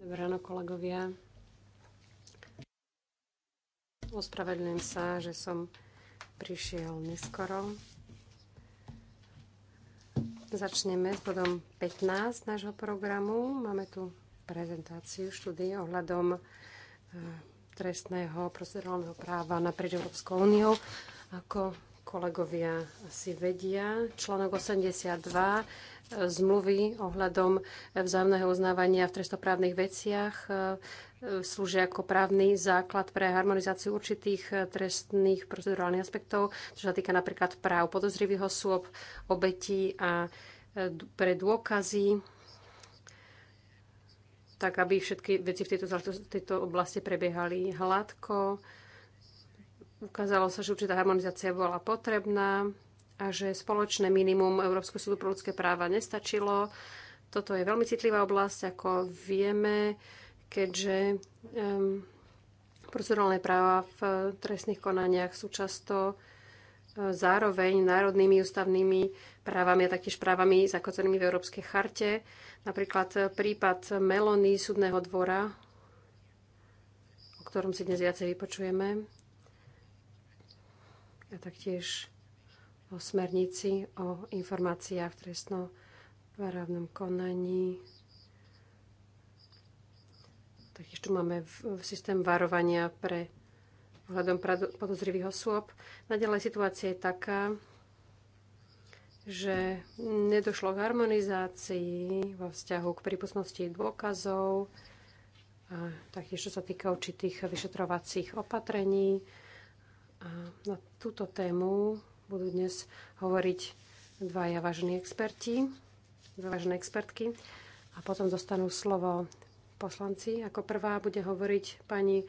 Dobré ráno, kolegovia. Ospravedlňujem sa, že som prišiel neskoro. Začneme s bodom 15 nášho programu. Máme tu prezentáciu štúdie ohľadom e, trestného procedurálneho práva naprieč Európskou úniou. Ako kolegovia asi vedia, článok 82 zmluvy ohľadom vzájomného uznávania v trestoprávnych veciach e, slúžia ako právny základ pre harmonizáciu určitých e, trestných procedurálnych aspektov, čo sa týka napríklad práv podozrivých osôb, obetí a e, pre dôkazy, tak aby všetky veci v tejto, tejto oblasti prebiehali hladko. Ukázalo sa, že určitá harmonizácia bola potrebná a že spoločné minimum Európskeho súdu pro ľudské práva nestačilo. Toto je veľmi citlivá oblasť, ako vieme, keďže um, procedurálne práva v trestných konaniach sú často e, zároveň národnými ústavnými právami a taktiež právami zakotvenými v Európskej charte. Napríklad prípad Melony súdneho dvora, o ktorom si dnes viacej vypočujeme. A taktiež o smernici o informáciách v trestnoprávnom konaní. Taktiež tu máme systém varovania pre ohľadom podozrivých osôb. Naďalej situácia je taká, že nedošlo k harmonizácii vo vzťahu k prípustnosti dôkazov, a taktiež čo sa týka určitých vyšetrovacích opatrení. A na túto tému budú dnes hovoriť dvaja vážni experti, dva vážne expertky a potom dostanú slovo poslanci. Ako prvá bude hovoriť pani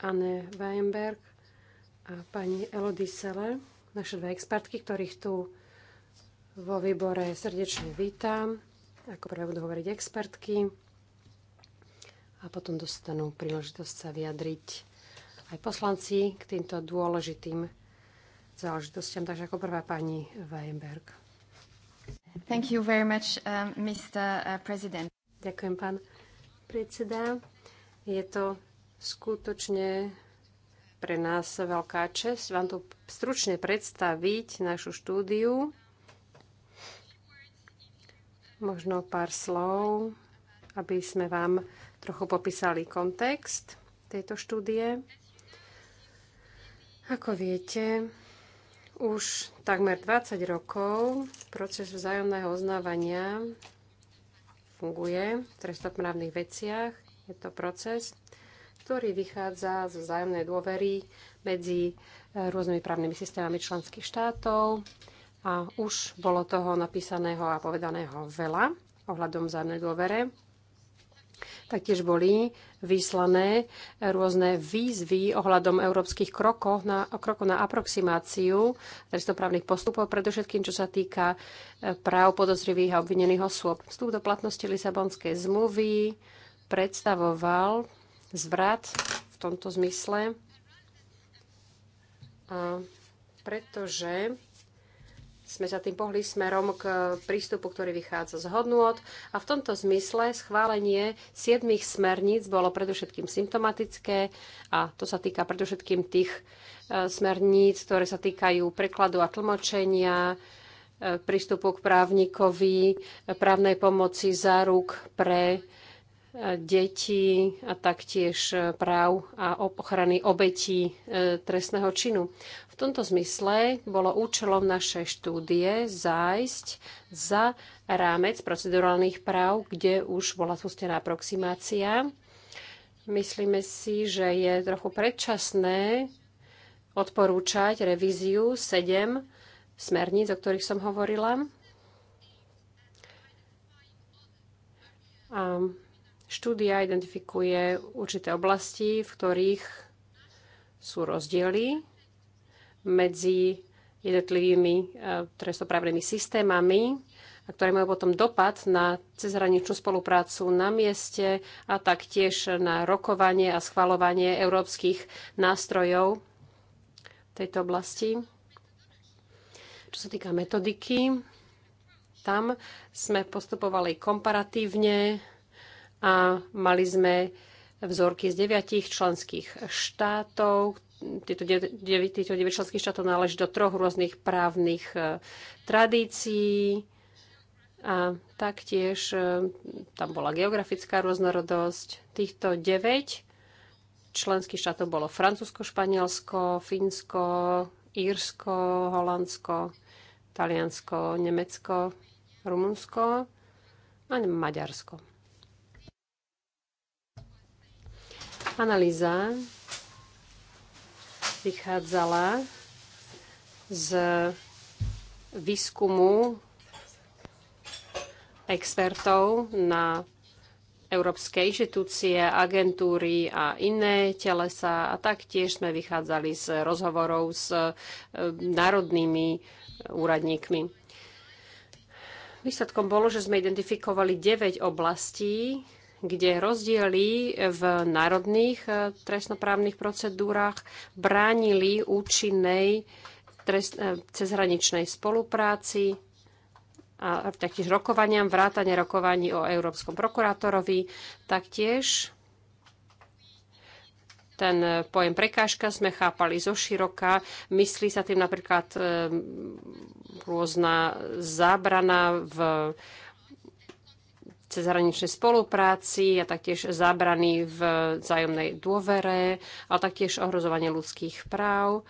Anne Weinberg a pani Elodie Sele, naše dve expertky, ktorých tu vo výbore srdečne vítam. Ako prvé budú hovoriť expertky a potom dostanú príležitosť sa vyjadriť aj poslanci k týmto dôležitým záležitostiam. Takže ako prvá pani Weinberg. Thank you very much, uh, Mr. Uh, president. Ďakujem, pán predseda. Je to skutočne pre nás veľká čest vám tu stručne predstaviť našu štúdiu. Možno pár slov, aby sme vám trochu popísali kontext tejto štúdie. Ako viete, už takmer 20 rokov proces vzájomného oznávania funguje v trestnoprávnych veciach. Je to proces, ktorý vychádza z vzájomnej dôvery medzi e, rôznymi právnymi systémami členských štátov a už bolo toho napísaného a povedaného veľa ohľadom vzájomnej dôvere. Taktiež boli vyslané rôzne výzvy ohľadom európskych krokov na, krokov na aproximáciu trestnoprávnych postupov, predovšetkým čo sa týka e, práv podozrivých a obvinených osôb. Vstup do platnosti Lisabonskej zmluvy predstavoval zvrat v tomto zmysle, a pretože sme sa tým pohli smerom k prístupu, ktorý vychádza z hodnôt a v tomto zmysle schválenie siedmých smerníc bolo predovšetkým symptomatické a to sa týka predovšetkým tých e, smerníc, ktoré sa týkajú prekladu a tlmočenia, e, prístupu k právnikovi, e, právnej pomoci, záruk pre detí a taktiež e, práv a ochrany obetí e, trestného činu. V tomto zmysle bolo účelom našej štúdie zájsť za rámec procedurálnych práv, kde už bola spustená aproximácia. Myslíme si, že je trochu predčasné odporúčať revíziu 7 smerníc, o ktorých som hovorila. A Štúdia identifikuje určité oblasti, v ktorých sú rozdiely medzi jednotlivými e, trestoprávnymi systémami, ktoré majú potom dopad na cezhraničnú spoluprácu na mieste a taktiež na rokovanie a schvalovanie európskych nástrojov v tejto oblasti. Čo sa týka metodiky, tam sme postupovali komparatívne a mali sme vzorky z deviatich členských štátov. Týchto 9, 9 členských štátov náleží do troch rôznych právnych e, tradícií. A taktiež e, tam bola geografická rôznorodosť. Týchto 9 členských štátov bolo Francúzsko, Španielsko, Fínsko, Írsko, Holandsko, Taliansko, Nemecko, Rumunsko a Maďarsko. Analýza vychádzala z výskumu expertov na európske inštitúcie, agentúry a iné telesa. A taktiež sme vychádzali z rozhovorov s e, národnými úradníkmi. Výsledkom bolo, že sme identifikovali 9 oblastí, kde rozdiely v národných e, trestnoprávnych procedúrach bránili účinnej trest, e, cezhraničnej spolupráci a taktiež rokovaniam, vrátane rokovaní o Európskom prokurátorovi, taktiež ten e, pojem prekážka sme chápali zo široka. Myslí sa tým napríklad rôzna zábrana v cezhraničnej spolupráci a taktiež zábrany v vzájomnej dôvere, ale taktiež ohrozovanie ľudských práv.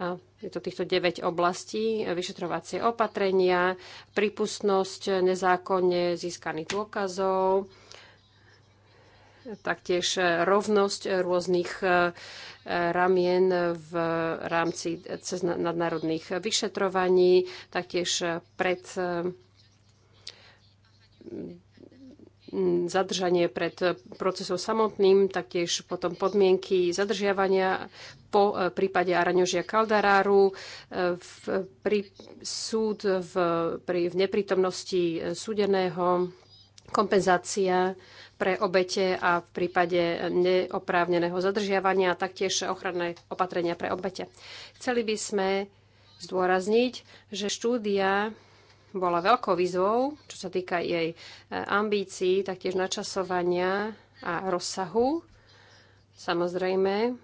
A je to týchto 9 oblastí, vyšetrovacie opatrenia, prípustnosť nezákonne získaných dôkazov, taktiež rovnosť rôznych e, ramien v rámci cez nadnárodných vyšetrovaní, taktiež pred e, zadržanie pred procesom samotným, taktiež potom podmienky zadržiavania po e, prípade Araňožia Kaldaráru, e, v, pri, súd v, pri, v neprítomnosti e, súdeného, kompenzácia pre obete a v prípade neoprávneného zadržiavania a taktiež ochranné opatrenia pre obete. Chceli by sme zdôrazniť, že štúdia bola veľkou výzvou, čo sa týka jej e, ambícií, taktiež načasovania a rozsahu. Samozrejme,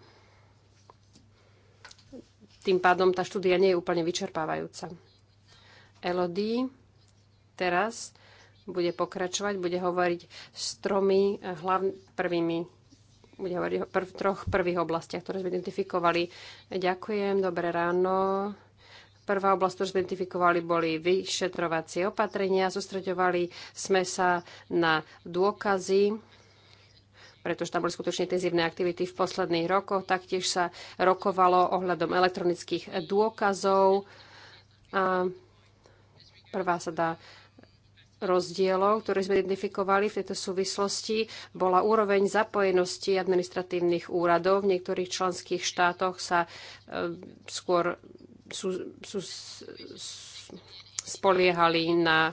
tým pádom tá štúdia nie je úplne vyčerpávajúca. Elodie teraz bude pokračovať, bude hovoriť s tromi e, hlavn- prvými bude hovoriť o prv, troch prvých oblastiach, ktoré sme identifikovali. Ďakujem, dobré ráno. Prvá oblasť, ktorú sme identifikovali, boli vyšetrovacie opatrenia. Zostreďovali sme sa na dôkazy, pretože tam boli skutočne intenzívne aktivity v posledných rokoch. Taktiež sa rokovalo ohľadom elektronických dôkazov. A prvá sa dá rozdielov, ktoré sme identifikovali v tejto súvislosti, bola úroveň zapojenosti administratívnych úradov. V niektorých členských štátoch sa e, skôr sú, sú, spoliehali na e,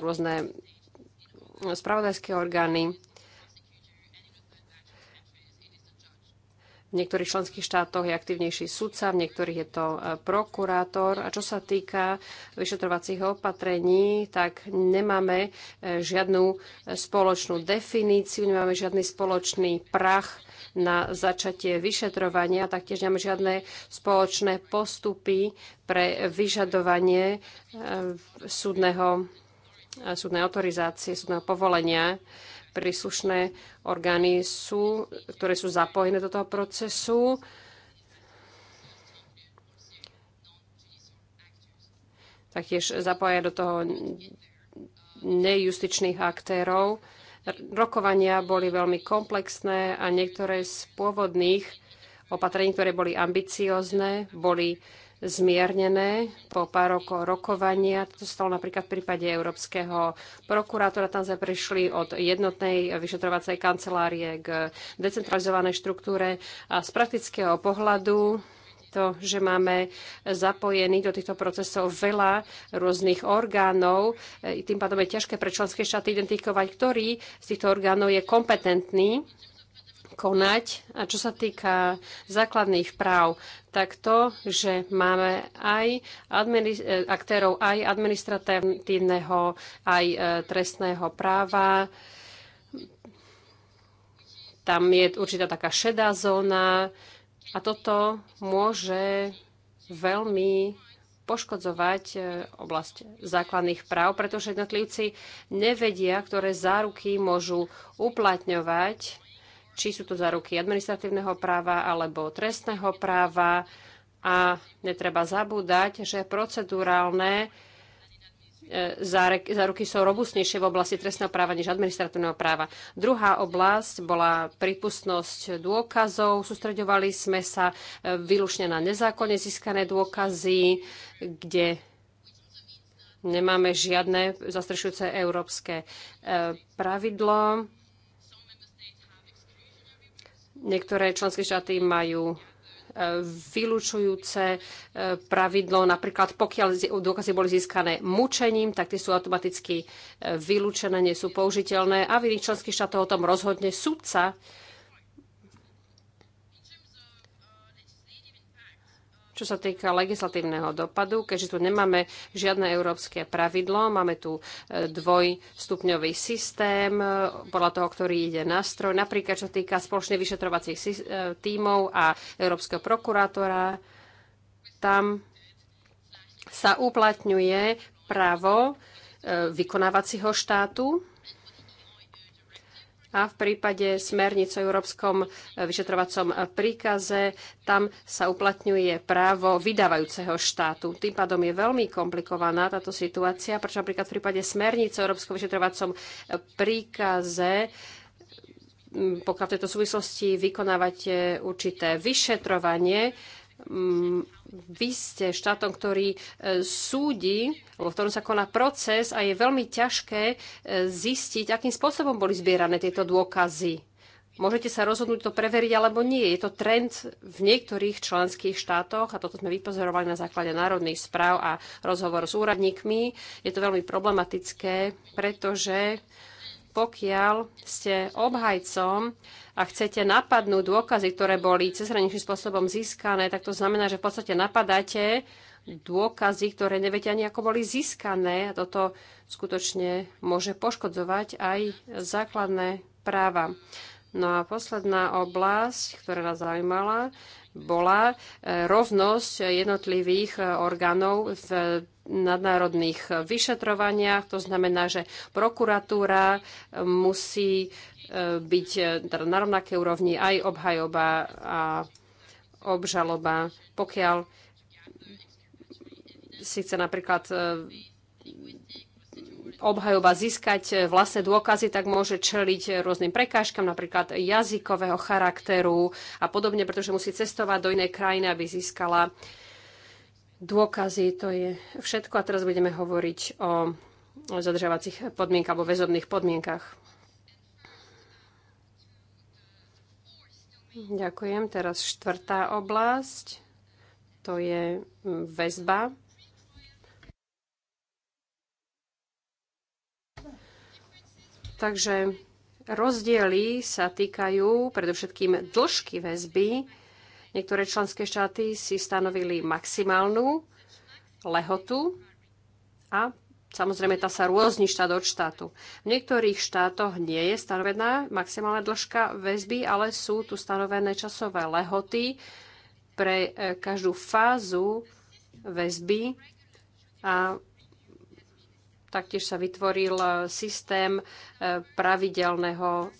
rôzne spravodajské orgány. V niektorých členských štátoch je aktívnejší sudca, v niektorých je to e, prokurátor. A čo sa týka vyšetrovacích opatrení, tak nemáme e, žiadnu spoločnú definíciu, nemáme žiadny spoločný prach na začatie vyšetrovania. Taktiež nemáme žiadne spoločné postupy pre vyžadovanie e, súdneho, e, súdnej autorizácie, súdneho povolenia. Príslušné orgány sú, ktoré sú zapojené do toho procesu. Taktiež zapája do toho nejustičných aktérov. Rokovania boli veľmi komplexné a niektoré z pôvodných opatrení, ktoré boli ambiciozne, boli zmiernené po pár rokov rokovania. To stalo napríklad v prípade európskeho prokurátora. Tam sme prišli od jednotnej vyšetrovacej kancelárie k decentralizovanej štruktúre. A z praktického pohľadu to, že máme zapojený do týchto procesov veľa rôznych orgánov. Tým pádom je ťažké pre členské štáty identifikovať, ktorý z týchto orgánov je kompetentný konať. A čo sa týka základných práv, tak to, že máme aj aktérov aj administratívneho, aj e, trestného práva, tam je určitá taká šedá zóna, a toto môže veľmi poškodzovať e, oblasť základných práv, pretože jednotlivci nevedia, ktoré záruky môžu uplatňovať, či sú to záruky administratívneho práva alebo trestného práva. A netreba zabúdať, že procedurálne E, záruky sú robustnejšie v oblasti trestného práva než administratívneho práva. Druhá oblasť bola prípustnosť dôkazov. Sústreďovali sme sa e, výlučne na nezákonne získané dôkazy, kde nemáme žiadne zastrešujúce európske e, pravidlo. Niektoré členské štáty majú vylúčujúce e, pravidlo. Napríklad pokiaľ dôkazy boli získané mučením, tak tie sú automaticky e, vylúčené, nie sú použiteľné a v iných členských štátoch o tom rozhodne sudca. čo sa týka legislatívneho dopadu, keďže tu nemáme žiadne európske pravidlo, máme tu e, dvojstupňový systém, e, podľa toho, ktorý ide nástroj, napríklad čo sa týka spoločne vyšetrovacích e, tímov a európskeho prokurátora, tam sa uplatňuje právo vykonávacieho štátu a v prípade smernice o Európskom e, vyšetrovacom príkaze tam sa uplatňuje právo vydávajúceho štátu. Tým pádom je veľmi komplikovaná táto situácia, prečo napríklad v prípade smernice o Európskom vyšetrovacom e, príkaze pokiaľ v tejto súvislosti vykonávate určité vyšetrovanie, Mm, vy ste štátom, ktorý e, súdi, v ktorom sa koná proces a je veľmi ťažké e, zistiť, akým spôsobom boli zbierané tieto dôkazy. Môžete sa rozhodnúť to preveriť alebo nie. Je to trend v niektorých členských štátoch a toto sme vypozorovali na základe národných správ a rozhovor s úradníkmi. Je to veľmi problematické, pretože pokiaľ ste obhajcom a chcete napadnúť dôkazy, ktoré boli cezhraničným spôsobom získané, tak to znamená, že v podstate napadáte dôkazy, ktoré neviete ani ako boli získané. A toto skutočne môže poškodzovať aj základné práva. No a posledná oblasť, ktorá nás zaujímala, bola e, rovnosť jednotlivých e, orgánov v nadnárodných vyšetrovaniach. To znamená, že prokuratúra e, musí byť teda na rovnaké úrovni aj obhajoba a obžaloba. Pokiaľ si chce napríklad obhajoba získať vlastné dôkazy, tak môže čeliť rôznym prekážkam, napríklad jazykového charakteru a podobne, pretože musí cestovať do inej krajiny, aby získala dôkazy. To je všetko. A teraz budeme hovoriť o zadržiavacích podmienkach alebo väzobných podmienkach. Ďakujem. Teraz štvrtá oblasť. To je mm, väzba Takže rozdiely sa týkajú predovšetkým dĺžky väzby. Niektoré členské štáty si stanovili maximálnu lehotu a Samozrejme, tá sa rôzni štát od štátu. V niektorých štátoch nie je stanovená maximálna dĺžka väzby, ale sú tu stanovené časové lehoty pre e, každú fázu väzby a Taktiež sa vytvoril e, systém e, pravidelného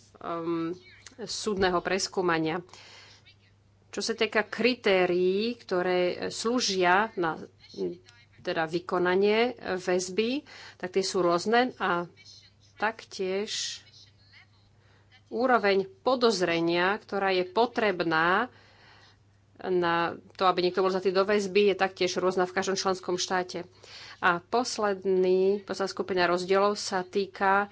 súdneho preskúmania. Čo sa týka kritérií, ktoré e, slúžia na teda vykonanie väzby, tak tie sú rôzne a taktiež úroveň podozrenia, ktorá je potrebná na to, aby niekto bol za tým do väzby, je taktiež rôzna v každom členskom štáte. A posledný, posledná skupina rozdielov sa týka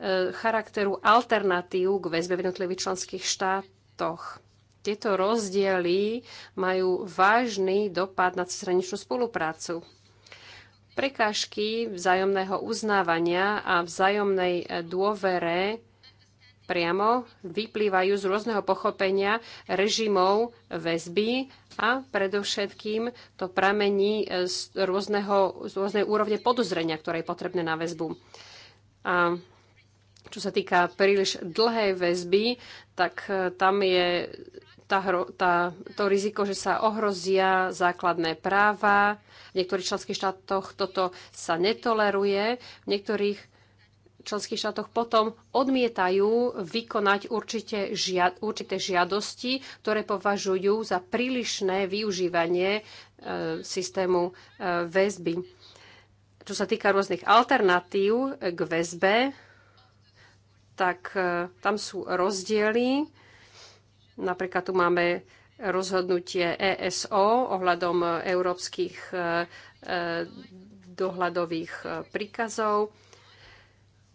e, charakteru alternatív k väzbe v jednotlivých členských štátoch. Tieto rozdiely majú vážny dopad na cezhraničnú spoluprácu. Prekážky vzájomného uznávania a vzájomnej e, dôvere priamo vyplývajú z rôzneho pochopenia režimov väzby a predovšetkým to pramení z, rôzneho, z rôznej úrovne podozrenia, ktoré je potrebné na väzbu. A čo sa týka príliš dlhej väzby, tak e, tam je tá, tá, to riziko, že sa ohrozia základné práva. V niektorých členských štátoch toto sa netoleruje. V niektorých členských štátoch potom odmietajú vykonať určite žia, určité žiadosti, ktoré považujú za prílišné využívanie e, systému e, väzby. Čo sa týka rôznych alternatív e, k väzbe, tak e, tam sú rozdiely. Napríklad tu máme rozhodnutie ESO ohľadom európskych e, e, dohľadových príkazov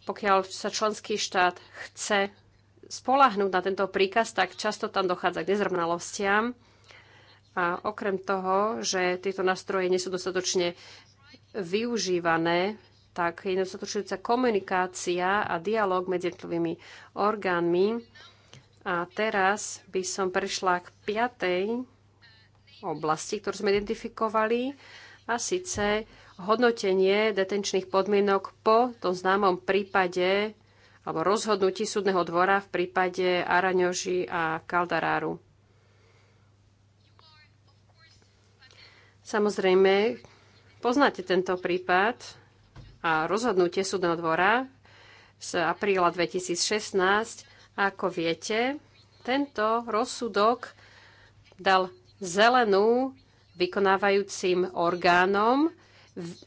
pokiaľ sa členský štát chce spolahnúť na tento príkaz, tak často tam dochádza k nezrovnalostiam. A okrem toho, že tieto nástroje nie sú dostatočne využívané, tak je nedostatočujúca komunikácia a dialog medzi jednotlivými orgánmi. A teraz by som prešla k piatej oblasti, ktorú sme identifikovali, a síce hodnotenie detenčných podmienok po tom známom prípade alebo rozhodnutí súdneho dvora v prípade Araňoži a Kaldaráru. Samozrejme, poznáte tento prípad a rozhodnutie súdneho dvora z apríla 2016. A ako viete, tento rozsudok dal zelenú vykonávajúcim orgánom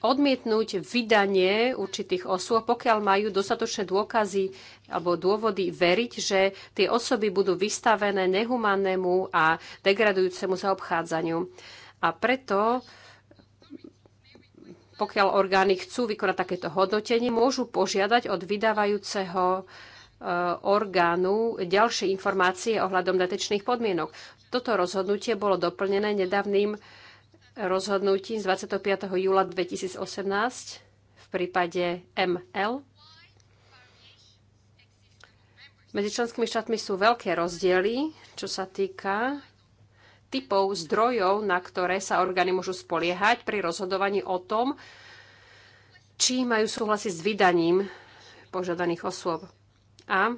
odmietnúť vydanie určitých osôb, pokiaľ majú dostatočné dôkazy alebo dôvody veriť, že tie osoby budú vystavené nehumannému a degradujúcemu zaobchádzaniu. A preto pokiaľ orgány chcú vykonať takéto hodnotenie, môžu požiadať od vydávajúceho e, orgánu ďalšie informácie ohľadom datečných podmienok. Toto rozhodnutie bolo doplnené nedávnym rozhodnutí z 25. júla 2018 v prípade ML. Medzi členskými štátmi sú veľké rozdiely, čo sa týka typov zdrojov, na ktoré sa orgány môžu spoliehať pri rozhodovaní o tom, či majú súhlasiť s vydaním požiadaných osôb. A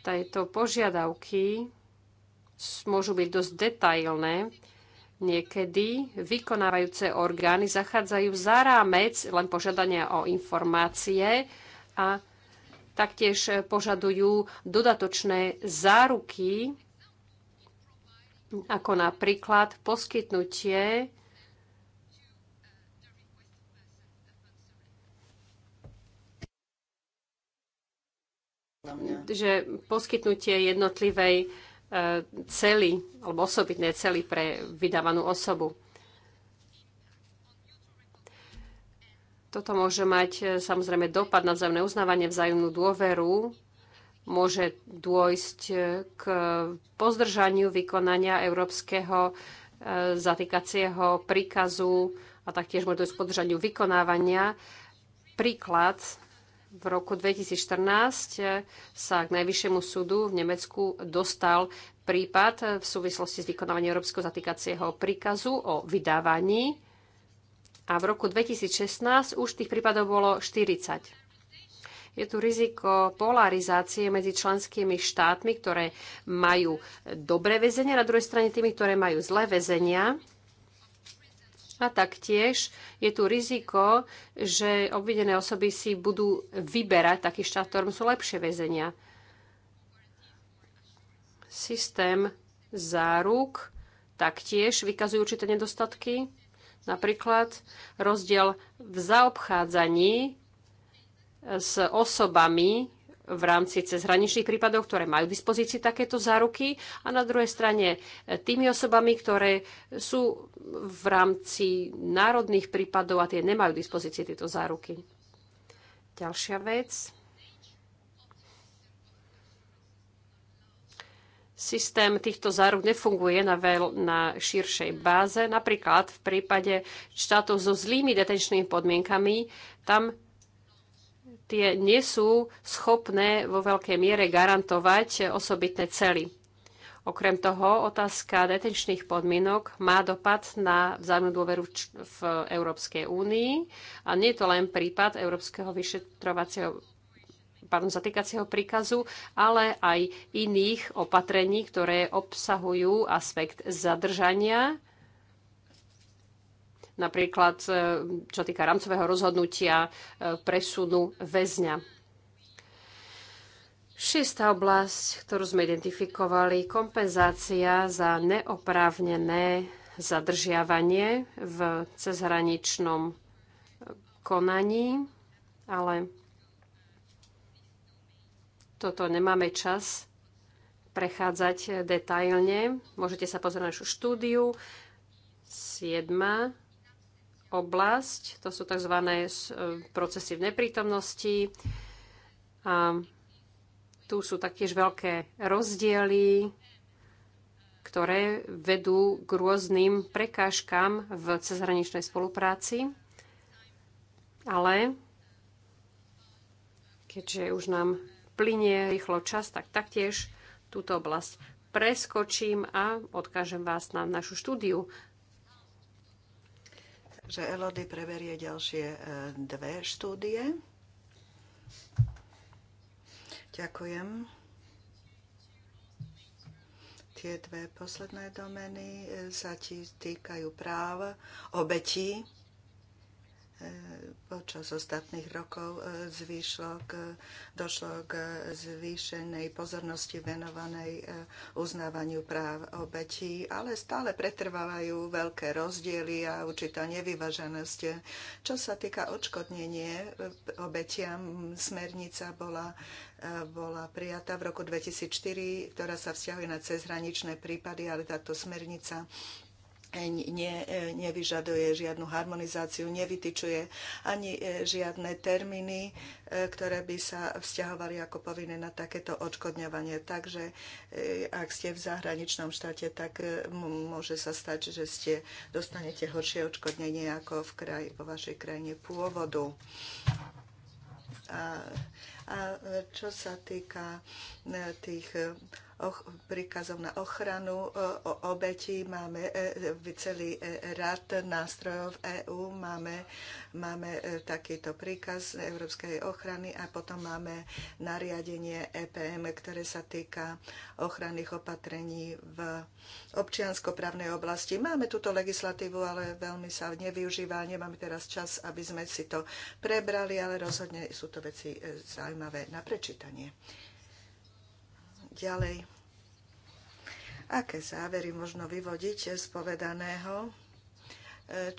tieto požiadavky môžu byť dosť detailné. Niekedy vykonávajúce orgány zachádzajú za rámec len požiadania o informácie a taktiež e, požadujú dodatočné záruky, ako napríklad poskytnutie že poskytnutie jednotlivej celý alebo osobitné cely pre vydávanú osobu. Toto môže mať e, samozrejme dopad na vzájomné uznávanie, vzájomnú dôveru. Môže dôjsť e, k pozdržaniu vykonania európskeho e, zatýkacieho príkazu a taktiež môže dôjsť k podržaniu vykonávania. Príklad v roku 2014 eh, sa k Najvyššiemu súdu v Nemecku dostal prípad eh, v súvislosti s vykonávaním Európskeho zatýkacieho príkazu o vydávaní a v roku 2016 už tých prípadov bolo 40. Je tu riziko polarizácie medzi členskými štátmi, ktoré majú dobré väzenia, na druhej strane tými, ktoré majú zlé väzenia. A taktiež je tu riziko, že obvidené osoby si budú vyberať taký štát, ktorom sú lepšie väzenia. Systém záruk taktiež vykazujú určité nedostatky. Napríklad rozdiel v zaobchádzaní s osobami, v rámci cezhraničných prípadov, ktoré majú v dispozícii takéto záruky a na druhej strane e, tými osobami, ktoré sú v rámci národných prípadov a tie nemajú v dispozícii tieto záruky. Ďalšia vec. Systém týchto záruk nefunguje na, veľ, na širšej báze. Napríklad v prípade štátov so zlými detenčnými podmienkami, tam tie nie sú schopné vo veľkej miere garantovať osobitné cely. Okrem toho, otázka detenčných podmienok má dopad na vzájomnú dôveru v Európskej únii a nie je to len prípad Európskeho vyšetrovacieho pardon, zatýkacieho príkazu, ale aj iných opatrení, ktoré obsahujú aspekt zadržania napríklad e, čo týka rámcového rozhodnutia e, presunu väzňa. Šiestá oblasť, ktorú sme identifikovali, kompenzácia za neoprávnené zadržiavanie v cezhraničnom e, konaní, ale toto nemáme čas prechádzať detailne. Môžete sa pozrieť na našu štúdiu. Siedma oblasť. To sú tzv. E, procesy v neprítomnosti. A tu sú taktiež veľké rozdiely, ktoré vedú k rôznym prekážkam v cezhraničnej spolupráci. Ale keďže už nám plinie rýchlo čas, tak taktiež túto oblasť preskočím a odkážem vás na našu štúdiu že Elody preberie ďalšie e, dve štúdie. Ďakujem. Tie dve posledné domeny e, sa ti týkajú práv obetí E, počas ostatných rokov e, zvýšlo k, došlo k zvýšenej pozornosti venovanej e, uznávaniu práv obetí, ale stále pretrvávajú veľké rozdiely a určitá nevyvaženosť. Čo sa týka odškodnenie obetiam, smernica bola bola prijatá v roku 2004, ktorá sa vzťahuje na cezhraničné prípady, ale táto smernica ne, nevyžaduje žiadnu harmonizáciu, nevytyčuje ani e, žiadne termíny, e, ktoré by sa vzťahovali ako povinné na takéto odškodňovanie. Takže e, ak ste v zahraničnom štáte, tak môže sa stať, že ste dostanete horšie odškodnenie ako v kraj, vo vašej krajine pôvodu. A, a čo sa týka tých príkazov na ochranu e, obetí, máme e, e, celý rad nástrojov EÚ, máme, máme takýto príkaz Európskej ochrany a potom máme nariadenie EPM, ktoré sa týka ochranných opatrení v občiansko právnej oblasti. Máme túto legislatívu, ale veľmi sa nevyužíva. Nemáme teraz čas, aby sme si to prebrali, ale rozhodne sú to veci zaujímavé na prečítanie ďalej. Aké závery možno vyvodiť z povedaného?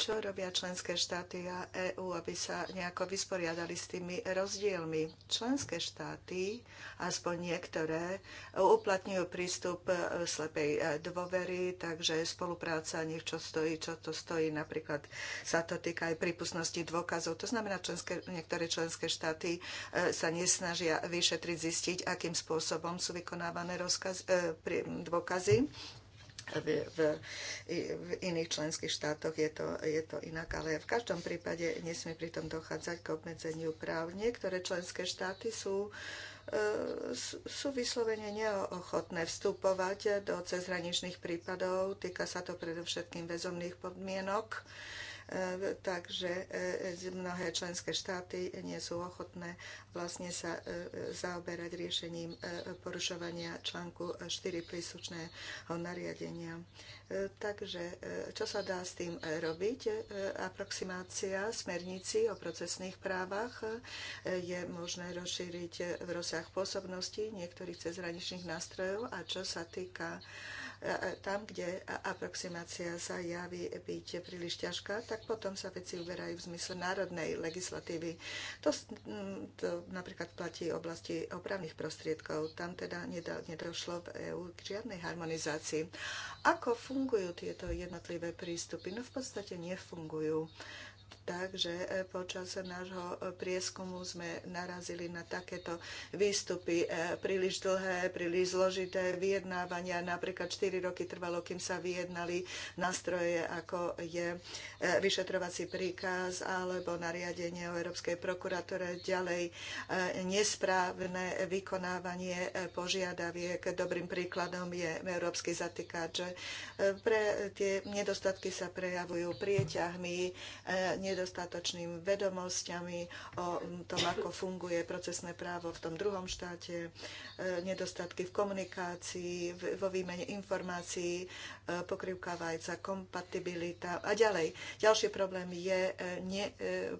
čo robia členské štáty a EÚ, aby sa nejako vysporiadali s tými rozdielmi. Členské štáty, aspoň niektoré, uplatňujú prístup e, slepej e, dôvery, takže spolupráca nech čo stojí, čo to stojí. Napríklad sa to týka aj prípustnosti dôkazov. To znamená, členské, niektoré členské štáty e, sa nesnažia vyšetriť, zistiť, akým spôsobom sú vykonávané rozkaz, dôkazy v, v, v iných členských štátoch je to, je to inak, ale v každom prípade nesmie pritom dochádzať k obmedzeniu práv. Niektoré členské štáty sú e, sú vyslovene neochotné vstupovať do cezhraničných prípadov. Týka sa to predovšetkým väzomných podmienok takže e, e, mnohé členské štáty nie sú ochotné vlastne sa e, zaoberať riešením porušovania článku 4 príslušného nariadenia. Takže čo sa dá s tým robiť? Aproximácia smernici o procesných právach je možné rozšíriť v rozsah pôsobnosti niektorých cezhraničných nástrojov a čo sa týka tam, kde aproximácia sa javí byť príliš ťažká, tak potom sa veci uberajú v zmysle národnej legislatívy. To, to napríklad platí v oblasti opravných prostriedkov. Tam teda nedošlo v EÚ k žiadnej harmonizácii. Ako fungujú tieto jednotlivé prístupy? No v podstate nefungujú tak, že e, počas nášho e, prieskumu sme narazili na takéto výstupy e, príliš dlhé, príliš zložité vyjednávania. Napríklad 4 roky trvalo, kým sa vyjednali nástroje, ako je vyšetrovací príkaz alebo nariadenie o Európskej prokuratúre. Ďalej nesprávne vykonávanie požiadaviek. Dobrým príkladom je Európsky zatýkač. Pre tie nedostatky sa prejavujú prieťahmi, nedostatočným vedomosťami o tom, ako funguje procesné právo v tom druhom štáte, e, nedostatky v komunikácii, vo výmene informácií, e, pokrývka vajca, kompatibilita a ďalej. Ďalší problém je e, ne,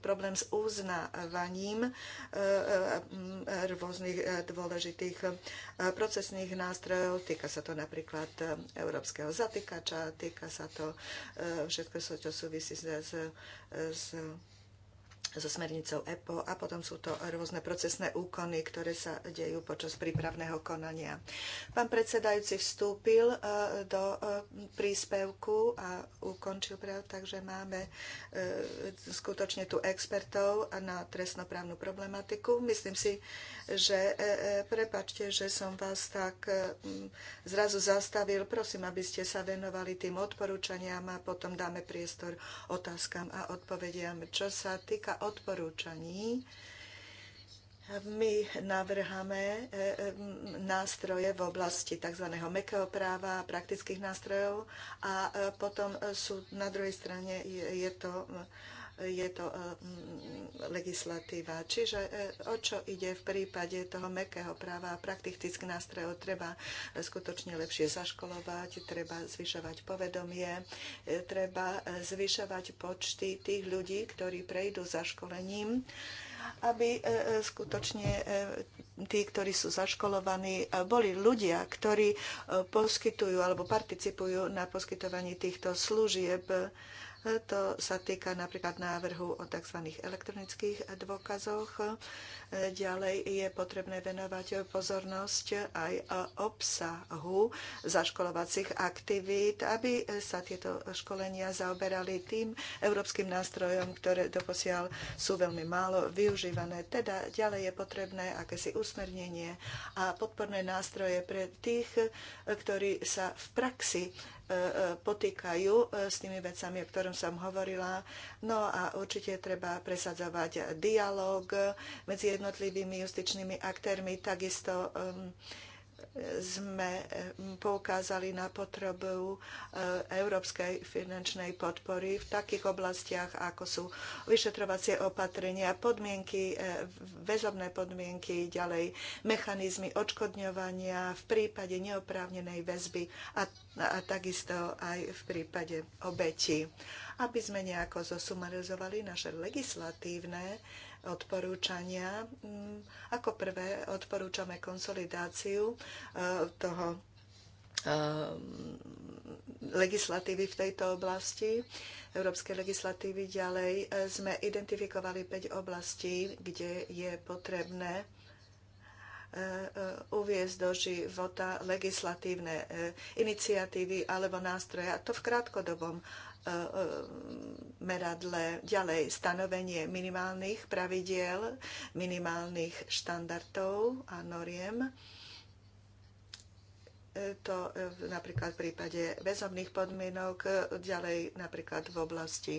problém s uznávaním rôznych dôležitých procesných nástrojov. Týka sa to napríklad európskeho zatýkača, týka sa to všetko, čo súvisí s, s so so smernicou EPO a potom sú to rôzne procesné úkony, ktoré sa dejú počas prípravného konania. Pán predsedajúci vstúpil e, do e, príspevku a ukončil práve, takže máme e, skutočne tu expertov na trestnoprávnu problematiku. Myslím si, že prepačte, že som vás tak zrazu zastavil. Prosím, aby ste sa venovali tým odporúčaniam a potom dáme priestor otázkam a odpovediam. Čo sa týka odporúčaní my navrháme e, e, nástroje v oblasti tzv. mekého práva, praktických nástrojov a e, potom sú na druhej strane je to je to e, mm, legislatíva. Čiže e, o čo ide v prípade toho mekého práva a praktických nástrojov treba skutočne lepšie zaškolovať, treba zvyšovať povedomie, e, treba zvyšovať počty tých ľudí, ktorí prejdú zaškolením aby skutočne tí, ktorí sú zaškolovaní, boli ľudia, ktorí poskytujú alebo participujú na poskytovaní týchto služieb to sa týka napríklad návrhu o tzv. elektronických dôkazoch. Ďalej je potrebné venovať pozornosť aj obsahu zaškolovacích aktivít, aby sa tieto školenia zaoberali tým európskym nástrojom, ktoré doposiaľ sú veľmi málo využívané. Teda ďalej je potrebné akési usmernenie a podporné nástroje pre tých, ktorí sa v praxi potýkajú e, s tými vecami, o ktorom som hovorila. No a určite treba presadzovať dialog medzi jednotlivými justičnými aktérmi, takisto sme eh, poukázali na potrebu eh, európskej finančnej podpory v takých oblastiach, ako sú vyšetrovacie opatrenia, podmienky, eh, väzobné podmienky, ďalej mechanizmy odškodňovania v prípade neoprávnenej väzby a, a takisto aj v prípade obeti. Aby sme nejako zosumarizovali naše legislatívne odporúčania. Mm, ako prvé odporúčame konsolidáciu e, toho e, legislatívy v tejto oblasti, európskej legislatívy. Ďalej e, sme identifikovali 5 oblastí, kde je potrebné uviezť do života legislatívne iniciatívy alebo nástroje, a to v krátkodobom E, e, meradle ďalej stanovenie minimálnych pravidiel, minimálnych štandardov a noriem e, to napríklad v prípade väzobných podmienok, ďalej napríklad v oblasti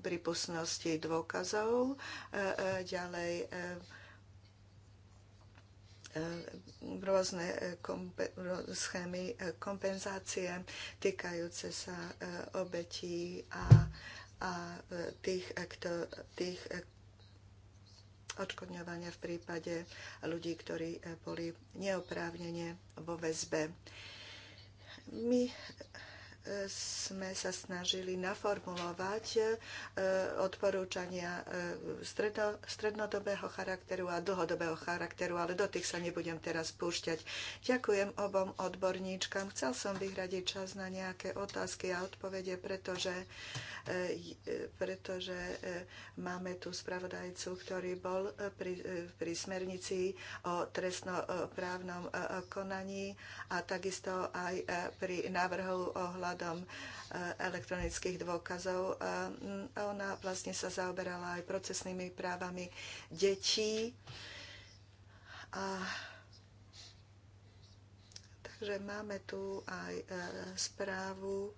prípustnosti dôkazov, ďalej rôzne e, schémy e, kompenzácie týkajúce sa e, obetí a, a tých, kto, tých odškodňovania v prípade ľudí, ktorí boli neoprávnene vo väzbe. My sme sa snažili naformulovať e, odporúčania e, stredno, strednodobého charakteru a dlhodobého charakteru, ale do tých sa nebudem teraz púšťať. Ďakujem obom odborníčkam. Chcel som vyhradiť čas na nejaké otázky a odpovede, pretože, e, pretože máme tu spravodajcu, ktorý bol pri, pri smernici o trestnoprávnom konaní a takisto aj pri návrhu ohľadu ohľadom e, elektronických dôkazov. E, ona vlastne sa zaoberala aj procesnými právami detí. A Takže máme tu aj e, správu,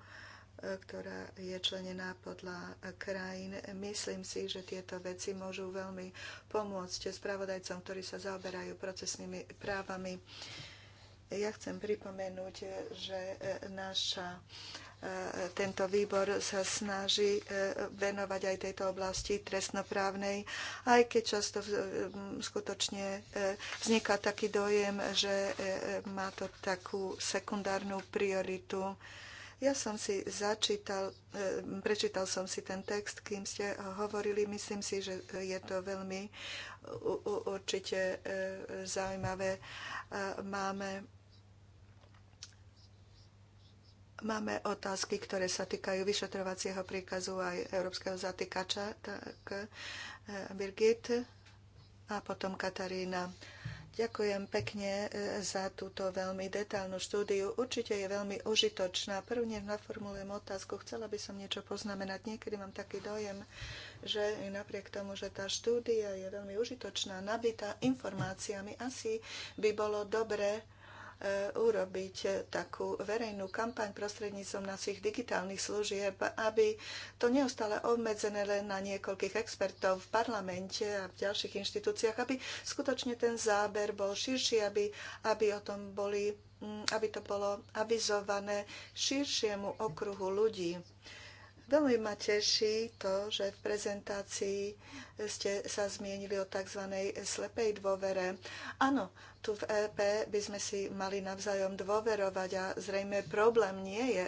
ktorá je členená podľa krajín. Myslím si, že tieto veci môžu veľmi pomôcť spravodajcom, ktorí sa zaoberajú procesnými právami. Ja chcem pripomenúť, že e, naša, e, tento výbor sa snaží e, venovať aj tejto oblasti trestnoprávnej, aj keď často skutočne vzniká taký dojem, že má to takú sekundárnu prioritu. Ja som si začítal, prečítal som si ten text, kým ste hovorili. Myslím si, že je to veľmi určite zaujímavé. Máme Máme otázky, ktoré sa týkajú vyšetrovacieho príkazu aj európskeho zatýkača, tak eh, Birgit a potom Katarína. Ďakujem pekne eh, za túto veľmi detálnu štúdiu. Určite je veľmi užitočná. Prvne naformulujem otázku. Chcela by som niečo poznamenať. Niekedy mám taký dojem, že napriek tomu, že tá štúdia je veľmi užitočná, nabitá informáciami, asi by bolo dobre E, urobiť takú verejnú kampaň prostredníctvom našich digitálnych služieb, aby to neostalo obmedzené len na niekoľkých expertov v parlamente a v ďalších inštitúciách, aby skutočne ten záber bol širší, aby, aby o tom boli aby to bolo avizované širšiemu okruhu ľudí. Veľmi ma teší to, že v prezentácii ste sa zmienili o tzv. slepej dôvere. Áno, tu v EP by sme si mali navzájom dôverovať a zrejme problém nie je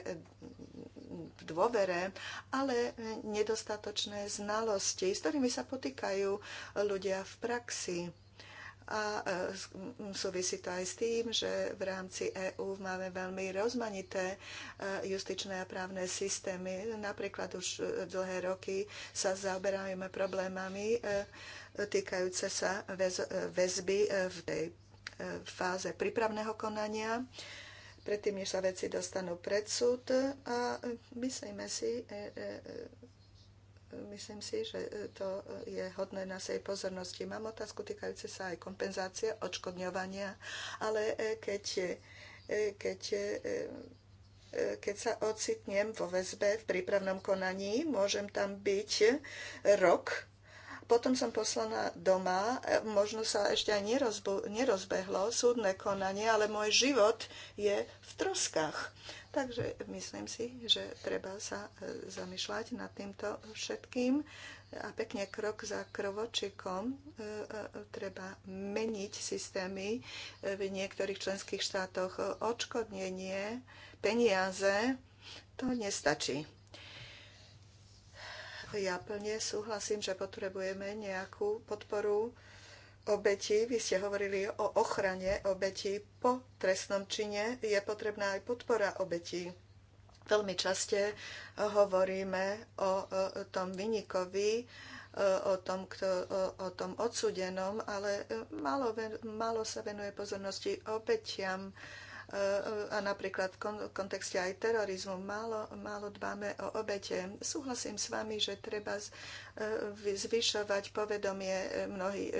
v dôvere, ale nedostatočné znalosti, s ktorými sa potýkajú ľudia v praxi a e, súvisí to aj s tým, že v rámci EÚ máme veľmi rozmanité e, justičné a právne systémy. Napríklad už e, dlhé roky sa zaoberáme problémami týkajúce sa väzby v tej fáze prípravného konania predtým, než sa veci dostanú pred súd a myslíme si, myslím si, že e, to e, je hodné na jej pozornosti. Mám otázku týkajúce sa aj kompenzácie, odškodňovania, ale e, keď, keď, keď sa ocitnem vo väzbe v prípravnom konaní, môžem tam byť rok potom som poslaná doma, možno sa ešte aj nerozbehlo súdne konanie, ale môj život je v troskách. Takže myslím si, že treba sa e, zamýšľať nad týmto všetkým a pekne krok za krovočikom e, e, treba meniť systémy v niektorých členských štátoch. Odškodnenie, peniaze, to nestačí. Ja plne súhlasím, že potrebujeme nejakú podporu obetí, vy ste hovorili o ochrane obetí po trestnom čine, je potrebná aj podpora obetí. Veľmi časte hovoríme o tom vynikovi, o tom, kto, o, o tom odsudenom, ale e, malo, malo sa venuje pozornosti obetiam a napríklad v kontexte aj terorizmu málo, málo dbáme o obete. Súhlasím s vami, že treba e, zvyšovať povedomie. Mnohí e,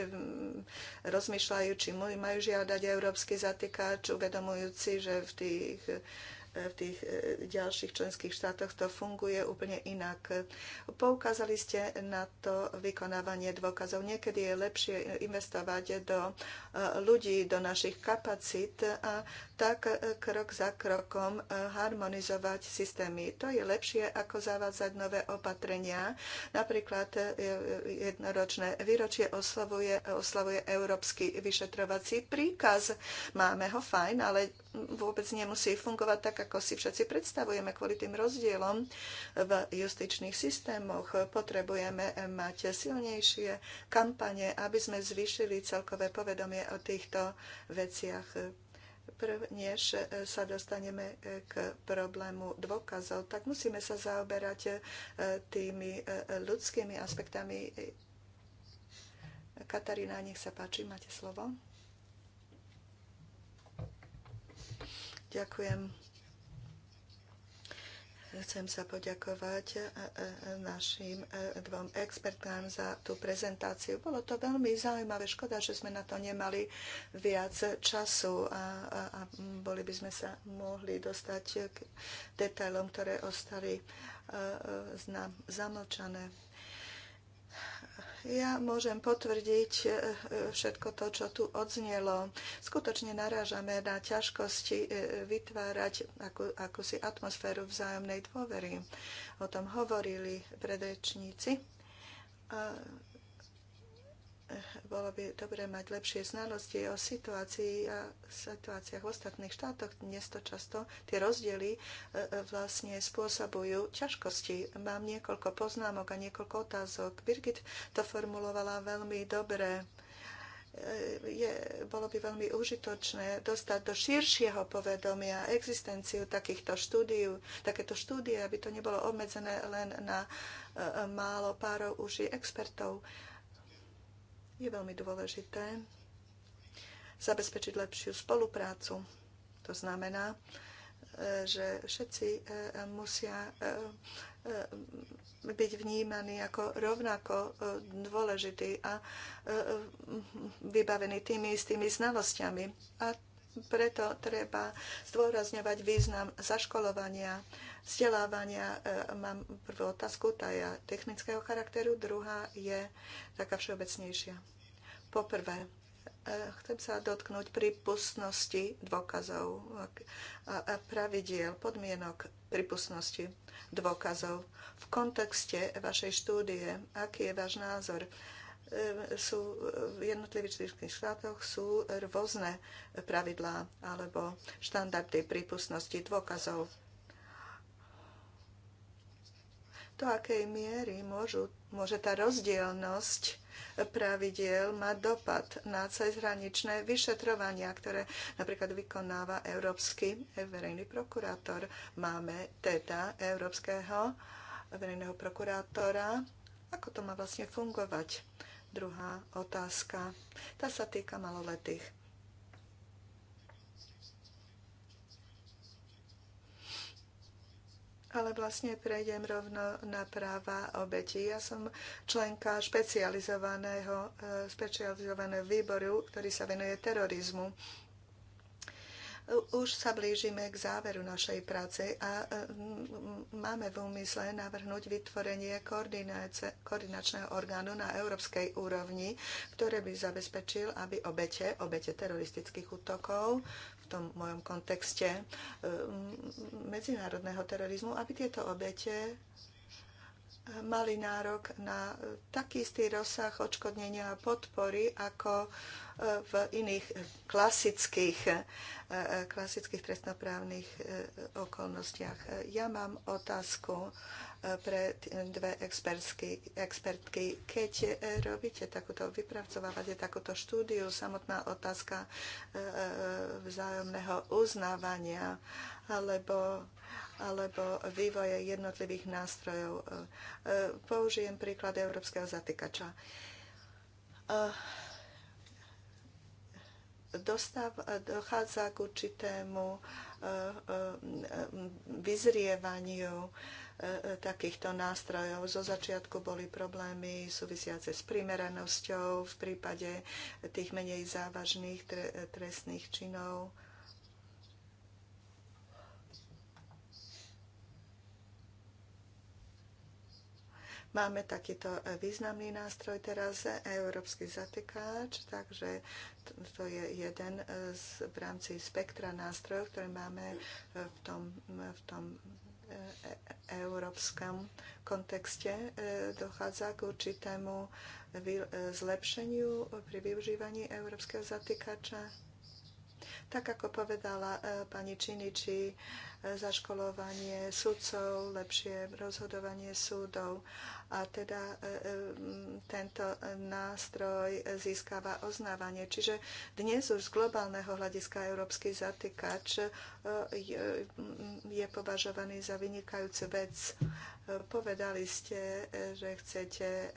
rozmýšľajú, či majú žiadať európsky zatýkač, uvedomujúci, že v tých v tých e, ďalších členských štátoch to funguje úplne inak. Poukázali ste na to vykonávanie dôkazov. Niekedy je lepšie investovať do e, ľudí, do našich kapacít a tak e, krok za krokom harmonizovať systémy. To je lepšie, ako zavádzať nové opatrenia. Napríklad jednoročné výročie oslavuje, oslavuje Európsky vyšetrovací príkaz. Máme ho fajn, ale vôbec nemusí fungovať tak, ako si všetci predstavujeme kvôli tým rozdielom v justičných systémoch. Potrebujeme mať silnejšie kampane, aby sme zvýšili celkové povedomie o týchto veciach prv, než sa dostaneme k problému dôkazov, tak musíme sa zaoberať e, tými e, ľudskými aspektami. Katarína, nech sa páči, máte slovo. Ďakujem. Chcem sa poďakovať e, e, našim e, dvom expertám za tú prezentáciu. Bolo to veľmi zaujímavé. Škoda, že sme na to nemali viac času a, a, a boli by sme sa mohli dostať k detailom, ktoré ostali z zamlčané ja môžem potvrdiť e, e, všetko to, čo tu odznelo. Skutočne narážame na ťažkosti e, vytvárať akú, akúsi atmosféru vzájomnej dôvery. O tom hovorili predrečníci bolo by dobre mať lepšie znalosti o situácii a situáciách v ostatných štátoch. Dnes to často tie rozdiely e, e, vlastne spôsobujú ťažkosti. Mám niekoľko poznámok a niekoľko otázok. Birgit to formulovala veľmi dobre e, je, bolo by veľmi užitočné dostať do širšieho povedomia existenciu takýchto štúdiu, takéto štúdie, aby to nebolo obmedzené len na málo párov už expertov je veľmi dôležité zabezpečiť lepšiu spoluprácu. To znamená, e, že všetci e, musia e, byť vnímaní ako rovnako dôležití a vybavení tými istými znalosťami. A preto treba zdôrazňovať význam zaškolovania, vzdelávania. E, mám prvú otázku, tá je technického charakteru, druhá je taká všeobecnejšia. Poprvé, e, chcem sa dotknúť prípustnosti dôkazov a pravidiel, podmienok prípustnosti dôkazov. V kontexte vašej štúdie, aký je váš názor? sú v jednotlivých členských štátoch sú rôzne pravidlá alebo štandardy prípustnosti dôkazov. Do akej miery môžu, môže tá rozdielnosť pravidiel má dopad na cezhraničné vyšetrovania, ktoré napríklad vykonáva Európsky verejný prokurátor. Máme teda Európskeho verejného prokurátora. Ako to má vlastne fungovať? druhá otázka. Tá sa týka maloletých. ale vlastne prejdem rovno na práva obeti. Ja som členka špecializovaného, e, špecializovaného výboru, ktorý sa venuje terorizmu. Už sa blížime k záveru našej práce a e, máme v úmysle navrhnúť vytvorenie koordinačného orgánu na európskej úrovni, ktoré by zabezpečil, aby obete, obete teroristických útokov v tom mojom kontexte e, medzinárodného terorizmu, aby tieto obete mali nárok na e, taký istý rozsah odškodnenia a podpory ako e, v iných klasických, e, klasických trestnoprávnych okolnostiach. Ja mám otázku pre dve expertky. expertky. Keď robíte takúto, vypracovávate takúto štúdiu, samotná otázka vzájomného uznávania alebo alebo vývoje jednotlivých nástrojov. E, použijem príklad európskeho zatýkača. E, Dostav, dochádza k určitému e, vyzrievaniu takýchto nástrojov. Zo začiatku boli problémy súvisiace s primeranosťou v prípade tých menej závažných trestných činov Máme takýto e, významný nástroj teraz, e, Európsky zatykáč, takže to je jeden e, z, v rámci spektra nástrojov, ktoré máme v tom, v tom európskom kontexte dochádza k určitému zlepšeniu pri využívaní európskeho zatýkača. Tak ako povedala pani Činiči, či zaškolovanie sudcov, lepšie rozhodovanie súdov. A teda e, e, tento nástroj získava oznávanie. Čiže dnes už z globálneho hľadiska európsky zatýkač e, je považovaný za vynikajúcu vec. Povedali ste, že chcete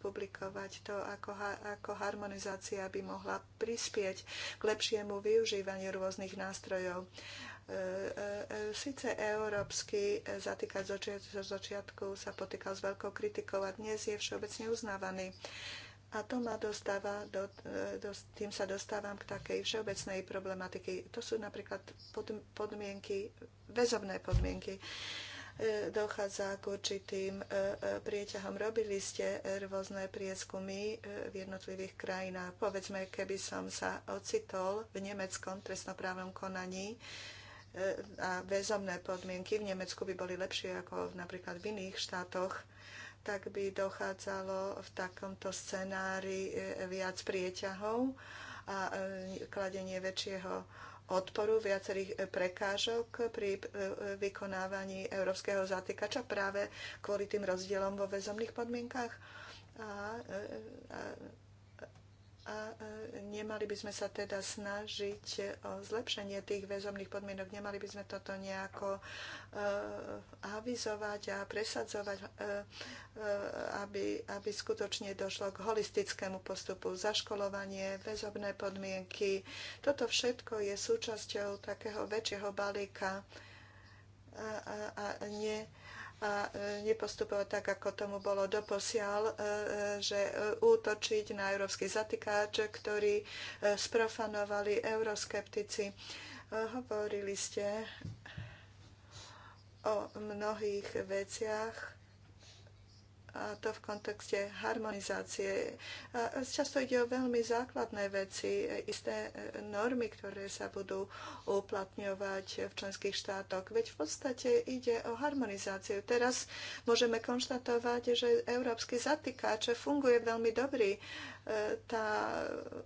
publikovať to, ako, ako harmonizácia by mohla prispieť k lepšiemu využívaniu rôznych nástrojov. E, e, e, Sice európsky zatýkať zo začiatku sa potýkal s veľkou kritikou a dnes je všeobecne uznávaný. A to ma dostáva, do, do, tým sa dostávam k takej všeobecnej problematiky. To sú napríklad pod, podmienky, väzobné podmienky. Dochádza k určitým prieťahom. Robili ste rôzne prieskumy v jednotlivých krajinách. Povedzme, keby som sa ocitol v nemeckom trestnoprávnom konaní, E, a väzomné podmienky v Nemecku by boli lepšie ako napríklad v iných štátoch, tak by dochádzalo v takomto scenári e, viac prieťahov a e, kladenie väčšieho odporu viacerých prekážok pri vykonávaní európskeho zatýkača práve kvôli tým rozdielom vo väzomných podmienkach. A, a, a e, nemali by sme sa teda snažiť o zlepšenie tých väzobných podmienok, nemali by sme toto nejako e, avizovať a presadzovať, e, aby, aby skutočne došlo k holistickému postupu, zaškolovanie, väzobné podmienky. Toto všetko je súčasťou takého väčšieho balíka a, a, a nie a e, nepostupovať tak, ako tomu bolo doposiaľ, e, e, že útočiť na európsky zatykáč, ktorý sprofanovali euroskeptici. Hovorili ste o mnohých veciach, a to v kontexte harmonizácie. A často ide o veľmi základné veci, isté normy, ktoré sa budú uplatňovať v členských štátoch. Veď v podstate ide o harmonizáciu. Teraz môžeme konštatovať, že európsky zatýkač funguje veľmi dobrý tá eh,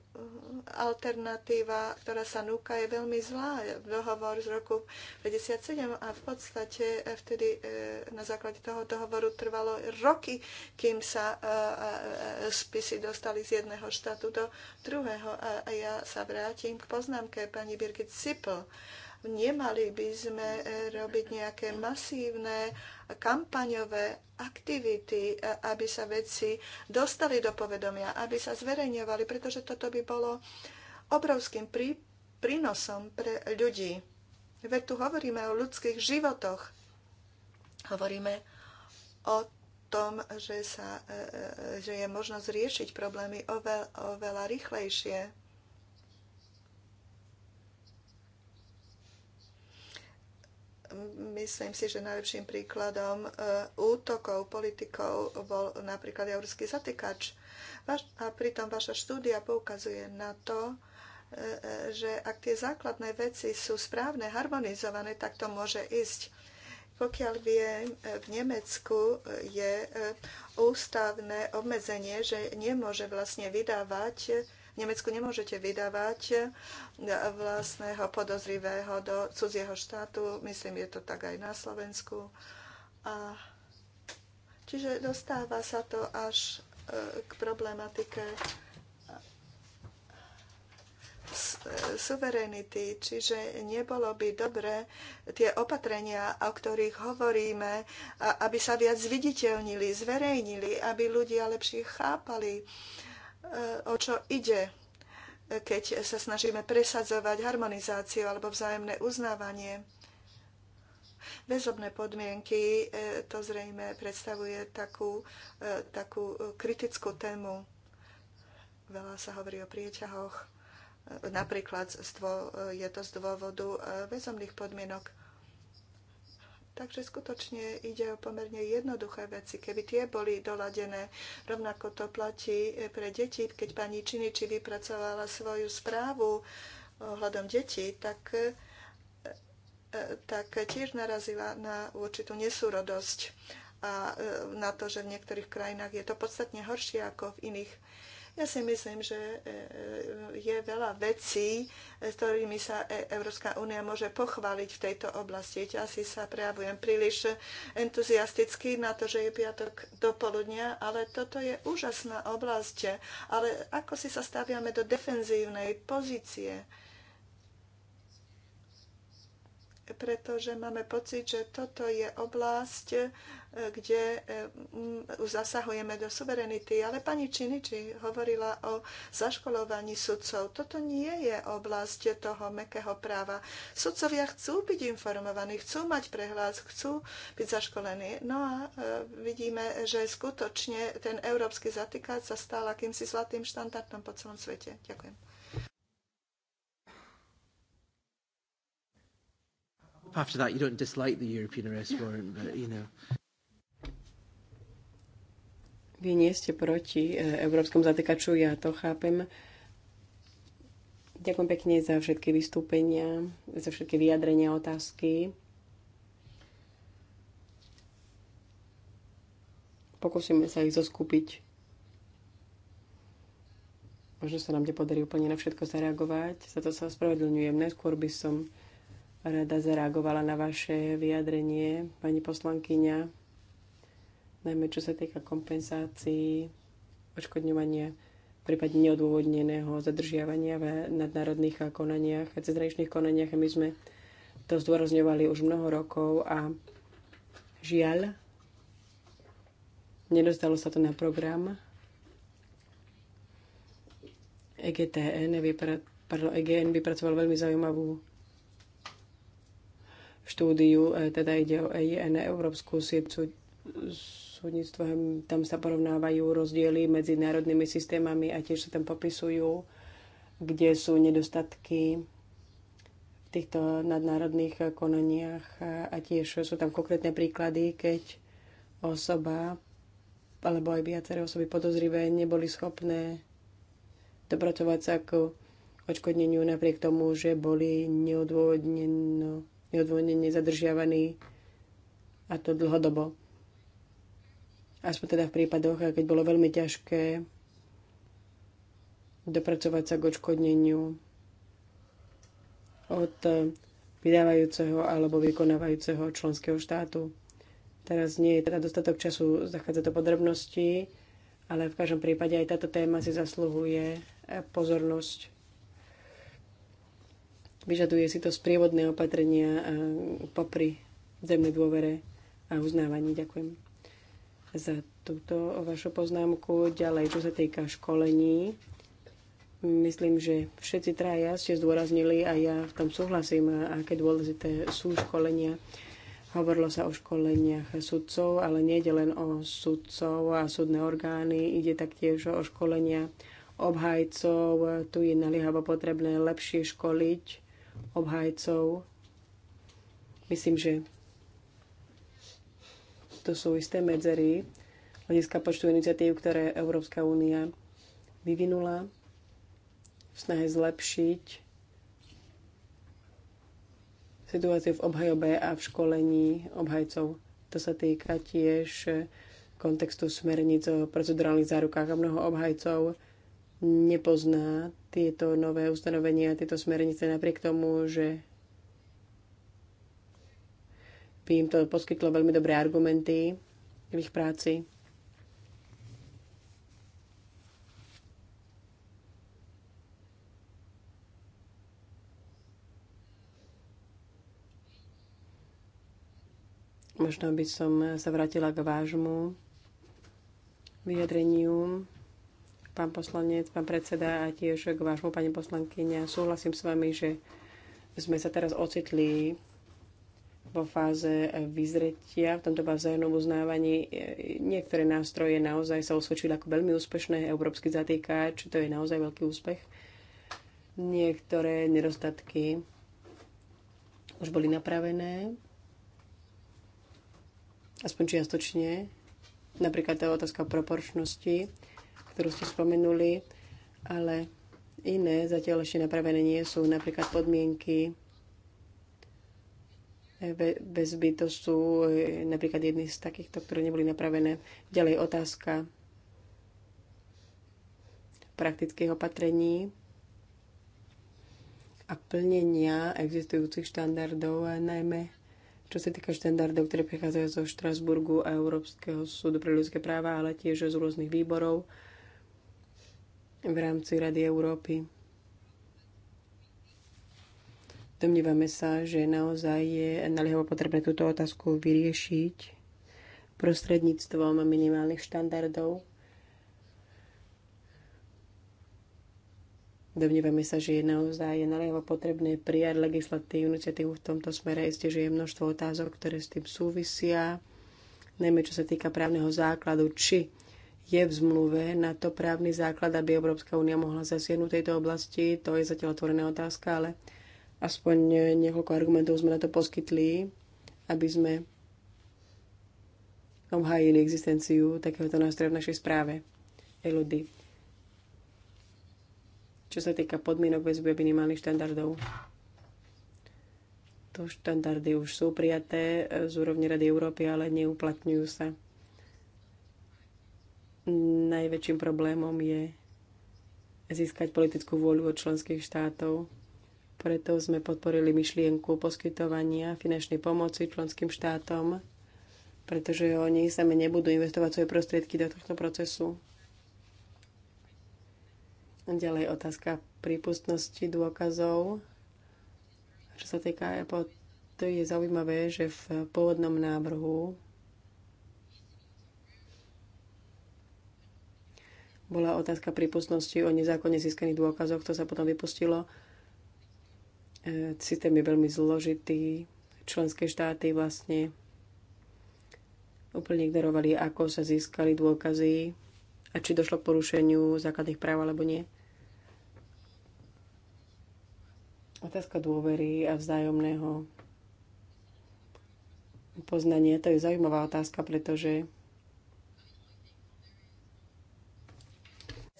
alternatíva, ktorá sa núka, je veľmi zlá. Dohovor z roku 1957. a v podstate eh, vtedy eh, na základe toho dohovoru trvalo roky, kým sa spisy dostali z jedného štátu do druhého. A ja sa vrátim k poznámke pani Birgit Sipl Nemali by sme e, robiť nejaké masívne kampaňové aktivity, e, aby sa veci dostali do povedomia, aby sa zverejňovali, pretože toto by bolo obrovským prí, prínosom pre ľudí. Veď tu hovoríme o ľudských životoch. Hovoríme o tom, že, sa, e, že je možnosť riešiť problémy oveľ, oveľa rýchlejšie. Myslím si, že najlepším príkladom e, útokov politikov bol napríklad európsky zatýkač. A pritom vaša štúdia poukazuje na to, e, e, že ak tie základné veci sú správne, harmonizované, tak to môže ísť. Pokiaľ viem, v Nemecku je ústavné obmedzenie, že nemôže vlastne vydávať Nemecku nemôžete vydávať e, vlastného podozrivého do cudzieho štátu. Myslím, je to tak aj na Slovensku. A čiže dostáva sa to až e, k problematike e, suverenity, čiže nebolo by dobre tie opatrenia, o ktorých hovoríme, aby sa viac zviditeľnili, zverejnili, aby ľudia lepšie chápali, o čo ide, keď sa snažíme presadzovať harmonizáciu alebo vzájomné uznávanie. Väzobné podmienky, e, to zrejme predstavuje takú, e, takú kritickú tému. Veľa sa hovorí o prieťahoch. E, napríklad je to z dôvodu väzomných podmienok. Takže skutočne ide o pomerne jednoduché veci. Keby tie boli doladené, rovnako to platí pre deti. Keď pani Činiči vypracovala svoju správu ohľadom detí, tak, e, e, tak tiež narazila na určitú nesúrodosť a e, na to, že v niektorých krajinách je to podstatne horšie ako v iných krajinách ja si myslím, že e, e, je veľa vecí, e, s ktorými sa Európska únia môže pochváliť v tejto oblasti. Asi sa prejavujem príliš entuziasticky na to, že je piatok do poludnia, ale toto je úžasná oblasť. Ale ako si sa staviame do defenzívnej pozície? pretože máme pocit, že toto je oblasť, kde eh, zasahujeme do suverenity. Ale pani Činiči hovorila o zaškolovaní sudcov. Toto nie je oblasť toho mekého práva. Sudcovia chcú byť informovaní, chcú mať prehľad, chcú byť zaškolení. No a eh, vidíme, že skutočne ten európsky zatýkač sa stal akýmsi zlatým štandardom po celom svete. Ďakujem. after that you don't dislike the European arrest warrant, but you know. Vy nie ste proti e, európskom zatýkaču, ja to chápem. Ďakujem pekne za všetky vystúpenia, za všetky vyjadrenia, otázky. Pokúsime sa ich zoskupiť. Možno sa nám nepodarí úplne na všetko zareagovať, za to sa ospravedlňujem. Najskôr by som rada zareagovala na vaše vyjadrenie, pani poslankyňa najmä čo sa týka kompenzácií, odškodňovania, prípadne neodôvodneného zadržiavania v nadnárodných konaniach, cezraničných konaniach. My sme to zdôrazňovali už mnoho rokov a žiaľ, nedostalo sa to na program. EGTN, vypra- pardon, EGN vypracoval veľmi zaujímavú štúdiu, e, teda ide o EIN, Európsku sieť súdnictvo, hm, tam sa porovnávajú rozdiely medzi národnými systémami a tiež sa tam popisujú, kde sú nedostatky v týchto nadnárodných konaniach a tiež sú tam konkrétne príklady, keď osoba alebo aj viaceré osoby podozrivé neboli schopné dopracovať sa k odškodneniu napriek tomu, že boli neodôvodnene zadržiavaní a to dlhodobo. Aspoň teda v prípadoch, keď bolo veľmi ťažké dopracovať sa k odškodneniu od vydávajúceho alebo vykonávajúceho členského štátu. Teraz nie je teda dostatok času zachádzať do podrobností, ale v každom prípade aj táto téma si zasluhuje pozornosť. Vyžaduje si to sprievodné opatrenia popri zemnej dôvere a uznávaní. Ďakujem za túto vašu poznámku. Ďalej, čo sa týka školení, myslím, že všetci traja ste zdôraznili a ja v tom súhlasím, aké dôležité sú školenia. Hovorilo sa o školeniach sudcov, ale nie je len o sudcov a súdne orgány, ide taktiež o školenia obhajcov. Tu je naliehavo potrebné lepšie školiť obhajcov. Myslím, že to sú isté medzery hľadiska počtu iniciatív, ktoré Európska únia vyvinula v snahe zlepšiť situáciu v obhajobe a v školení obhajcov. To sa týka tiež kontextu smerníc o procedurálnych zárukách a mnoho obhajcov nepozná tieto nové ustanovenia, tieto smernice napriek tomu, že by im to poskytlo veľmi dobré argumenty v ich práci. Možno by som sa vrátila k vášmu vyjadreniu, pán poslanec, pán predseda a tiež k vášmu pani poslankyňa. Súhlasím s vami, že sme sa teraz ocitli vo fáze eh, vyzretia, v tomto bazénom uznávaní eh, niektoré nástroje naozaj sa osvedčili ako veľmi úspešné. Európsky zatýkač, to je naozaj veľký úspech. Niektoré nedostatky už boli napravené, aspoň čiastočne. Napríklad tá otázka proporčnosti, ktorú ste spomenuli, ale iné zatiaľ ešte napravené nie sú. Napríklad podmienky väzby. To sú e, napríklad jedny z takýchto, ktoré neboli napravené. Ďalej otázka praktických opatrení a plnenia existujúcich štandardov, a najmä čo sa týka štandardov, ktoré prichádzajú zo Štrasburgu a Európskeho súdu pre ľudské práva, ale tiež z rôznych výborov v rámci Rady Európy. Domnívame sa, že naozaj je naliehavo potrebné túto otázku vyriešiť prostredníctvom minimálnych štandardov. Domnívame sa, že je naozaj naliehavo potrebné prijať legislatívnu iniciatívu v tomto smere. Isté, že je množstvo otázok, ktoré s tým súvisia, najmä čo sa týka právneho základu, či je v zmluve na to právny základ, aby Európska únia mohla zasiahnuť tejto oblasti. To je zatiaľ otvorená otázka, ale Aspoň e, niekoľko argumentov sme na to poskytli, aby sme obhájili existenciu takéhoto nástroja v našej správe. Elody. Čo sa týka podmienok väzby minimálnych štandardov. To štandardy už sú prijaté e, z úrovne Rady Európy, ale neuplatňujú sa. Najväčším problémom je získať politickú vôľu od členských štátov preto sme podporili myšlienku poskytovania finančnej pomoci členským štátom, pretože oni sami nebudú investovať svoje prostriedky do tohto procesu. Ďalej otázka prípustnosti dôkazov. Čo sa týka EPO, to je zaujímavé, že v pôvodnom návrhu bola otázka prípustnosti o nezákonne získaných dôkazoch, to sa potom vypustilo E, Systém je veľmi zložitý. Členské štáty vlastne úplne ignorovali, ako sa získali dôkazy a či došlo k porušeniu základných práv alebo nie. Otázka dôvery a vzájomného poznania, to je zaujímavá otázka, pretože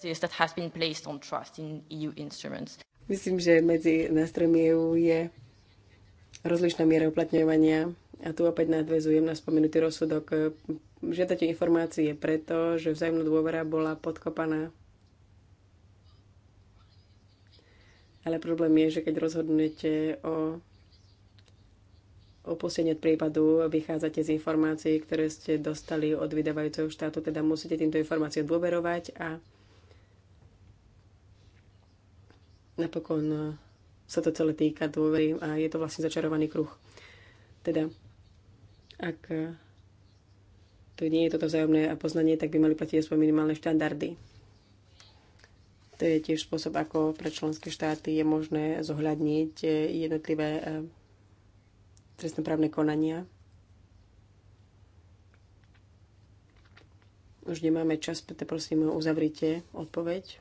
that has been placed on trust in EU instruments. Myslím, že medzi nástrojmi EU je rozlišná miera uplatňovania a tu opäť nadvezujem na spomenutý rozsudok. Žiadate informácie preto, že vzájomná dôvera bola podkopaná. Ale problém je, že keď rozhodnete o opustenie prípadu, vychádzate z informácií, ktoré ste dostali od vydávajúceho štátu, teda musíte týmto informáciám dôverovať a Napokon eh, sa to celé týka dôvery a je to vlastne začarovaný kruh. Teda, ak eh, tu nie je toto vzájomné a poznanie, tak by mali platiť aspoň minimálne štandardy. To je tiež spôsob, ako pre členské štáty je možné zohľadniť eh, jednotlivé trestnoprávne konania. Už nemáme čas, preto prosím, uzavrite odpoveď.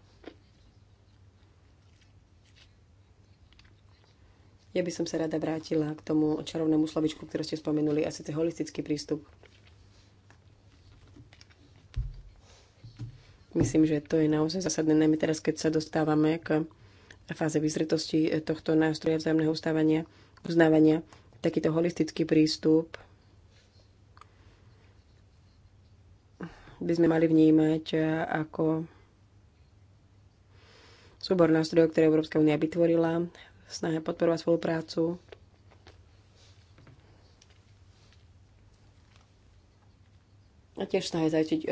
Ja by som sa rada vrátila k tomu čarovnému slovičku, ktoré ste spomenuli, a to holistický prístup. Myslím, že to je naozaj zásadné, najmä teraz, keď sa dostávame k fáze vyzretosti tohto nástroja vzájomného uznávania, uznávania. Takýto holistický prístup by sme mali vnímať ako súbor nástrojov, ktoré Európska únia vytvorila snahe podporovať spoluprácu. A tiež snahe zajistiť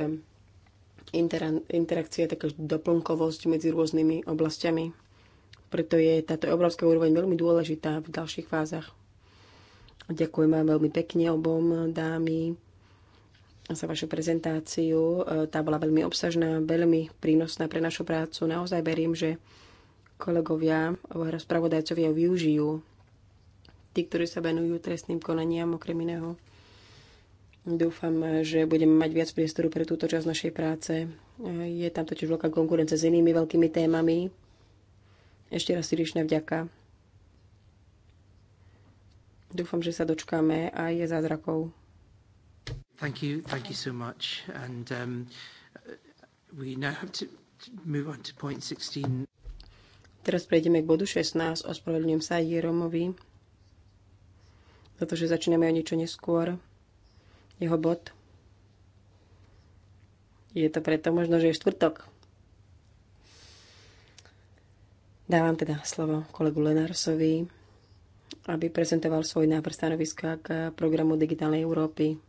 interakcie, také doplnkovosť medzi rôznymi oblastiami. Preto je táto obrovská úroveň veľmi dôležitá v ďalších fázach. Ďakujem vám veľmi pekne obom dámy za vašu prezentáciu. E, tá bola veľmi obsažná, veľmi prínosná pre našu prácu. Naozaj verím, že kolegovia, alebo spravodajcovia využijú tí, ktorí sa venujú trestným konaniam okrem iného. Dúfam, že budeme mať viac priestoru pre túto časť našej práce. Je tam totiž veľká konkurencia s inými veľkými témami. Ešte raz srdečná vďaka. Dúfam, že sa dočkáme aj je zázrakov. Thank you, thank you so much. And um, we now have to move on to point 16. Teraz prejdeme k bodu 16. Ospravedlňujem sa Jeromovi, pretože začíname o niečo neskôr. Jeho bod. Je to preto možno, že je štvrtok. Dávam teda slovo kolegu Lenarsovi, aby prezentoval svoj návrh stanoviska k programu Digitálnej Európy.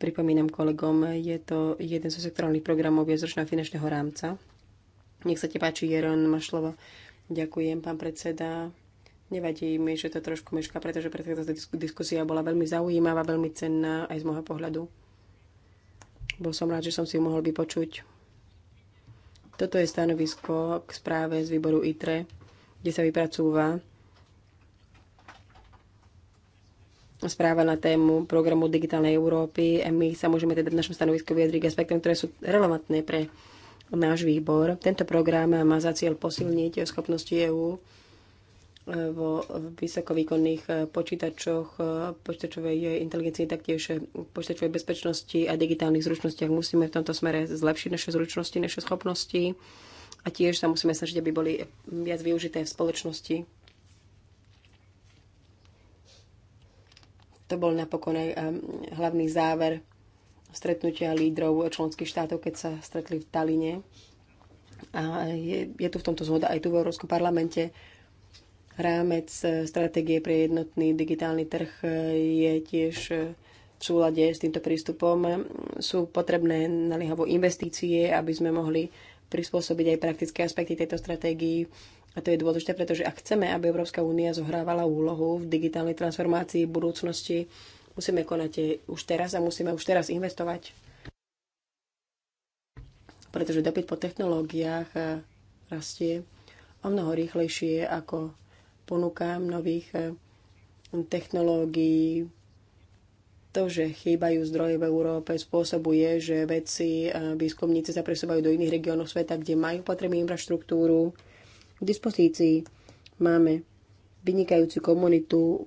Pripomínam kolegom, je to jeden zo sektorálnych programov viacročného finančného rámca nech sa ti páči, Jeron, máš slovo. Ďakujem, pán predseda. Nevadí mi, že to trošku meška, pretože táto diskusia bola veľmi zaujímavá, veľmi cenná aj z môjho pohľadu. Bol som rád, že som si ju mohol vypočuť. Toto je stanovisko k správe z výboru ITRE, kde sa vypracúva správa na tému programu Digitálnej Európy. A my sa môžeme teda v našom stanovisku vyjadriť k aspektom, ktoré sú relevantné pre náš výbor. Tento program má za cieľ posilniť schopnosti EÚ e, vo vysokovýkonných e, počítačoch, e, počítačovej inteligencii, taktiež počítačovej bezpečnosti a digitálnych zručnostiach. Musíme v tomto smere zlepšiť naše zručnosti, naše schopnosti a tiež sa musíme snažiť, aby boli viac využité v spoločnosti. To bol napokon aj hlavný záver stretnutia lídrov členských štátov, keď sa stretli v Taline. A je, je tu v tomto zhoda aj tu v Európskom parlamente. Rámec e, stratégie pre jednotný digitálny trh e, je tiež v súlade s týmto prístupom. Sú potrebné naliehavo investície, aby sme mohli prispôsobiť aj praktické aspekty tejto stratégii. A to je dôležité, pretože ak chceme, aby Európska únia zohrávala úlohu v digitálnej transformácii budúcnosti, Musíme konať eh, už teraz a musíme už teraz investovať, pretože dopyt po technológiách eh, rastie o mnoho rýchlejšie ako ponukám nových eh, technológií. To, že chýbajú zdroje v Európe, spôsobuje, že vedci a výskumníci sa presúvajú do iných regiónov sveta, kde majú potrebnú infraštruktúru. K dispozícii máme vynikajúcu komunitu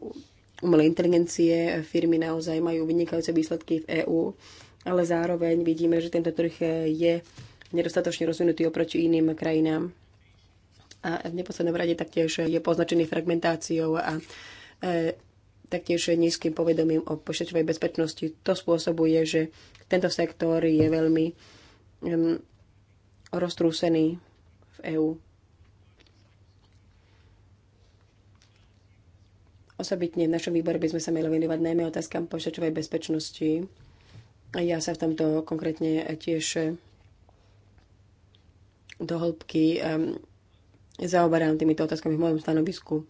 umelej inteligencie. Firmy naozaj majú vynikajúce výsledky v EÚ, ale zároveň vidíme, že tento trh je nedostatočne rozvinutý oproti iným krajinám. A v neposlednom rade taktiež je poznačený fragmentáciou a e, taktiež nízkym povedomím o počítačovej bezpečnosti. To spôsobuje, že tento sektor je veľmi e, roztrúsený v EÚ. Osobitne v našom výbore by sme sa mali venovať najmä otázkam počítačovej bezpečnosti. A ja sa v tomto konkrétne tiež do hĺbky um, zaoberám týmito otázkami v mojom stanovisku.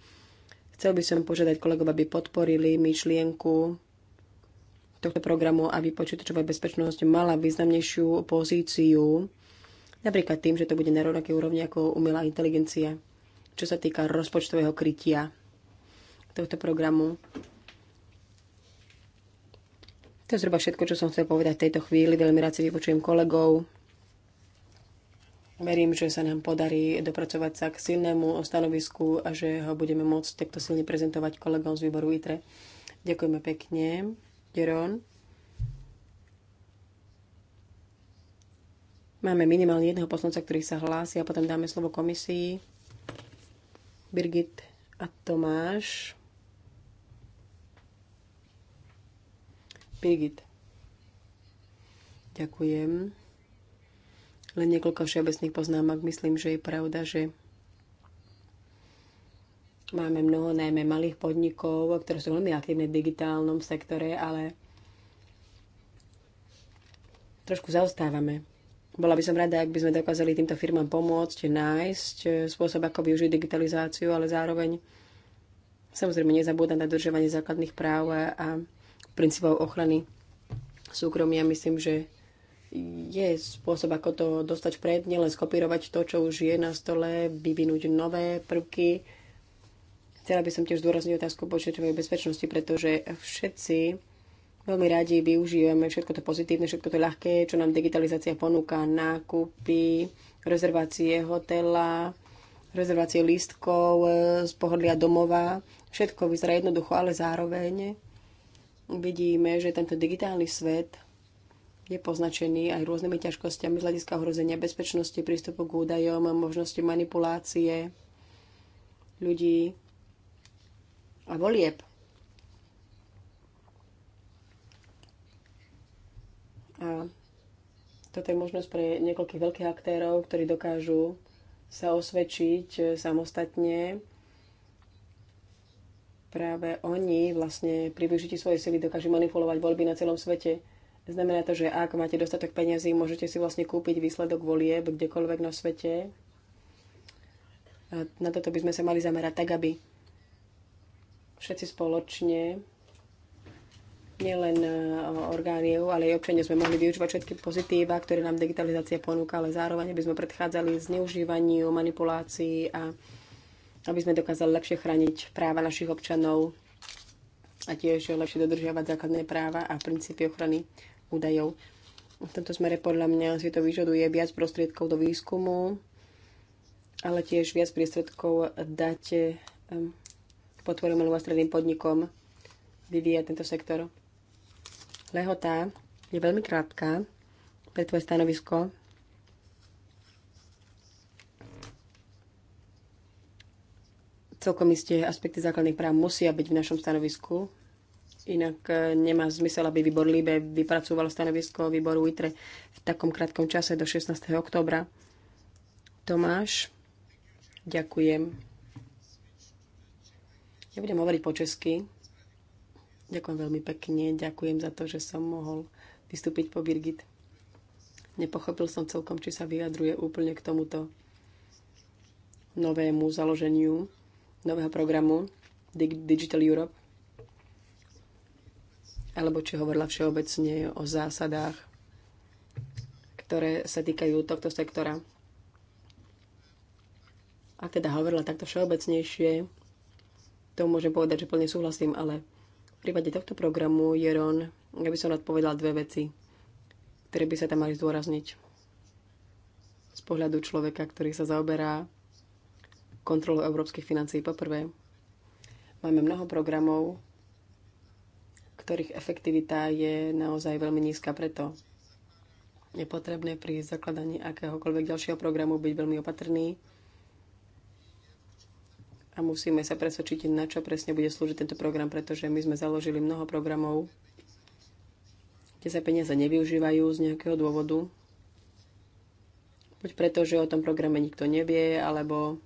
Chcel by som požiadať kolegov, aby podporili myšlienku tohto programu, aby počítačová bezpečnosť mala významnejšiu pozíciu, napríklad tým, že to bude na rovnakej úrovni ako umelá inteligencia, čo sa týka rozpočtového krytia tohto programu. To je zhruba všetko, čo som chcel povedať v tejto chvíli. Veľmi rád si vypočujem kolegov. Verím, že sa nám podarí dopracovať sa k silnému stanovisku a že ho budeme môcť takto silne prezentovať kolegom z výboru ITRE. Ďakujeme pekne. Jeron. Máme minimálne jedného poslanca, ktorý sa hlási a potom dáme slovo komisii. Birgit a Tomáš. Birgit. Ďakujem. Len niekoľko všeobecných poznámok. Myslím, že je pravda, že máme mnoho najmä malých podnikov, ktoré sú veľmi aktívne v digitálnom sektore, ale trošku zaostávame. Bola by som rada, ak by sme dokázali týmto firmám pomôcť, nájsť eh, spôsob, ako využiť digitalizáciu, ale zároveň samozrejme nezabúdať na dodržovanie základných práv a princípov ochrany súkromia. Myslím, že je spôsob, ako to dostať pred, nielen skopírovať to, čo už je na stole, vyvinúť nové prvky. Chcela by som tiež zdôrazniť otázku počítačovej bezpečnosti, pretože všetci veľmi radi využívame všetko to pozitívne, všetko to ľahké, čo nám digitalizácia ponúka, nákupy, rezervácie hotela, rezervácie lístkov eh, z pohodlia domova. Všetko vyzerá jednoducho, ale zároveň vidíme, že tento digitálny svet je poznačený aj rôznymi ťažkosťami z hľadiska ohrozenia bezpečnosti, prístupu k údajom, možnosti manipulácie ľudí a volieb. A toto je možnosť pre niekoľkých veľkých aktérov, ktorí dokážu sa osvedčiť e, samostatne práve oni vlastne pri využití svojej sily dokážu manipulovať voľby na celom svete. Znamená to, že ak máte dostatok peňazí, môžete si vlastne kúpiť výsledok volieb kdekoľvek na svete. A na toto by sme sa mali zamerať tak, aby všetci spoločne, nielen e, orgány EU, ale aj občania sme mohli využívať všetky pozitíva, ktoré nám digitalizácia ponúka, ale zároveň by sme predchádzali zneužívaniu, manipulácii a aby sme dokázali lepšie chrániť práva našich občanov a tiež lepšie dodržiavať základné práva a princípy ochrany údajov. V tomto smere podľa mňa si to vyžaduje viac prostriedkov do výskumu, ale tiež viac prostriedkov dať potvorom a stredným podnikom vyvíjať tento sektor. Lehota je veľmi krátka pre tvoje stanovisko Celkom iste aspekty základných práv musia byť v našom stanovisku. Inak e, nemá zmysel, aby výbor Líbe vypracoval stanovisko výboru ITRE v takom krátkom čase do 16. oktobra. Tomáš, ďakujem. Ja budem hovoriť po česky. Ďakujem veľmi pekne. Ďakujem za to, že som mohol vystúpiť po Birgit. Nepochopil som celkom, či sa vyjadruje úplne k tomuto novému založeniu nového programu Digital Europe, alebo či hovorila všeobecne o zásadách, ktoré sa týkajú tohto sektora. A teda hovorila takto všeobecnejšie, to môžem povedať, že plne súhlasím, ale v prípade tohto programu, Jeron, ja by som rád povedal dve veci, ktoré by sa tam mali zdôrazniť z pohľadu človeka, ktorý sa zaoberá kontrolu európskych financií. Poprvé, máme mnoho programov, ktorých efektivita je naozaj veľmi nízka, preto je potrebné pri zakladaní akéhokoľvek ďalšieho programu byť veľmi opatrný a musíme sa presvedčiť, na čo presne bude slúžiť tento program, pretože my sme založili mnoho programov, kde sa peniaze nevyužívajú z nejakého dôvodu. Buď preto, že o tom programe nikto nevie, alebo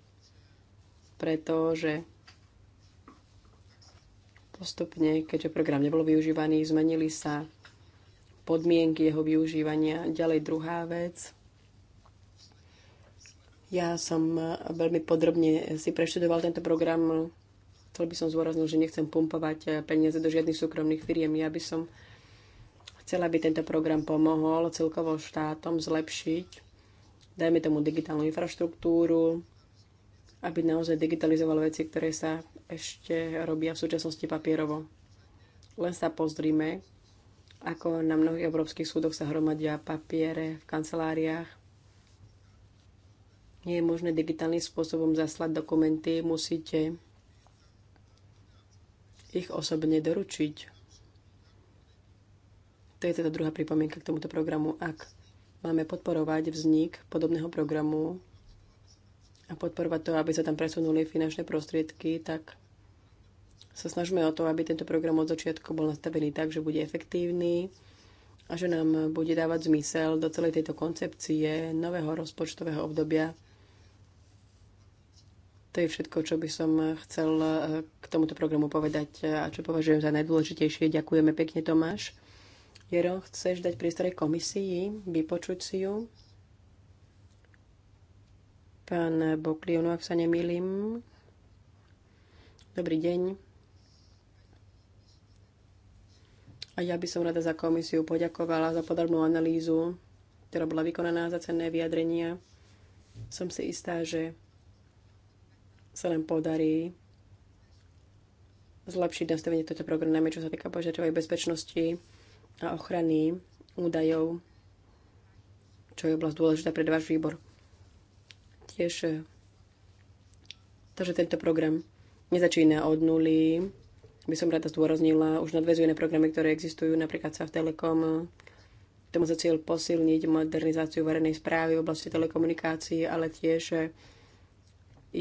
preto, že postupne, keďže program nebol využívaný, zmenili sa podmienky jeho využívania. Ďalej druhá vec. Ja som veľmi podrobne si preštudoval tento program. Chcel by som zdôraznil, že nechcem pumpovať peniaze do žiadnych súkromných firiem. Ja by som chcela, aby tento program pomohol celkovo štátom zlepšiť, dajme tomu digitálnu infraštruktúru, aby naozaj digitalizoval veci, ktoré sa ešte robia v súčasnosti papierovo. Len sa pozrime, ako na mnohých európskych súdoch sa hromadia papiere v kanceláriách. Nie je možné digitálnym spôsobom zaslať dokumenty, musíte ich osobne doručiť. To je teda druhá pripomienka k tomuto programu. Ak máme podporovať vznik podobného programu, a podporovať to, aby sa tam presunuli finančné prostriedky, tak sa snažíme o to, aby tento program od začiatku bol nastavený tak, že bude efektívny a že nám bude dávať zmysel do celej tejto koncepcie nového rozpočtového obdobia. To je všetko, čo by som chcel eh, k tomuto programu povedať a čo považujem za najdôležitejšie. Ďakujeme pekne, Tomáš. Jero, chceš dať priestor komisii, vypočuť si ju? Pán Boklionu, ak sa nemýlim. Dobrý deň. A ja by som rada za komisiu poďakovala za podrobnú analýzu, ktorá bola vykonaná za cenné vyjadrenia. Som si istá, že sa nám podarí zlepšiť nastavenie tohto programu, čo sa týka požiadavej bezpečnosti a ochrany údajov, čo je oblasť dôležitá pre váš výbor. Tiež Takže že tento program nezačína od nuly, by som rada zdôraznila, už nadvezuje na programy, ktoré existujú, napríklad sa v Telekom, má za cieľ posilniť modernizáciu verejnej správy v oblasti telekomunikácií, ale tiež e,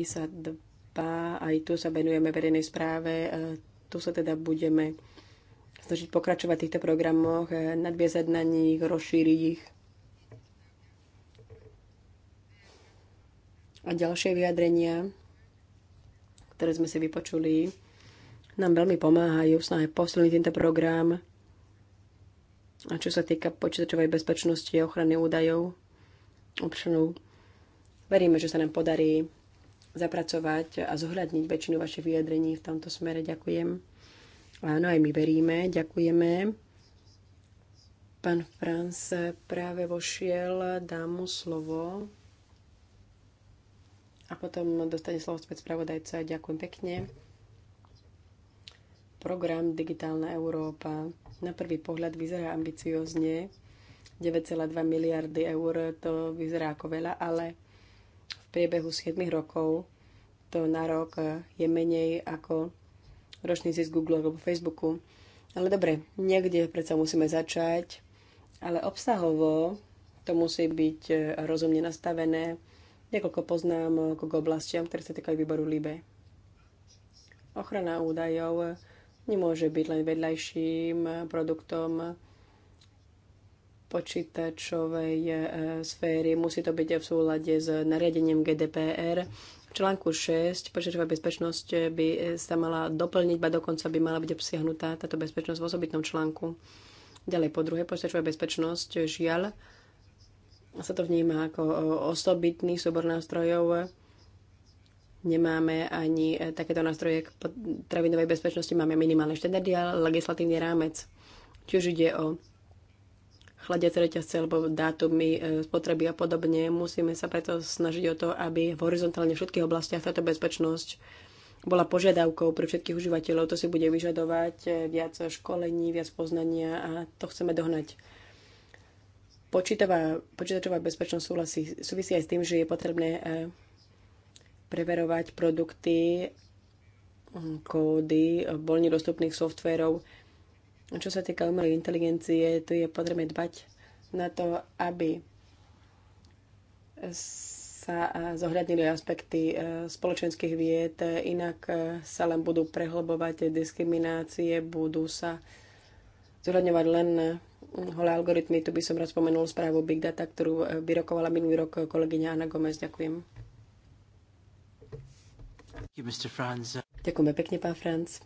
ISA 2, aj tu sa venujeme verejnej správe, e, tu sa teda budeme snažiť pokračovať v týchto programoch, e, nadviezať na nich, rozšíriť ich. a ďalšie vyjadrenia, ktoré sme si vypočuli, nám veľmi pomáhajú v snahe posilniť tento program. A čo sa týka počítačovej bezpečnosti a ochrany údajov občanov, veríme, že sa nám podarí zapracovať a zohľadniť väčšinu vašich vyjadrení v tomto smere. Ďakujem. Áno, aj my veríme. Ďakujeme. Pán Franz práve vošiel, dám mu slovo. A potom dostane slovo späť spravodajca. Ďakujem pekne. Program Digitálna Európa na prvý pohľad vyzerá ambiciozne. 9,2 miliardy eur to vyzerá ako veľa, ale v priebehu 7 rokov to na rok je menej ako ročný zisk Google alebo Facebooku. Ale dobre, niekde predsa musíme začať, ale obsahovo to musí byť rozumne nastavené, Niekoľko poznám eh, k oblastiam, ktoré sa týkajú výboru LIBE. Ochrana údajov eh, nemôže byť len vedľajším eh, produktom počítačovej sféry. Musí to byť v súlade s nariadením GDPR. V článku 6 počítačová bezpečnosť by sa mala doplniť, ba dokonca by mala byť obsiahnutá táto bezpečnosť v osobitnom článku. Ďalej po druhé, počítačová bezpečnosť žiaľ sa to vníma ako osobitný súbor nástrojov. Nemáme ani e, takéto nástroje k travinovej bezpečnosti, máme minimálne štandardy a legislatívny rámec. Či už ide o chladiace reťazce alebo dátumy e, spotreby a podobne. Musíme sa preto snažiť o to, aby v horizontálne všetkých oblastiach táto bezpečnosť bola požiadavkou pre všetkých užívateľov. To si bude vyžadovať e, viac školení, viac poznania a to chceme dohnať. Počítová, počítačová bezpečnosť súvisí, súvisí aj s tým, že je potrebné eh, preverovať produkty, hm, kódy eh, voľne dostupných softverov. Čo sa týka umelej inteligencie, tu je potrebné dbať na to, aby sa eh, zohľadnili aspekty spoločenských vied, inak sa len budú prehlbovať diskriminácie, budú sa zohľadňovať len holé algoritmy. Tu by som raz spomenul správu Big Data, ktorú eh, vyrokovala minulý rok kolegyňa Ana Gomez. Ďakujem. Ďakujeme pekne, pán Franz.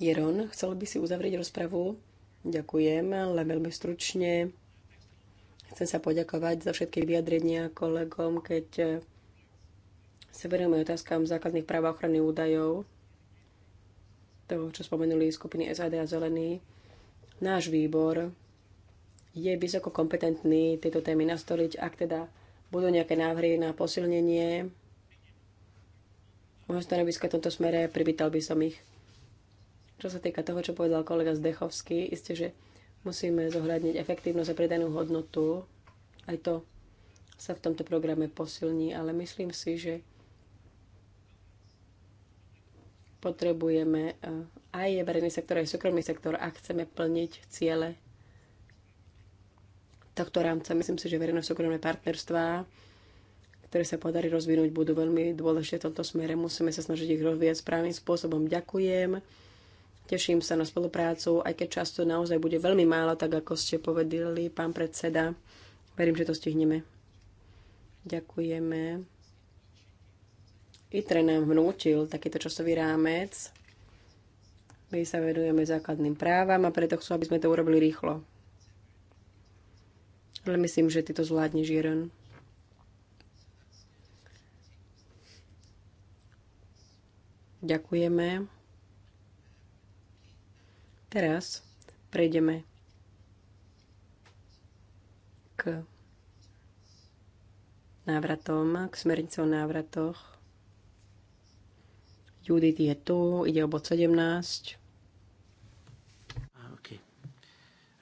Jeron, chcel by si uzavrieť rozpravu? Ďakujem, len veľmi stručne. Chcem sa poďakovať za všetky vyjadrenia kolegom, keď eh, sa verujeme otázkam základných práv a ochrany údajov, toho, čo spomenuli skupiny SAD a Zelený. Náš výbor je vysoko kompetentný tieto témy nastoliť, ak teda budú nejaké návrhy na posilnenie môjho stanoviska v tomto smere, privítal by som ich. Čo sa týka toho, čo povedal kolega Zdechovský, isté, že musíme zohľadniť efektívnosť a pridanú hodnotu. Aj to sa v tomto programe posilní, ale myslím si, že Potrebujeme eh, aj verejný sektor, aj súkromný sektor, ak chceme plniť ciele tohto rámca. Myslím si, že verejno-súkromné partnerstvá, ktoré sa podarí rozvinúť, budú veľmi dôležité v tomto smere. Musíme sa snažiť ich rozvíjať správnym spôsobom. Ďakujem. Teším sa na spoluprácu, aj keď často naozaj bude veľmi málo, tak ako ste povedali, pán predseda. Verím, že to stihneme. Ďakujeme. ITRE nám vnúčil takýto časový rámec. My sa venujeme základným právam a preto chcú, aby sme to urobili rýchlo. Ale myslím, že ty to zvládneš, Jiren. Ďakujeme. Teraz prejdeme k návratom, k smernicom o návratoch. Judith je tu, ide o bod 17. Ah, okay.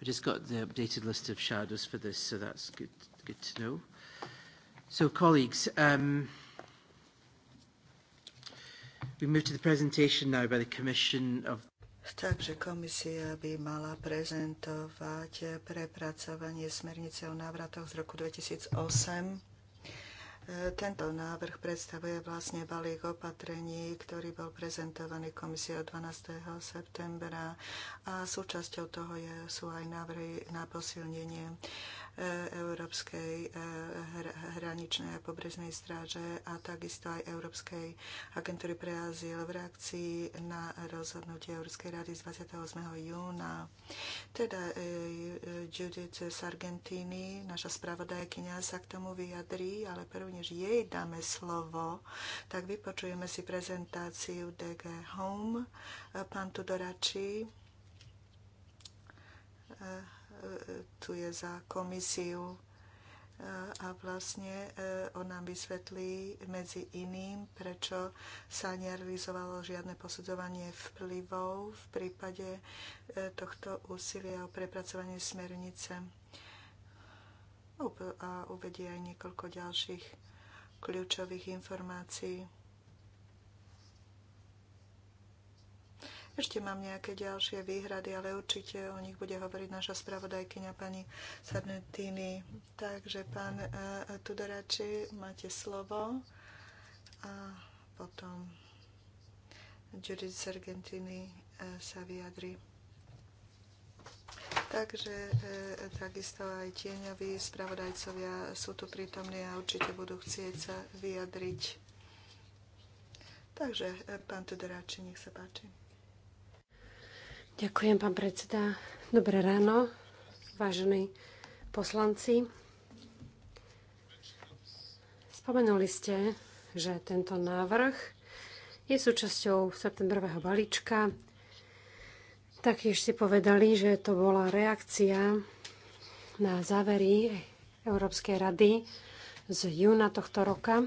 I just got the updated list of shadows for this, so that's good, good to know. So, colleagues, um, we move to the presentation now by the Commission of Takže komisia by mala prezentovať prepracovanie smernice o návratoch z roku 2008 tento návrh predstavuje vlastne balík opatrení, ktorý bol prezentovaný komisiou 12. septembra a súčasťou toho je, sú aj návrhy na posilnenie e, Európskej e, hraničnej a pobrežnej stráže a takisto aj Európskej agentúry pre azyl v reakcii na rozhodnutie Európskej rady z 28. júna. Teda e, Judith Sargentini, naša spravodajkynia, sa k tomu vyjadrí, ale prvne než jej dáme slovo, tak vypočujeme si prezentáciu DG Home. Pán Tudorači tu je za komisiu a vlastne e, on nám vysvetlí medzi iným, prečo sa nerealizovalo žiadne posudzovanie vplyvov v prípade e, tohto úsilia o prepracovanie smernice a uvedie aj niekoľko ďalších kľúčových informácií. Ešte mám nejaké ďalšie výhrady, ale určite o nich bude hovoriť naša spravodajkyňa pani Sarnetini. Takže pán eh, Tudorači, máte slovo a potom Judith Sargentini eh, sa vyjadri. Takže e, takisto aj tieňoví spravodajcovia sú tu prítomní a určite budú chcieť sa vyjadriť. Takže e, pán Tudoráči, nech sa páči. Ďakujem, pán predseda. Dobré ráno, vážení poslanci. Spomenuli ste, že tento návrh je súčasťou septembrového balíčka tak ešte povedali, že to bola reakcia na závery Európskej rady z júna tohto roka.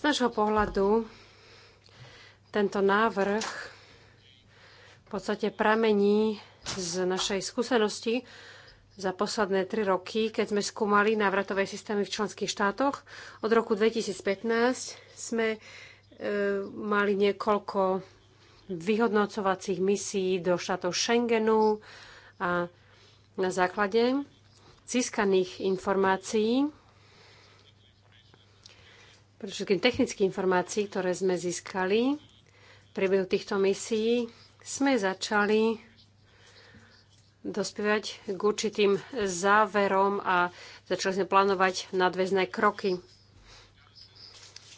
Z našho pohľadu tento návrh v podstate pramení z našej skúsenosti za posledné tri roky, keď sme skúmali návratové systémy v členských štátoch. Od roku 2015 sme e, mali niekoľko vyhodnocovacích misií do štátov Schengenu a na základe získaných informácií, predovšetkým technických informácií, ktoré sme získali v priebehu týchto misií, sme začali dospievať k určitým záverom a začali sme plánovať nadväzné kroky.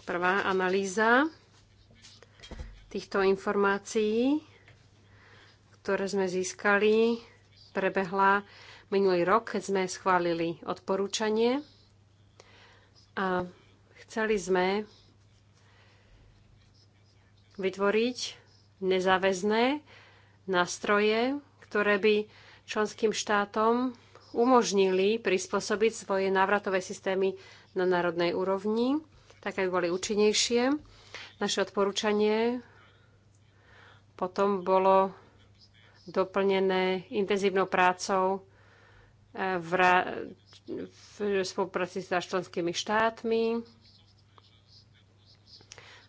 Prvá analýza týchto informácií, ktoré sme získali, prebehla minulý rok, keď sme schválili odporúčanie a chceli sme vytvoriť nezáväzné nástroje, ktoré by členským štátom umožnili prispôsobiť svoje návratové systémy na národnej úrovni, tak aby boli účinnejšie. Naše odporúčanie potom bolo doplnené intenzívnou prácou e, v, v spolupráci s členskými štátmi.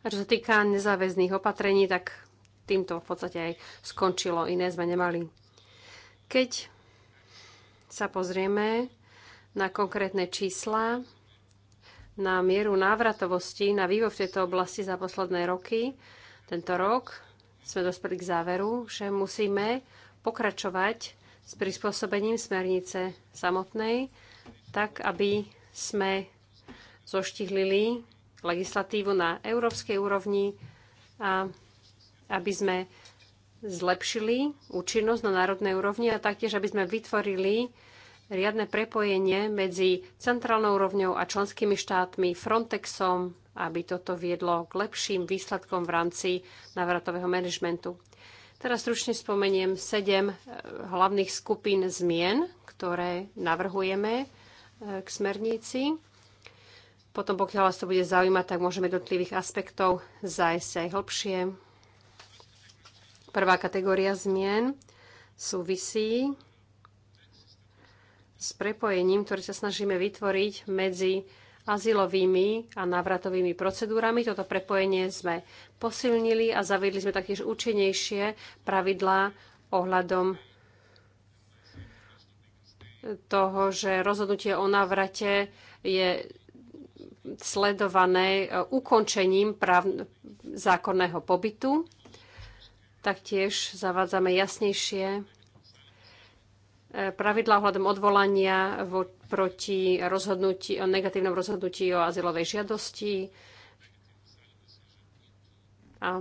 A čo sa týka nezáväzných opatrení, tak týmto v podstate aj skončilo. Iné sme nemali. Keď sa pozrieme na konkrétne čísla, na mieru návratovosti, na vývoj v tejto oblasti za posledné roky, tento rok, sme dospeli k záveru, že musíme pokračovať s prispôsobením smernice samotnej, tak aby sme zoštihlili legislatívu na európskej úrovni a aby sme zlepšili účinnosť na národnej úrovni a taktiež, aby sme vytvorili riadne prepojenie medzi centrálnou úrovňou a členskými štátmi, Frontexom aby toto viedlo k lepším výsledkom v rámci návratového manažmentu. Teraz stručne spomeniem sedem eh, hlavných skupín zmien, ktoré navrhujeme eh, k smernici. Potom, pokiaľ vás to bude zaujímať, tak môžeme jednotlivých aspektov zajsť aj hlbšie. Prvá kategória zmien súvisí s prepojením, ktoré sa snažíme vytvoriť medzi azylovými a návratovými procedúrami. Toto prepojenie sme posilnili a zaviedli sme taktiež účinnejšie pravidlá ohľadom toho, že rozhodnutie o návrate je sledované ukončením práv zákonného pobytu. Taktiež zavádzame jasnejšie pravidlá ohľadom odvolania vo, proti rozhodnutí, o negatívnom rozhodnutí o azylovej žiadosti. A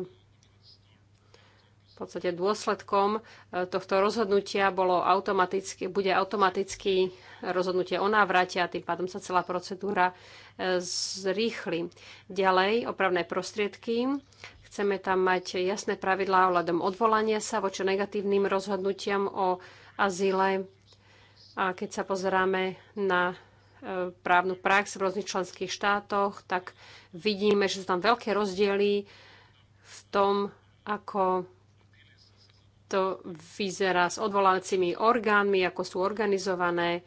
v podstate dôsledkom e, tohto rozhodnutia bolo automaticky, bude automaticky rozhodnutie o návrate a tým pádom sa celá procedúra e, zrýchli. Ďalej, opravné prostriedky. Chceme tam mať jasné pravidlá ohľadom odvolania sa voči negatívnym rozhodnutiam o azyle. A keď sa pozeráme na e, právnu prax v rôznych členských štátoch, tak vidíme, že sú tam veľké rozdiely v tom, ako to vyzerá s odvolávacími orgánmi, ako sú organizované.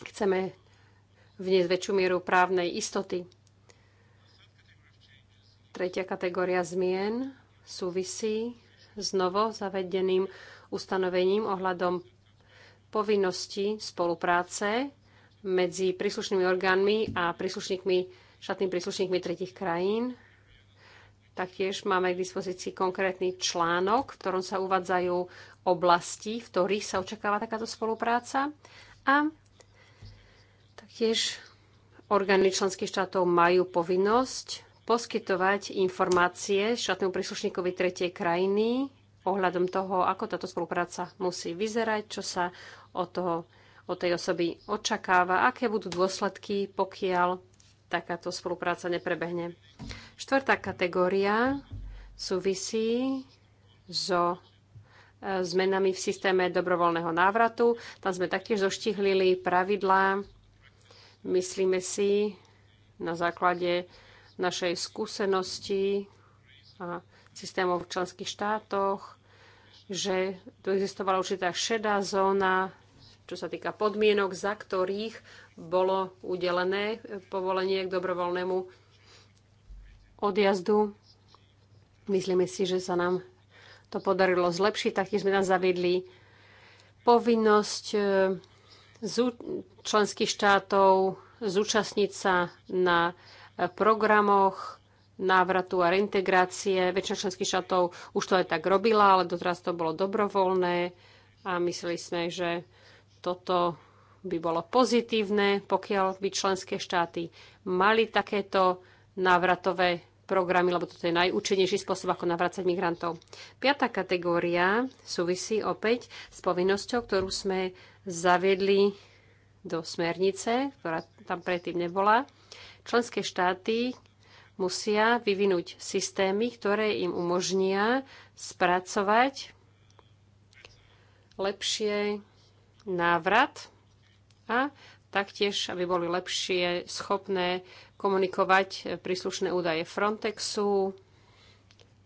Chceme vniesť väčšiu mieru právnej istoty. Tretia kategória zmien súvisí s novo zavedeným ustanovením ohľadom povinnosti spolupráce medzi príslušnými orgánmi a príslušníkmi, štátnymi príslušníkmi tretich krajín. Taktiež máme k dispozícii konkrétny článok, v ktorom sa uvádzajú oblasti, v ktorých sa očakáva takáto spolupráca. A taktiež orgány členských štátov majú povinnosť poskytovať informácie štátnemu príslušníkovi tretej krajiny ohľadom toho, ako táto spolupráca musí vyzerať, čo sa od, toho, od tej osoby očakáva, aké budú dôsledky, pokiaľ takáto spolupráca neprebehne. Štvrtá kategória súvisí so e, zmenami v systéme dobrovoľného návratu. Tam sme taktiež zoštihlili pravidlá. Myslíme si na základe našej skúsenosti a systémov v členských štátoch, že tu existovala určitá šedá zóna, čo sa týka podmienok, za ktorých bolo udelené povolenie k dobrovoľnému odjazdu. Myslíme si, že sa nám to podarilo zlepšiť. Taktiež sme tam zaviedli povinnosť e, členských štátov zúčastniť sa na e, programoch návratu a reintegrácie. Väčšina členských štátov už to aj tak robila, ale doteraz to bolo dobrovoľné a mysleli sme, že toto by bolo pozitívne, pokiaľ by členské štáty mali takéto návratové programy, lebo toto je najúčinnejší spôsob, ako navrácať migrantov. Piatá kategória súvisí opäť s povinnosťou, ktorú sme zaviedli do smernice, ktorá tam predtým nebola. Členské štáty, musia vyvinúť systémy, ktoré im umožnia spracovať lepšie návrat a taktiež, aby boli lepšie schopné komunikovať príslušné údaje Frontexu,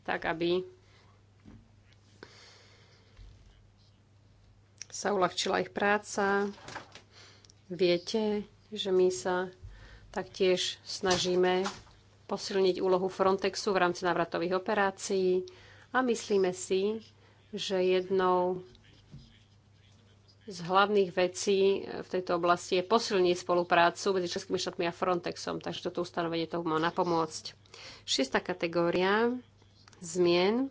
tak aby sa uľahčila ich práca. Viete, že my sa taktiež snažíme posilniť úlohu Frontexu v rámci návratových operácií a myslíme si, že jednou z hlavných vecí v tejto oblasti je posilniť spoluprácu medzi Českými štátmi a Frontexom, takže toto ustanovenie toho má napomôcť. Šiesta kategória zmien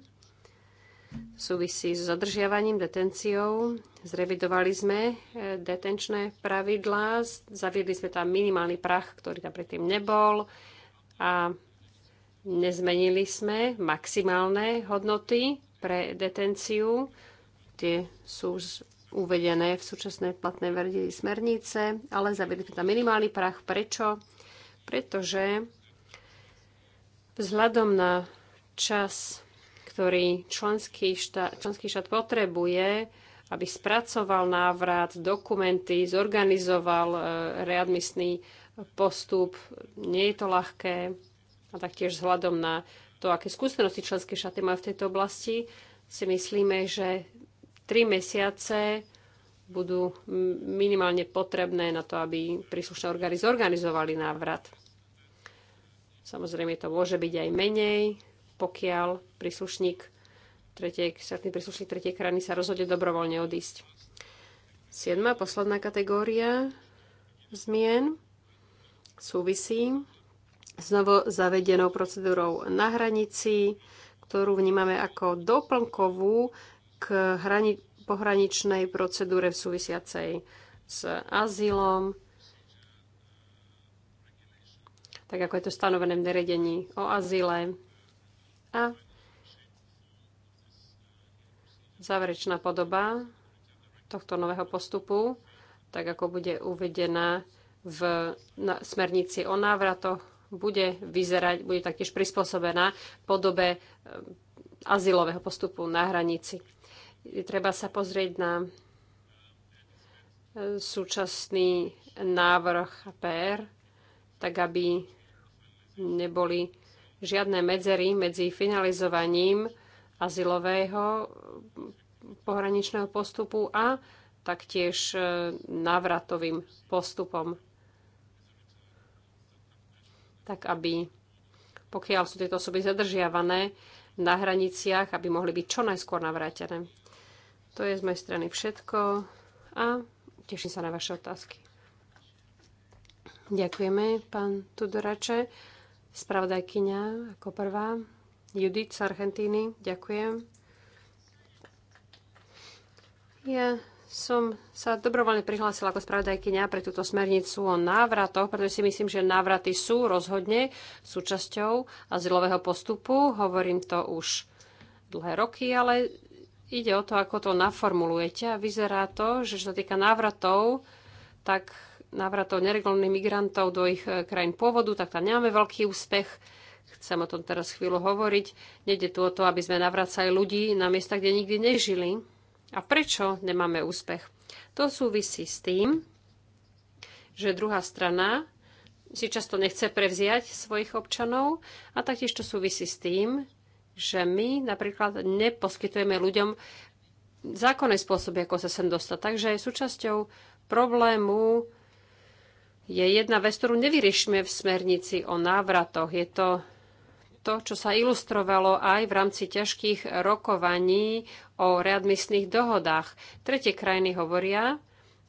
súvisí s zadržiavaním, detenciou. Zrevidovali sme e, detenčné pravidlá, zaviedli sme tam minimálny prach, ktorý tam predtým nebol a nezmenili sme maximálne hodnoty pre detenciu. Tie sú uvedené v súčasnej platnej verzii smernice, ale sme tam minimálny prach. Prečo? Pretože vzhľadom na čas, ktorý členský štát, členský štát potrebuje, aby spracoval návrat, dokumenty, zorganizoval e, readmisný postup. Nie je to ľahké a taktiež vzhľadom na to, aké skúsenosti členské šaty majú v tejto oblasti, si myslíme, že tri mesiace budú minimálne potrebné na to, aby príslušné orgány zorganizovali návrat. Samozrejme, to môže byť aj menej, pokiaľ príslušník tretej, príslušník tretej krajiny sa rozhodne dobrovoľne odísť. Siedma, posledná kategória zmien súvisí s novo zavedenou procedúrou na hranici, ktorú vnímame ako doplnkovú k hrani- pohraničnej procedúre súvisiacej s azylom, tak ako je to stanovené v neredení o azyle. A záverečná podoba tohto nového postupu, tak ako bude uvedená v smernici o návratoch bude vyzerať, bude taktiež prispôsobená podobe e, azylového postupu na hranici. Treba sa pozrieť na e, súčasný návrh PR, tak aby neboli žiadne medzery medzi finalizovaním azylového pohraničného postupu a taktiež e, návratovým postupom tak aby pokiaľ sú tieto osoby zadržiavané na hraniciach, aby mohli byť čo najskôr navrátené. To je z mojej strany všetko a teším sa na vaše otázky. Ďakujeme, pán Tudorače. Spravodajkyňa ako prvá. Judith z Argentíny, ďakujem. Ja som sa dobrovoľne prihlásila ako spravodajkyňa pre túto smernicu o návratoch, pretože si myslím, že návraty sú rozhodne súčasťou azylového postupu. Hovorím to už dlhé roky, ale ide o to, ako to naformulujete. A vyzerá to, že čo sa týka návratov, tak návratov neregulných migrantov do ich e, krajín pôvodu, tak tam nemáme veľký úspech. Chcem o tom teraz chvíľu hovoriť. Nede tu o to, aby sme navracali ľudí na miesta, kde nikdy nežili a prečo nemáme úspech? To súvisí s tým, že druhá strana si často nechce prevziať svojich občanov a taktiež to súvisí s tým, že my napríklad neposkytujeme ľuďom zákonné spôsoby, ako sa sem dostať. Takže súčasťou problému je jedna vec, ktorú nevyriešime v smernici o návratoch. Je to to, čo sa ilustrovalo aj v rámci ťažkých rokovaní o readmisných dohodách. Tretie krajiny hovoria,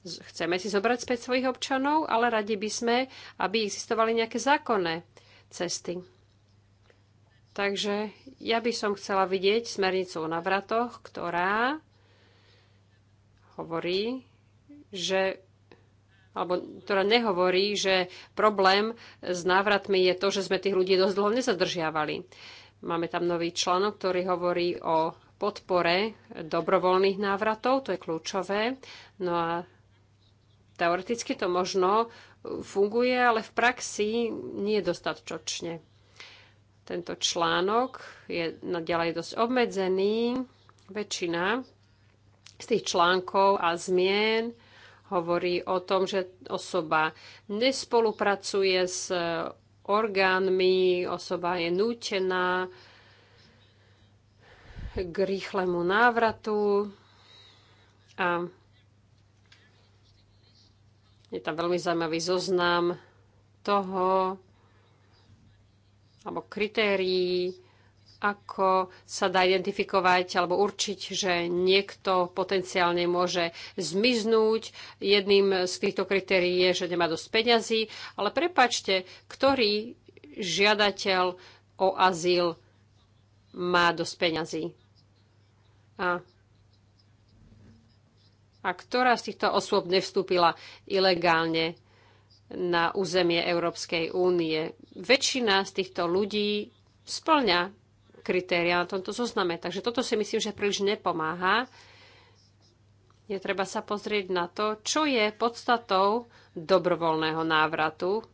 chceme si zobrať späť svojich občanov, ale radi by sme, aby existovali nejaké zákonné cesty. Takže ja by som chcela vidieť smernicu o navratoch, ktorá hovorí, že alebo ktorá nehovorí, že problém s návratmi je to, že sme tých ľudí dosť dlho nezadržiavali. Máme tam nový článok, ktorý hovorí o podpore dobrovoľných návratov, to je kľúčové. No a teoreticky to možno funguje, ale v praxi nie dostatočne. Tento článok je naďalej dosť obmedzený. Väčšina z tých článkov a zmien hovorí o tom, že osoba nespolupracuje s orgánmi, osoba je nútená k rýchlemu návratu a je tam veľmi zaujímavý zoznam toho, alebo kritérií, ako sa dá identifikovať alebo určiť, že niekto potenciálne môže zmiznúť. Jedným z týchto kritérií je, že nemá dosť peňazí, ale prepačte, ktorý žiadateľ o azyl má dosť peňazí? A, a ktorá z týchto osôb nevstúpila ilegálne na územie Európskej únie? Väčšina z týchto ľudí splňa kritéria na tomto zozname. Takže toto si myslím, že príliš nepomáha. Je treba sa pozrieť na to, čo je podstatou dobrovoľného návratu.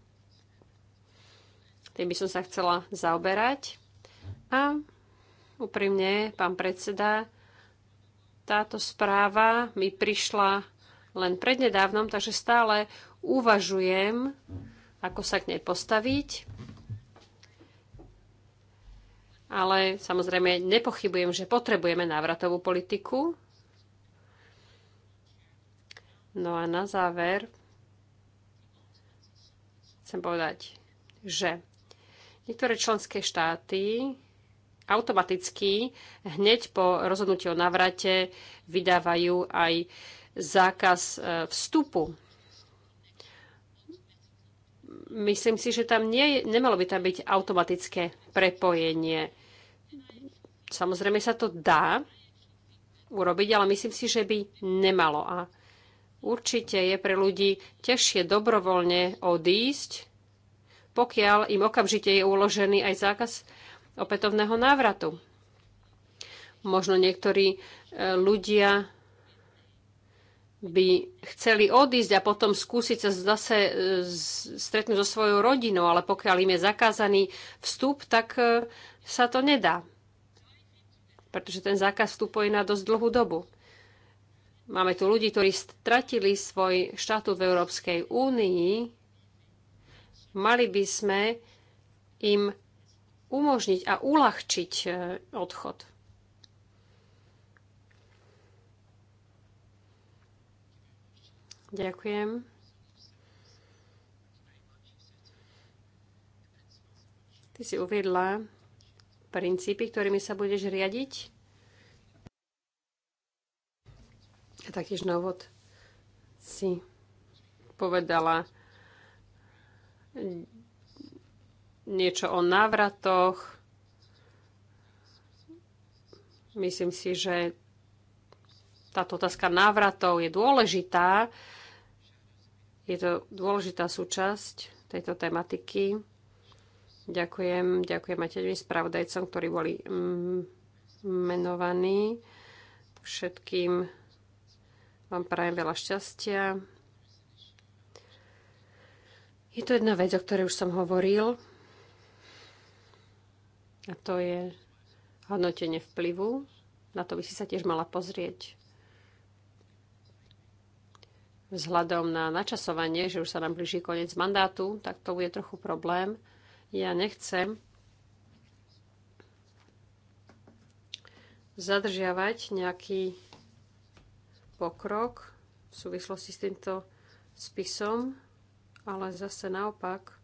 Tým by som sa chcela zaoberať. A úprimne, pán predseda, táto správa mi prišla len prednedávnom, takže stále uvažujem, ako sa k nej postaviť ale samozrejme nepochybujem, že potrebujeme návratovú politiku. No a na záver chcem povedať, že niektoré členské štáty automaticky hneď po rozhodnutí o navrate vydávajú aj zákaz e, vstupu myslím si, že tam nie, nemalo by tam byť automatické prepojenie. Samozrejme sa to dá urobiť, ale myslím si, že by nemalo. A určite je pre ľudí ťažšie dobrovoľne odísť, pokiaľ im okamžite je uložený aj zákaz opätovného návratu. Možno niektorí e, ľudia by chceli odísť a potom skúsiť sa zase e, stretnúť so svojou rodinou, ale pokiaľ im je zakázaný vstup, tak e, sa to nedá pretože ten zákaz vstupuje na dosť dlhú dobu. Máme tu ľudí, ktorí stratili svoj štátu v Európskej únii. Mali by sme im umožniť a uľahčiť e, odchod. Ďakujem. Ty si uviedla, princípy, ktorými sa budeš riadiť. A taktiež na úvod si povedala niečo o návratoch. Myslím si, že táto otázka návratov je dôležitá. Je to dôležitá súčasť tejto tematiky. Ďakujem, ďakujem aj tým spravodajcom, ktorí boli mm, menovaní. Všetkým vám prajem veľa šťastia. Je to jedna vec, o ktorej už som hovoril, a to je hodnotenie vplyvu. Na to by si sa tiež mala pozrieť vzhľadom na načasovanie, že už sa nám blíži koniec mandátu, tak to bude trochu problém. Ja nechcem zadržiavať nejaký pokrok v súvislosti s týmto spisom, ale zase naopak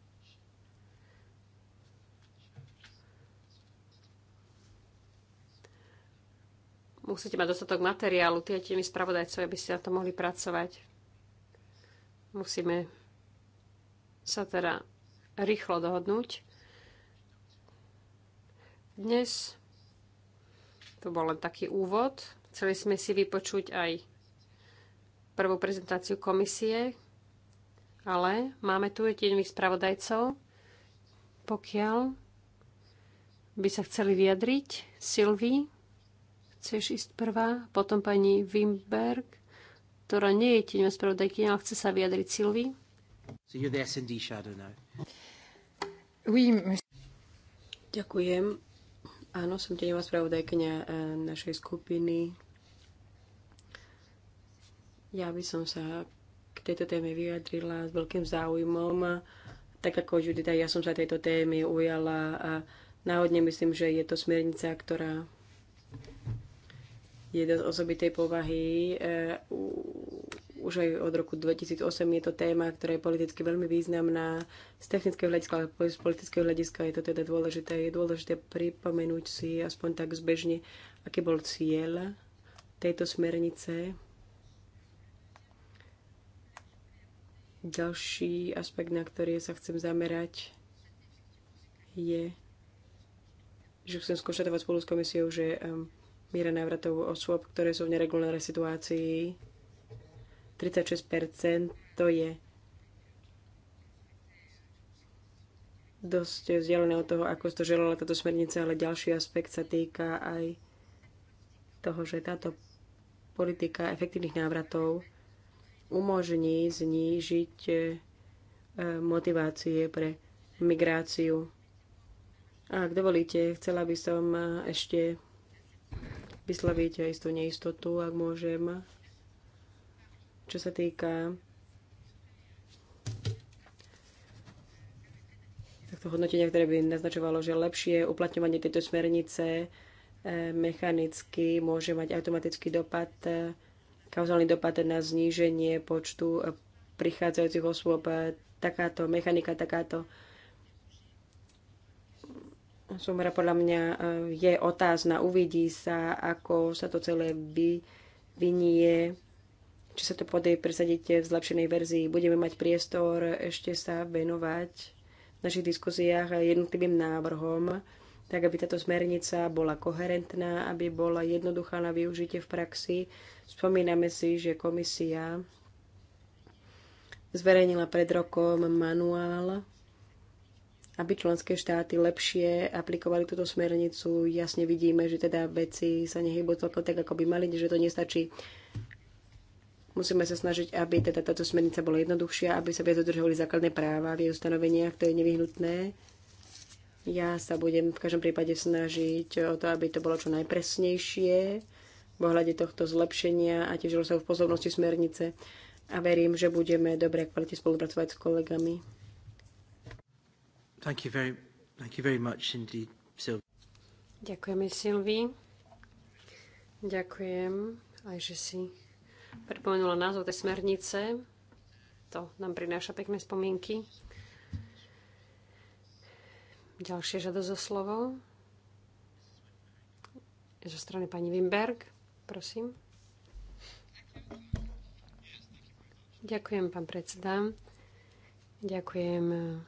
musíte mať dostatok materiálu, tie tými spravodajcov, aby ste na to mohli pracovať. Musíme sa teda rýchlo dohodnúť. Dnes to bol len taký úvod. Chceli sme si vypočuť aj prvú prezentáciu komisie, ale máme tu aj spravodajcov. Pokiaľ by sa chceli vyjadriť, Silvi, chceš ísť prvá, potom pani Wimberg, ktorá nie je tieňová spravodajky, ale chce sa vyjadriť Silvi. So you're Ďakujem. Áno, som tenová spravodajkňa eh, našej skupiny. Ja by som sa k tejto téme vyjadrila s veľkým záujmom. Tak ako Judita, ja som sa tejto témy ujala a náhodne myslím, že je to smernica, ktorá je dosť osobitej povahy. Eh, už aj od roku 2008 je to téma, ktorá je politicky veľmi významná. Z technického hľadiska, ale z politického hľadiska je to teda dôležité. Je dôležité pripomenúť si aspoň tak zbežne, aký bol cieľ tejto smernice. Ďalší aspekt, na ktorý sa chcem zamerať, je, že chcem skonštatovať spolu s komisiou, že um, miera návratov osôb, ktoré sú v neregulárnej situácii, 36% to je dosť vzdialené od toho, ako to želala táto smernica, ale ďalší aspekt sa týka aj toho, že táto politika efektívnych návratov umožní znížiť e, motivácie pre migráciu. A ak dovolíte, chcela by som e, ešte vysloviť istú neistotu, ak môžem čo sa týka takto hodnotenia, ktoré by naznačovalo, že lepšie uplatňovanie tejto smernice eh, mechanicky môže mať automatický dopad, eh, kauzálny dopad na zníženie počtu eh, prichádzajúcich osôb. Takáto mechanika, takáto sumera podľa mňa je otázna. Uvidí sa, ako sa to celé vyvinie či sa to podarí presadiť v zlepšenej verzii. Budeme mať priestor ešte sa venovať v našich diskuziách jednotlivým návrhom, tak aby táto smernica bola koherentná, aby bola jednoduchá na využitie v praxi. Spomíname si, že komisia zverejnila pred rokom manuál, aby členské štáty lepšie aplikovali túto smernicu. Jasne vidíme, že teda veci sa nehybu celkom tak, ako by mali, že to nestačí Musíme sa snažiť, aby teda táto smernica bola jednoduchšia, aby sa viac dodržovali základné práva v jej ustanoveniach, to je nevyhnutné. Ja sa budem v každom prípade snažiť o to, aby to bolo čo najpresnejšie v ohľade tohto zlepšenia a tiež sa v pozornosti smernice a verím, že budeme dobre kvalite spolupracovať s kolegami. Thank you very, thank you very much indeed, Sylvie. Ďakujeme, Silvi. Ďakujem aj, že si pripomenula názov tej smernice. To nám prináša pekné spomienky. Ďalšie žiadosť o slovo. Zo strany pani Wimberg, prosím. Ďakujem, pán predseda. Ďakujem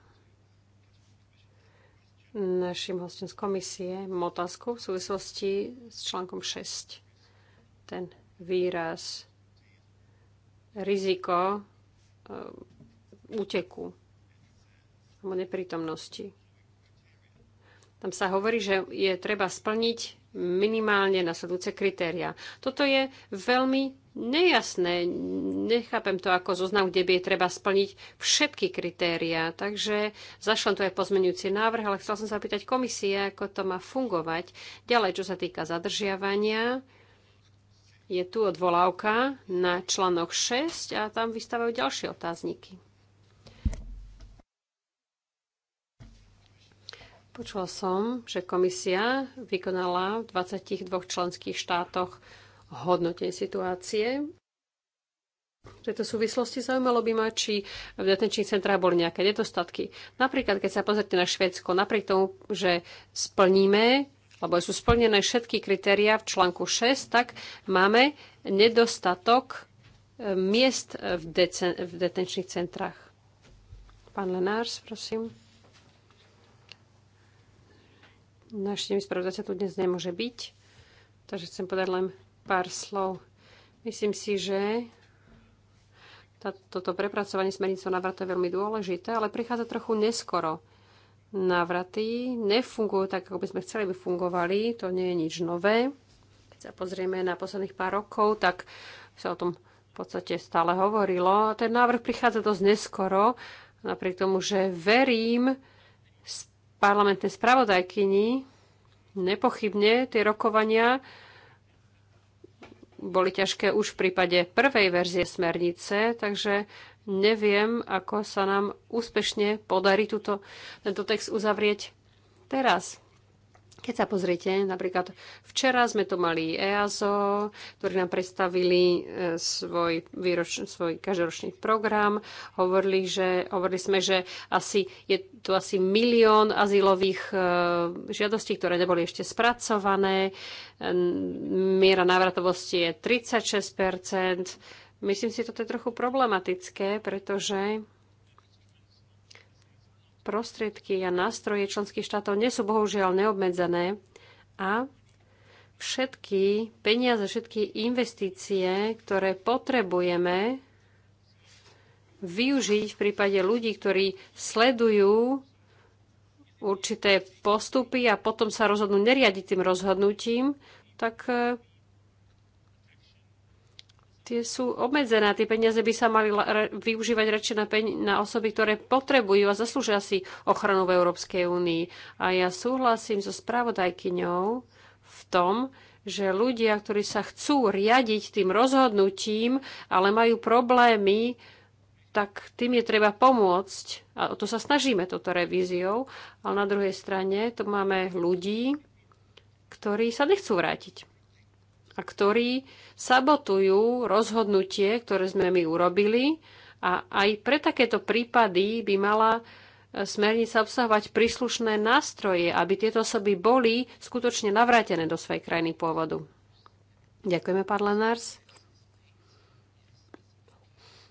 našim hostom z komisie Motasku v súvislosti s článkom 6. Ten výraz riziko eh, úteku alebo neprítomnosti. Tam sa hovorí, že je treba splniť minimálne nasledujúce kritéria. Toto je veľmi nejasné. Nechápem to ako zoznam, kde by je treba splniť všetky kritéria. Takže zašlom tu aj pozmenujúci návrh, ale chcel som sa pýtať komisie, ako to má fungovať. Ďalej, čo sa týka zadržiavania, je tu odvolávka na článok 6 a tam vystávajú ďalšie otázniky. Počula som, že komisia vykonala v 22 členských štátoch hodnotenie situácie. V tejto súvislosti zaujímalo by ma, či v detenčných centrách boli nejaké nedostatky. Napríklad, keď sa pozrite na Švedsko, napriek tomu, že splníme lebo sú splnené všetky kritéria v článku 6, tak máme nedostatok e, miest v, decen- v detenčných centrách. Pán Lenárs, prosím. Naším spravodajca tu dnes nemôže byť, takže chcem podať len pár slov. Myslím si, že tá, toto prepracovanie smernice o návrate je veľmi dôležité, ale prichádza trochu neskoro návraty nefungujú tak, ako by sme chceli, by fungovali. To nie je nič nové. Keď sa pozrieme na posledných pár rokov, tak sa o tom v podstate stále hovorilo. Ten návrh prichádza dosť neskoro, napriek tomu, že verím parlamentnej spravodajkyni, nepochybne tie rokovania boli ťažké už v prípade prvej verzie smernice, takže neviem, ako sa nám úspešne podarí túto, tento text uzavrieť teraz. Keď sa pozriete, napríklad včera sme tu mali EASO, ktorí nám predstavili e, svoj, výroč, svoj každoročný program. Hovorili, že, hovorili sme, že asi, je tu asi milión azylových e, žiadostí, ktoré neboli ešte spracované. Miera návratovosti je 36 Myslím si, že toto je trochu problematické, pretože prostriedky a nástroje členských štátov nie sú bohužiaľ neobmedzené a všetky peniaze, všetky investície, ktoré potrebujeme využiť v prípade ľudí, ktorí sledujú určité postupy a potom sa rozhodnú neriadiť tým rozhodnutím, tak eh, tie sú obmedzené. Tie peniaze by sa mali využívať radšej na, na osoby, ktoré potrebujú a zaslúžia si ochranu v Európskej únii. A ja súhlasím so spravodajkyňou v tom, že ľudia, ktorí sa chcú riadiť tým rozhodnutím, ale majú problémy, tak tým je treba pomôcť. A to sa snažíme toto revíziou. Ale na druhej strane tu máme ľudí, ktorí sa nechcú vrátiť a ktorí sabotujú rozhodnutie, ktoré sme my urobili. A aj pre takéto prípady by mala e, smernica obsahovať príslušné nástroje, aby tieto osoby boli skutočne navrátené do svojej krajiny pôvodu. Ďakujeme, pán Lenárs.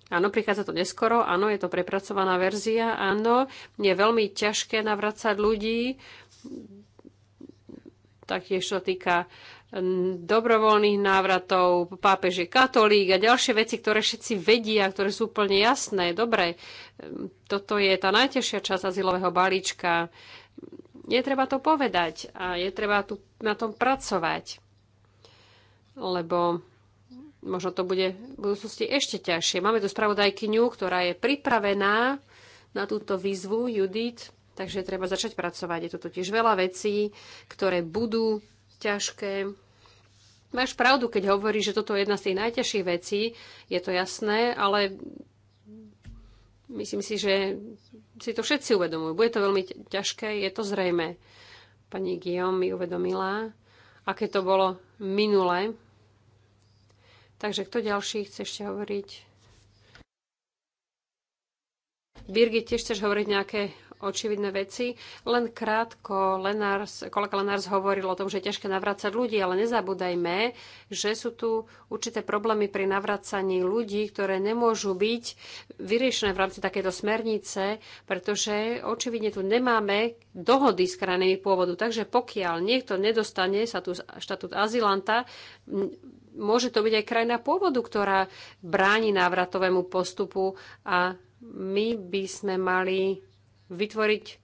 Áno, prichádza to neskoro, áno, je to prepracovaná verzia, áno, je veľmi ťažké navracať ľudí, taktiež to týka dobrovoľných návratov, pápež je katolík a ďalšie veci, ktoré všetci vedia, ktoré sú úplne jasné. Dobre, toto je tá najtežšia časť azylového balíčka. Je treba to povedať a je treba tu na tom pracovať, lebo možno to bude v budúcnosti ešte ťažšie. Máme tu spravodajkyňu, ktorá je pripravená na túto výzvu, Judith, takže treba začať pracovať. Je tu totiž veľa vecí, ktoré budú ťažké. Máš pravdu, keď hovoríš, že toto je jedna z tých najťažších vecí, je to jasné, ale myslím si, že si to všetci uvedomujú. Bude to veľmi ťažké, je to zrejme. Pani Guillaume mi uvedomila, aké to bolo minule. Takže kto ďalší chce ešte hovoriť? Birgit, tiež chceš hovoriť nejaké očividné veci. Len krátko, Lenars, kolega Lenars hovoril o tom, že je ťažké navrácať ľudí, ale nezabúdajme, že sú tu určité problémy pri navracaní ľudí, ktoré nemôžu byť vyriešené v rámci takéto smernice, pretože očividne tu nemáme dohody s krajinami pôvodu. Takže pokiaľ niekto nedostane sa tu štatút azilanta, môže to byť aj krajina pôvodu, ktorá bráni návratovému postupu a my by sme mali vytvoriť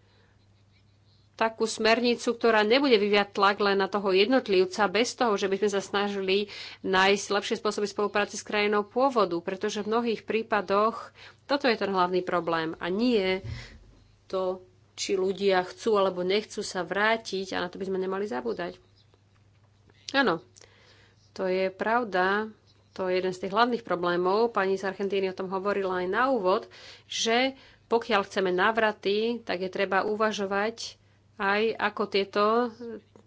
takú smernicu, ktorá nebude vyviať tlak len na toho jednotlivca, bez toho, že by sme sa snažili nájsť lepšie spôsoby spolupráce s krajinou pôvodu, pretože v mnohých prípadoch toto je ten hlavný problém a nie to, či ľudia chcú alebo nechcú sa vrátiť a na to by sme nemali zabúdať. Áno, to je pravda, to je jeden z tých hlavných problémov, pani z Argentíny o tom hovorila aj na úvod, že pokiaľ chceme návraty, tak je treba uvažovať aj, ako tieto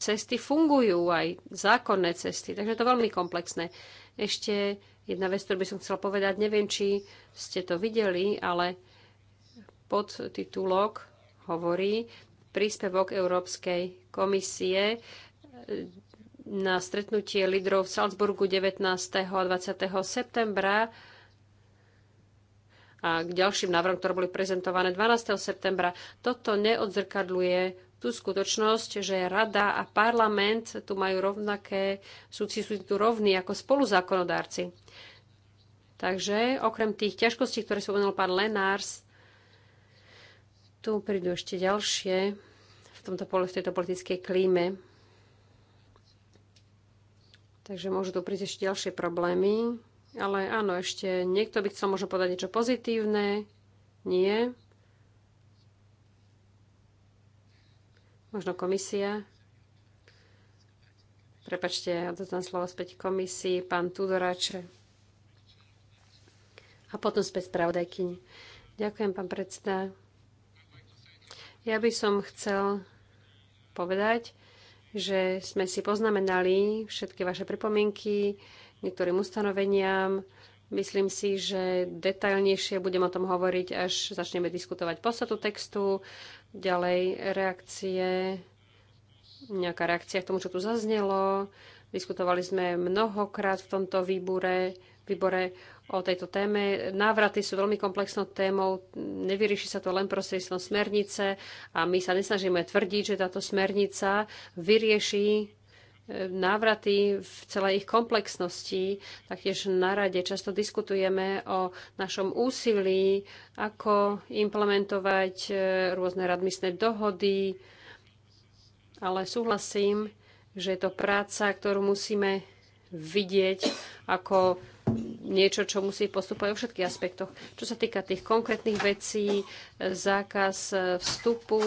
cesty fungujú, aj zákonné cesty. Takže to je veľmi komplexné. Ešte jedna vec, ktorú by som chcela povedať, neviem, či ste to videli, ale pod titulok hovorí príspevok Európskej komisie eh, na stretnutie lídrov v Salzburgu 19. a 20. septembra a k ďalším návrhom, ktoré boli prezentované 12. septembra. Toto neodzrkadluje tú skutočnosť, že rada a parlament tu majú rovnaké, súci sú tu rovní ako spoluzákonodárci. Takže okrem tých ťažkostí, ktoré spomenul pán Lenárs, tu prídu ešte ďalšie v, tomto, v tejto politickej klíme. Takže môžu tu prísť ešte ďalšie problémy. Ale áno, ešte niekto by chcel možno povedať niečo pozitívne. Nie. Možno komisia. Prepačte, ja dodám slovo späť komisii, pán Tudorače. A potom späť spravodajkyni. Ďakujem, pán predseda. Ja by som chcel povedať, že sme si poznamenali všetky vaše pripomienky, niektorým ustanoveniam. Myslím si, že detailnejšie budem o tom hovoriť, až začneme diskutovať podstatu textu. Ďalej reakcie, nejaká reakcia k tomu, čo tu zaznelo. Diskutovali sme mnohokrát v tomto výbore, výbore o tejto téme. Návraty sú veľmi komplexnou témou, nevyrieši sa to len prostredníctvom smernice a my sa nesnažíme tvrdiť, že táto smernica vyrieši návraty v celej ich komplexnosti. Taktiež na rade často diskutujeme o našom úsilí, ako implementovať e, rôzne radmisné dohody, ale súhlasím, že je to práca, ktorú musíme vidieť ako niečo, čo musí postupovať vo všetkých aspektoch. Čo sa týka tých konkrétnych vecí, e, zákaz e, vstupu,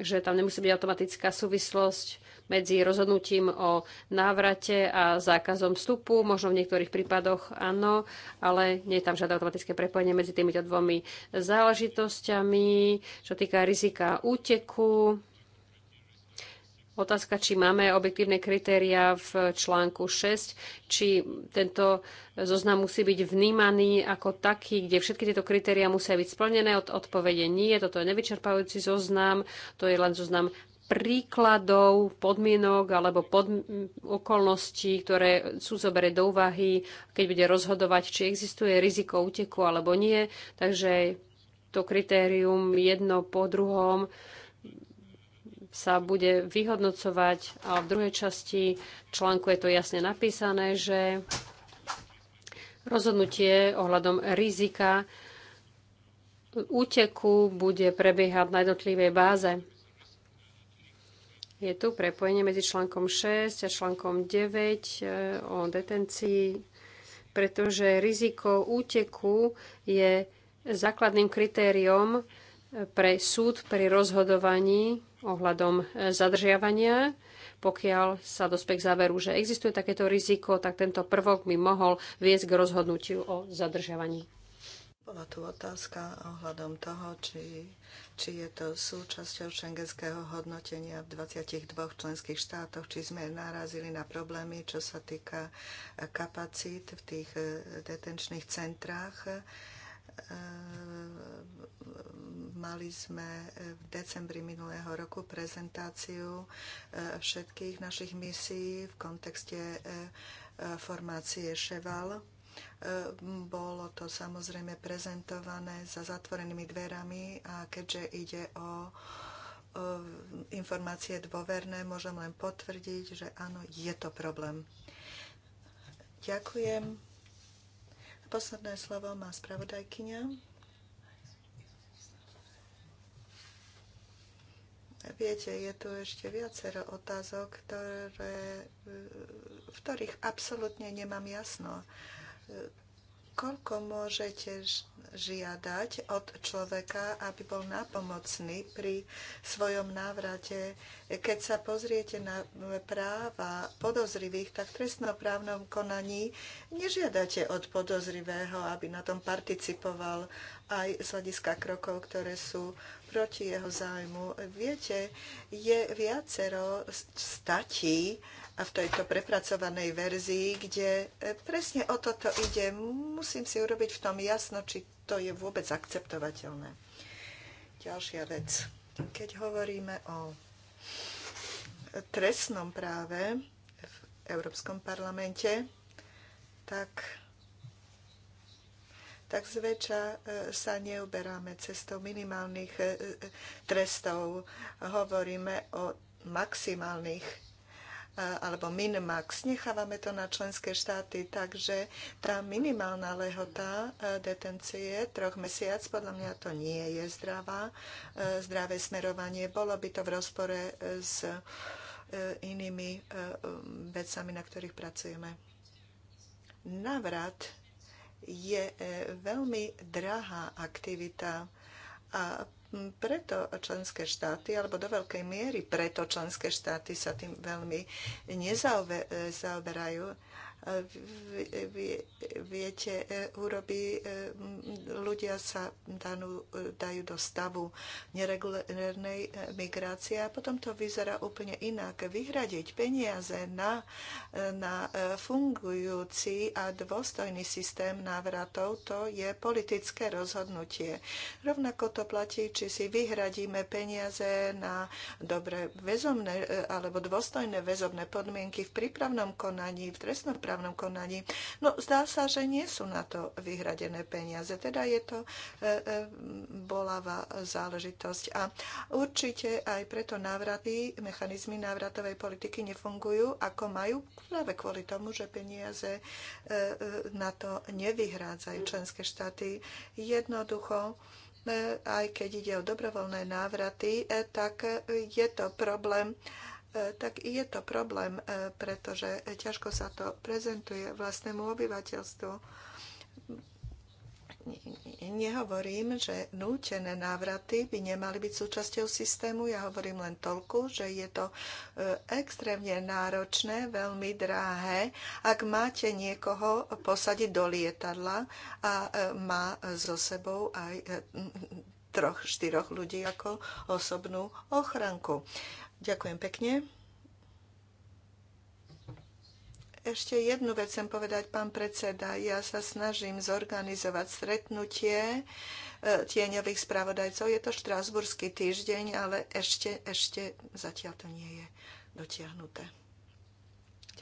že tam nemusí byť automatická súvislosť medzi rozhodnutím o návrate a zákazom vstupu. Možno v niektorých prípadoch áno, ale nie je tam žiadne automatické prepojenie medzi týmito dvomi záležitosťami, čo týka rizika úteku. Otázka, či máme objektívne kritéria v článku 6, či tento zoznam musí byť vnímaný ako taký, kde všetky tieto kritéria musia byť splnené. Od odpovede nie, toto je nevyčerpajúci zoznam, to je len zoznam príkladov, podmienok alebo pod, okolností, ktoré sú zoberie do úvahy, keď bude rozhodovať, či existuje riziko úteku alebo nie. Takže to kritérium jedno po druhom sa bude vyhodnocovať a v druhej časti článku je to jasne napísané, že rozhodnutie ohľadom rizika úteku bude prebiehať na jednotlivej báze je tu prepojenie medzi článkom 6 a článkom 9 e, o detencii, pretože riziko úteku je základným kritériom e, pre súd pri rozhodovaní ohľadom e, zadržiavania. Pokiaľ sa dospie k záveru, že existuje takéto riziko, tak tento prvok by mohol viesť k rozhodnutiu o zadržiavaní. Bola tu otázka ohľadom toho, či, či je to súčasťou šengenského hodnotenia v 22 členských štátoch, či sme narazili na problémy, čo sa týka eh, kapacít v tých eh, detenčných centrách. Eh, mali sme v decembri minulého roku prezentáciu všetkých našich misií v kontexte formácie Cheval Ehm, bolo to samozrejme prezentované za zatvorenými dverami a keďže ide o ehm, informácie dôverné, môžem len potvrdiť, že áno, je to problém. Ďakujem. Posledné slovo má spravodajkyňa. Viete, je tu ešte viacero otázok, ktoré, v ktorých absolútne nemám jasno koľko môžete žiadať od človeka, aby bol nápomocný pri svojom návrate. Keď sa pozriete na práva podozrivých, tak v trestnoprávnom konaní nežiadate od podozrivého, aby na tom participoval aj z hľadiska krokov, ktoré sú proti jeho zájmu. Viete, je viacero statí, a v tejto prepracovanej verzii, kde e, presne o toto ide. Musím si urobiť v tom jasno, či to je vôbec akceptovateľné. Ďalšia vec. Keď hovoríme o trestnom práve v Európskom parlamente, tak tak zväčša e, sa neuberáme cestou minimálnych e, trestov. Hovoríme o maximálnych alebo minimax, Nechávame to na členské štáty, takže tá minimálna lehota e, detencie troch mesiac, podľa mňa to nie je zdravá, e, zdravé smerovanie. Bolo by to v rozpore s e, inými um, vecami, na ktorých pracujeme. Navrat je veľmi drahá aktivita a preto členské štáty, alebo do veľkej miery preto členské štáty sa tým veľmi nezaoberajú. Viete, e, urobí e, ľudia sa danú, dajú do stavu neregulérnej migrácie a potom to vyzerá úplne inak. Vyhradiť peniaze na, na fungujúci a dôstojný systém návratov, to je politické rozhodnutie. Rovnako to platí, či si vyhradíme peniaze na dobre väzomné e, alebo dôstojné väzobné podmienky v prípravnom konaní, v trestnoprávnom konaní. No zdá sa, že nie sú na to vyhradené peniaze. Teda je to e, e, bolavá záležitosť. A určite aj preto návraty, mechanizmy návratovej politiky nefungujú, ako majú, práve kvôli tomu, že peniaze e, na to nevyhrádzajú členské štáty. Jednoducho, aj keď ide o dobrovoľné návraty, tak je to problém tak je to problém, pretože ťažko sa to prezentuje vlastnému obyvateľstvu nehovorím, že nútené návraty by nemali byť súčasťou systému. Ja hovorím len toľku, že je to e, extrémne náročné, veľmi dráhé. Ak máte niekoho posadiť do lietadla a e, má so sebou aj e, troch, štyroch ľudí ako osobnú ochranku. Ďakujem pekne. Ešte jednu vec chcem povedať, pán predseda. Ja sa snažím zorganizovať stretnutie e, tieňových spravodajcov. Je to štrásburský týždeň, ale ešte, ešte zatiaľ to nie je dotiahnuté.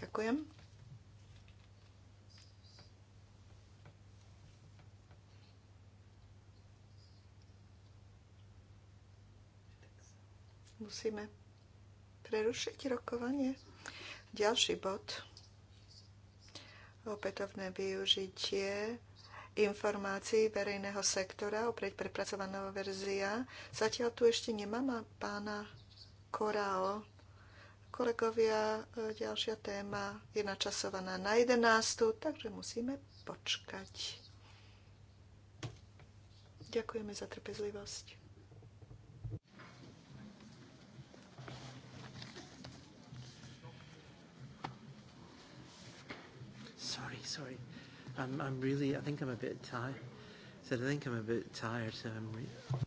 Ďakujem. Musíme prerušiť rokovanie. Ďalší bod opätovné využitie informácií verejného sektora, opäť prepracovaná verzia. Zatiaľ tu ešte nemám pána Korao. Kolegovia, e, ďalšia téma je načasovaná na 11, takže musíme počkať. Ďakujeme za trpezlivosť. sorry. I'm, I'm really, I think I'm a bit tired. So I think I'm a bit tired, so I'm. Re-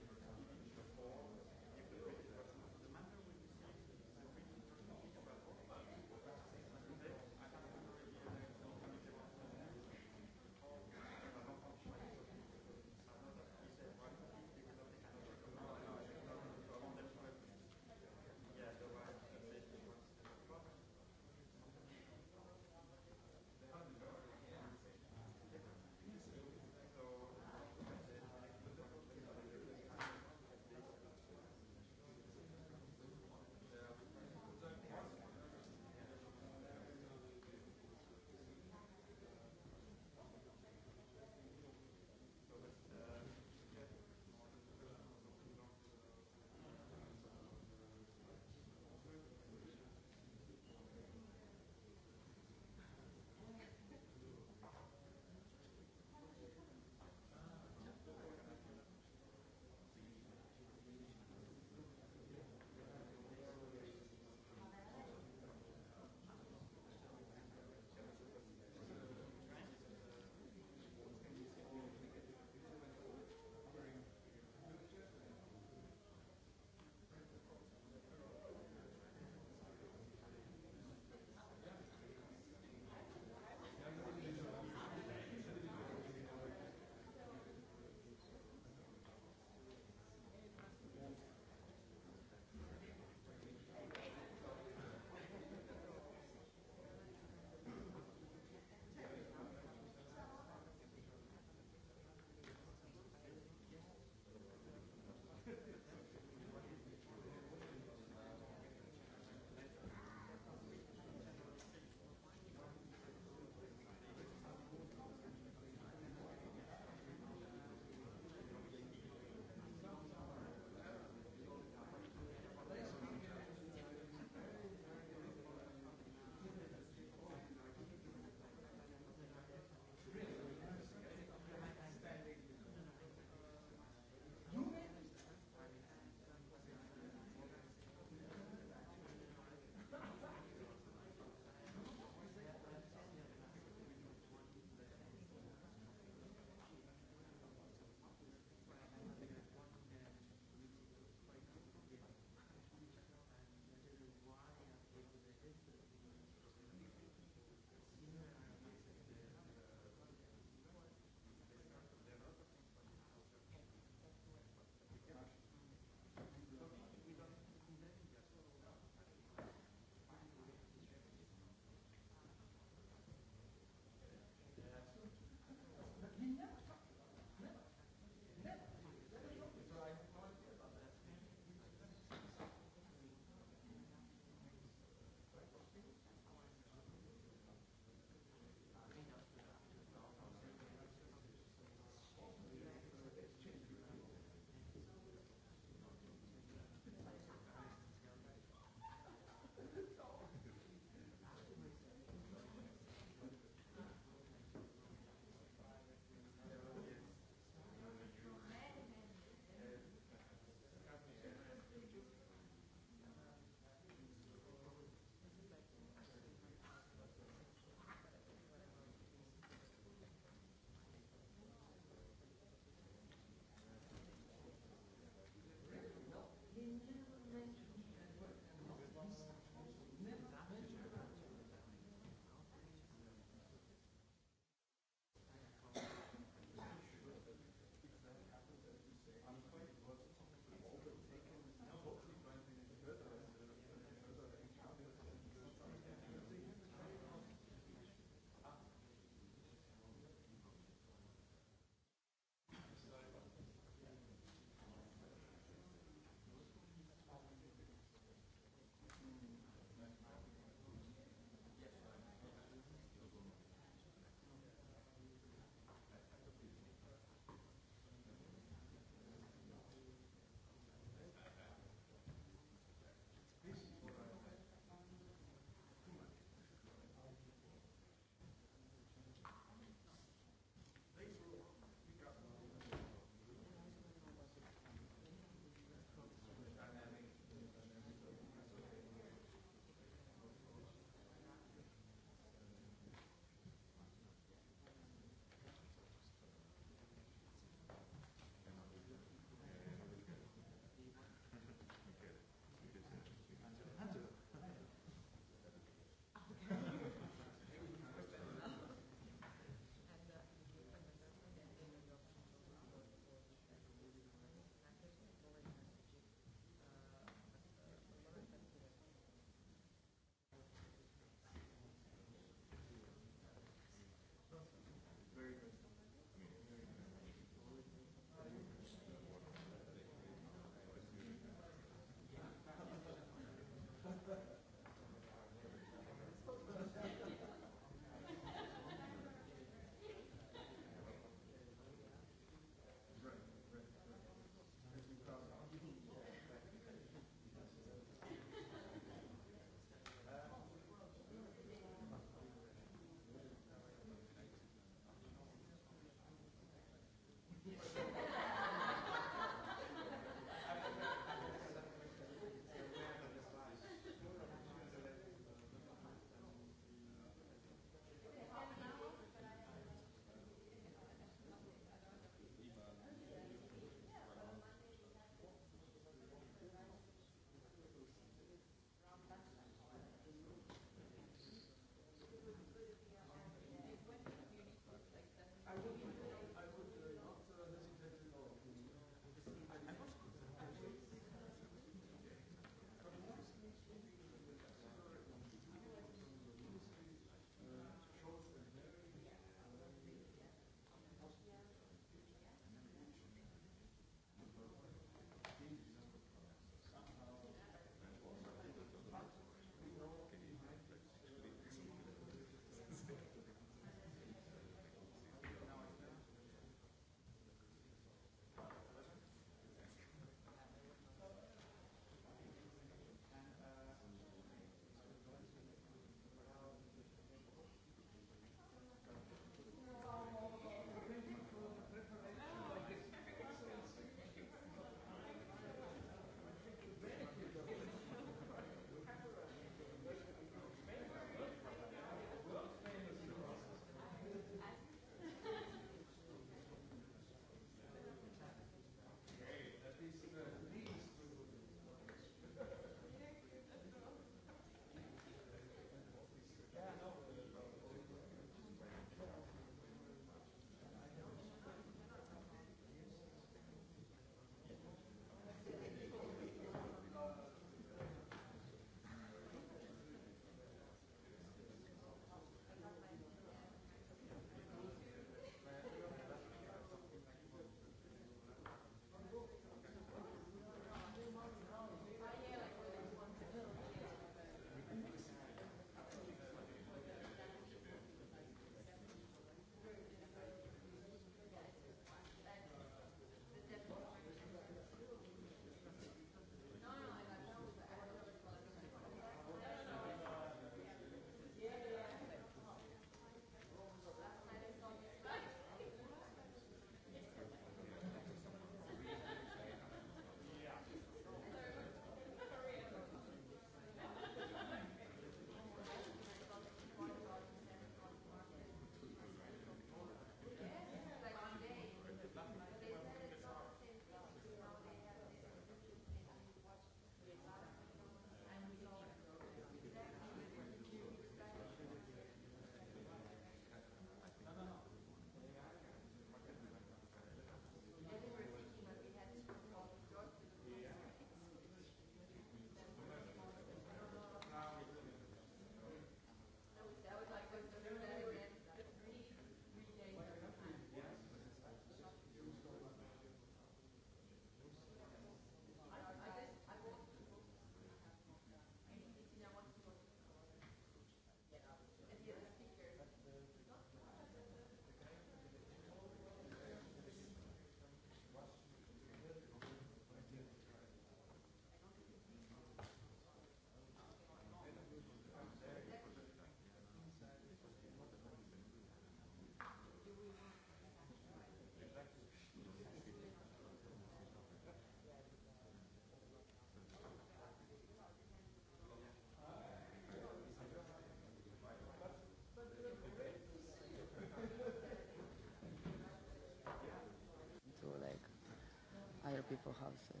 people houses.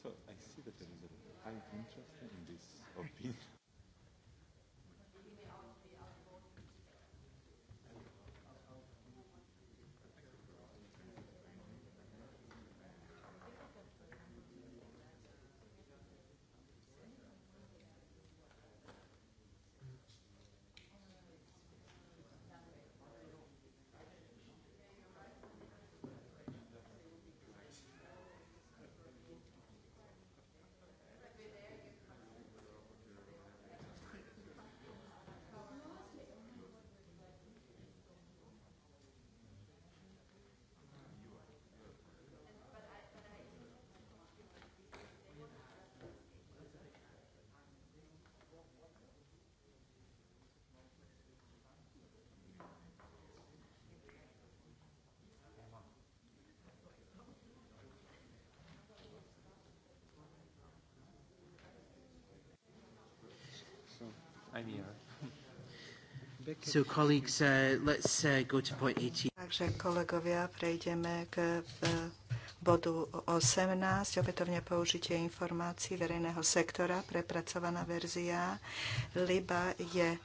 So I see that there is a high interest in this opinion. So colleagues, uh, let's uh, go to point 18. Takže kolegovia, prejdeme k uh, bodu 18, opätovne použitie informácií verejného sektora, prepracovaná verzia. LIBA je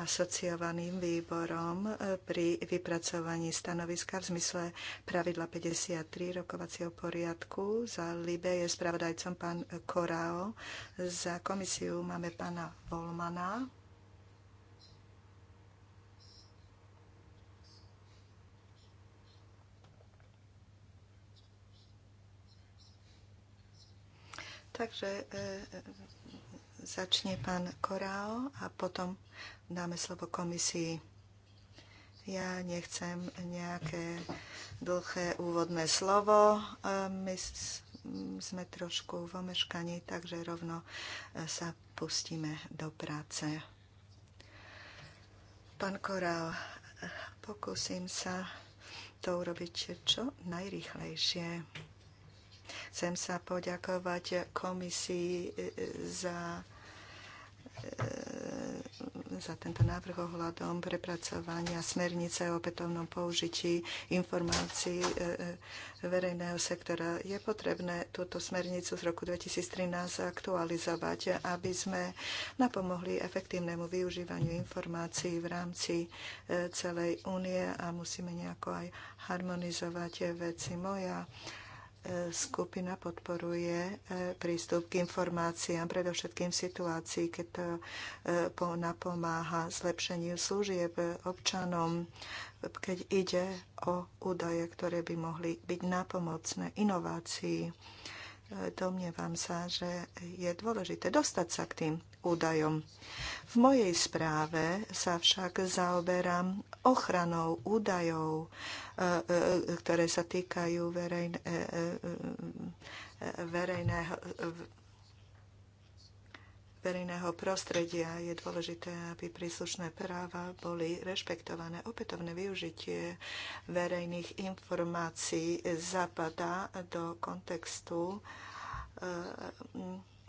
asociovaným výborom e, pri vypracovaní stanoviska v zmysle pravidla 53 rokovacieho poriadku. Za LIBE je spravodajcom pán Korao. Za komisiu máme pána Volmana. Takže e, e, začne pán Korál a potom dáme slovo komisii. Ja nechcem nejaké dlhé úvodné slovo. E, my sme trošku v omeškaní, takže rovno sa pustíme do práce. Pán Korál, pokúsim sa to urobiť čo najrychlejšie. Chcem sa poďakovať komisii e, e, za e, za tento návrh ohľadom prepracovania smernice o opätovnom použití informácií verejného sektora. Je potrebné túto smernicu z roku 2013 aktualizovať, aby sme napomohli efektívnemu využívaniu informácií v rámci celej únie a musíme nejako aj harmonizovať veci. Moja skupina podporuje e, prístup k informáciám, predovšetkým v situácii, keď to e, napomáha zlepšeniu služieb občanom, keď ide o údaje, ktoré by mohli byť napomocné inovácii. E, domnievam sa, že je dôležité dostať sa k tým údajom. V mojej správe sa však zaoberám ochranou údajov, e, e, e, ktoré sa týkajú verejného, verejného prostredia je dôležité, aby príslušné práva boli rešpektované. Opätovné využitie verejných informácií zapadá do kontextu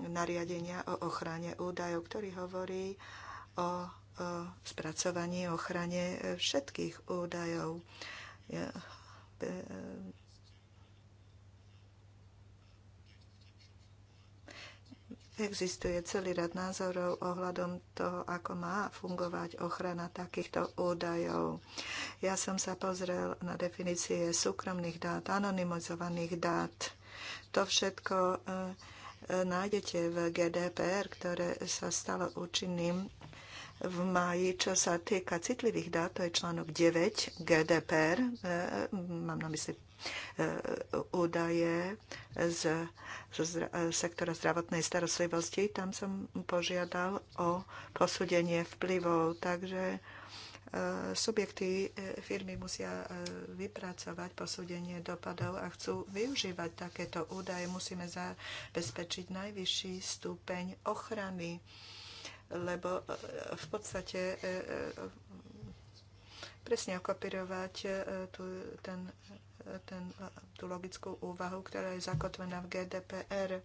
nariadenia o ochrane údajov, ktorý hovorí o, o spracovaní, ochrane všetkých údajov. E, existuje celý rad názorov ohľadom toho, ako má fungovať ochrana takýchto údajov. Ja som sa pozrel na definície súkromných dát, anonymizovaných dát. To všetko e, E, nájdete v GDPR, ktoré sa stalo účinným v máji, čo sa týka citlivých dát, to je článok 9 GDPR, e, mám na mysli e, údaje z, z, sektora zdravotnej starostlivosti. Tam som požiadal o posúdenie vplyvov, takže E, subjekty e, firmy musia e, vypracovať posúdenie dopadov a chcú využívať takéto údaje, musíme zabezpečiť najvyšší stupeň ochrany, lebo v podstate presne okopirovať tú, ten, ten, tú logickú úvahu, ktorá je zakotvená v GDPR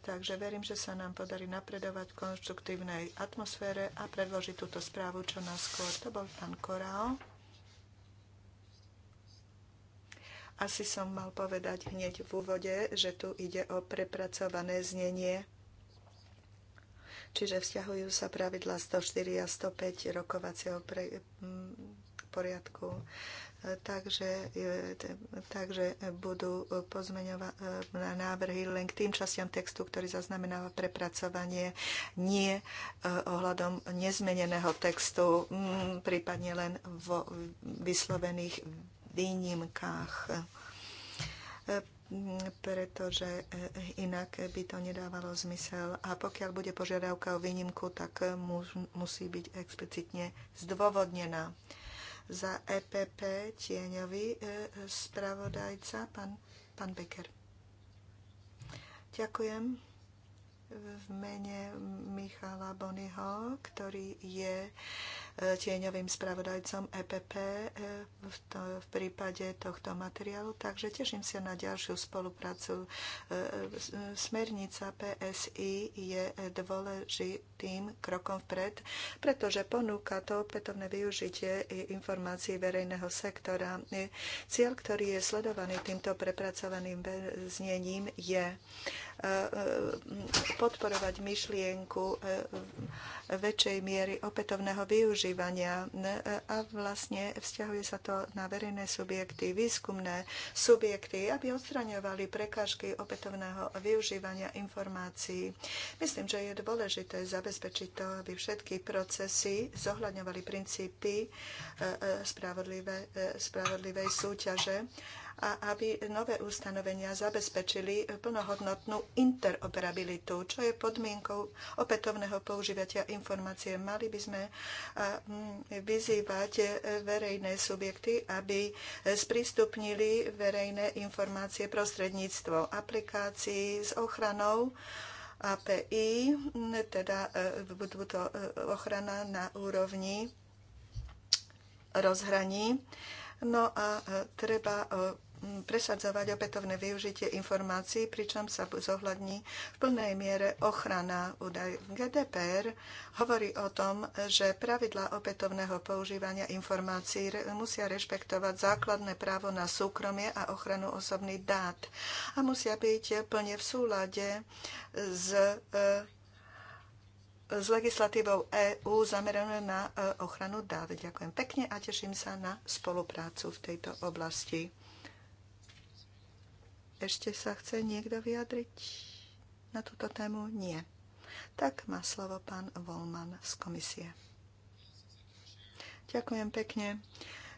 takže verím, že sa nám podarí napredovať v konštruktívnej atmosfére a predložiť túto správu čo najskôr. To bol pán Korál. Asi som mal povedať hneď v úvode, že tu ide o prepracované znenie, čiže vzťahujú sa pravidla 104 a 105 rokovacieho pre, poriadku takže, e, takže budú pozmeňované návrhy len k tým častiam textu, ktorý zaznamenáva prepracovanie, nie e, ohľadom nezmeneného textu, mm, prípadne len vo vyslovených výnimkách e, pretože inak by to nedávalo zmysel. A pokiaľ bude požiadavka o výnimku, tak musí byť explicitne zdôvodnená za EPP tieňový e, e, spravodajca, pán, pán Becker. Ďakujem v mene Michala Bonyho, ktorý je E, tieňovým spravodajcom EPP e, v, to, v prípade tohto materiálu, takže teším sa na ďalšiu spoluprácu. E, smernica PSI je dôležitým krokom vpred, pretože ponúka to opätovné využitie informácií verejného sektora. Cieľ, ktorý je sledovaný týmto prepracovaným znením, je podporovať myšlienku väčšej miery opätovného využitia využívania e, a vlastne vzťahuje sa to na verejné subjekty, výskumné subjekty, aby odstraňovali prekážky opätovného využívania informácií. Myslím, že je dôležité zabezpečiť to, aby všetky procesy zohľadňovali princípy e, e, spravodlivé, spravodlivej súťaže a aby nové ustanovenia zabezpečili plnohodnotnú interoperabilitu, čo je podmienkou opätovného používania informácie. Mali by sme mm, vyzývať verejné subjekty, aby sprístupnili verejné informácie prostredníctvom aplikácií s ochranou API, mm, teda e, budú to e, ochrana na úrovni rozhraní. No a e, treba presadzovať opätovné využitie informácií, pričom sa zohľadní v plnej miere ochrana údajov. GDPR hovorí o tom, že pravidlá opätovného používania informácií musia rešpektovať základné právo na súkromie a ochranu osobných dát a musia byť plne v súlade s e, s legislatívou EÚ zameranú na e, ochranu dát. Ďakujem pekne a teším sa na spoluprácu v tejto oblasti. Ešte sa chce niekto vyjadriť na túto tému? Nie. Tak má slovo pán Volman z komisie. Ďakujem pekne.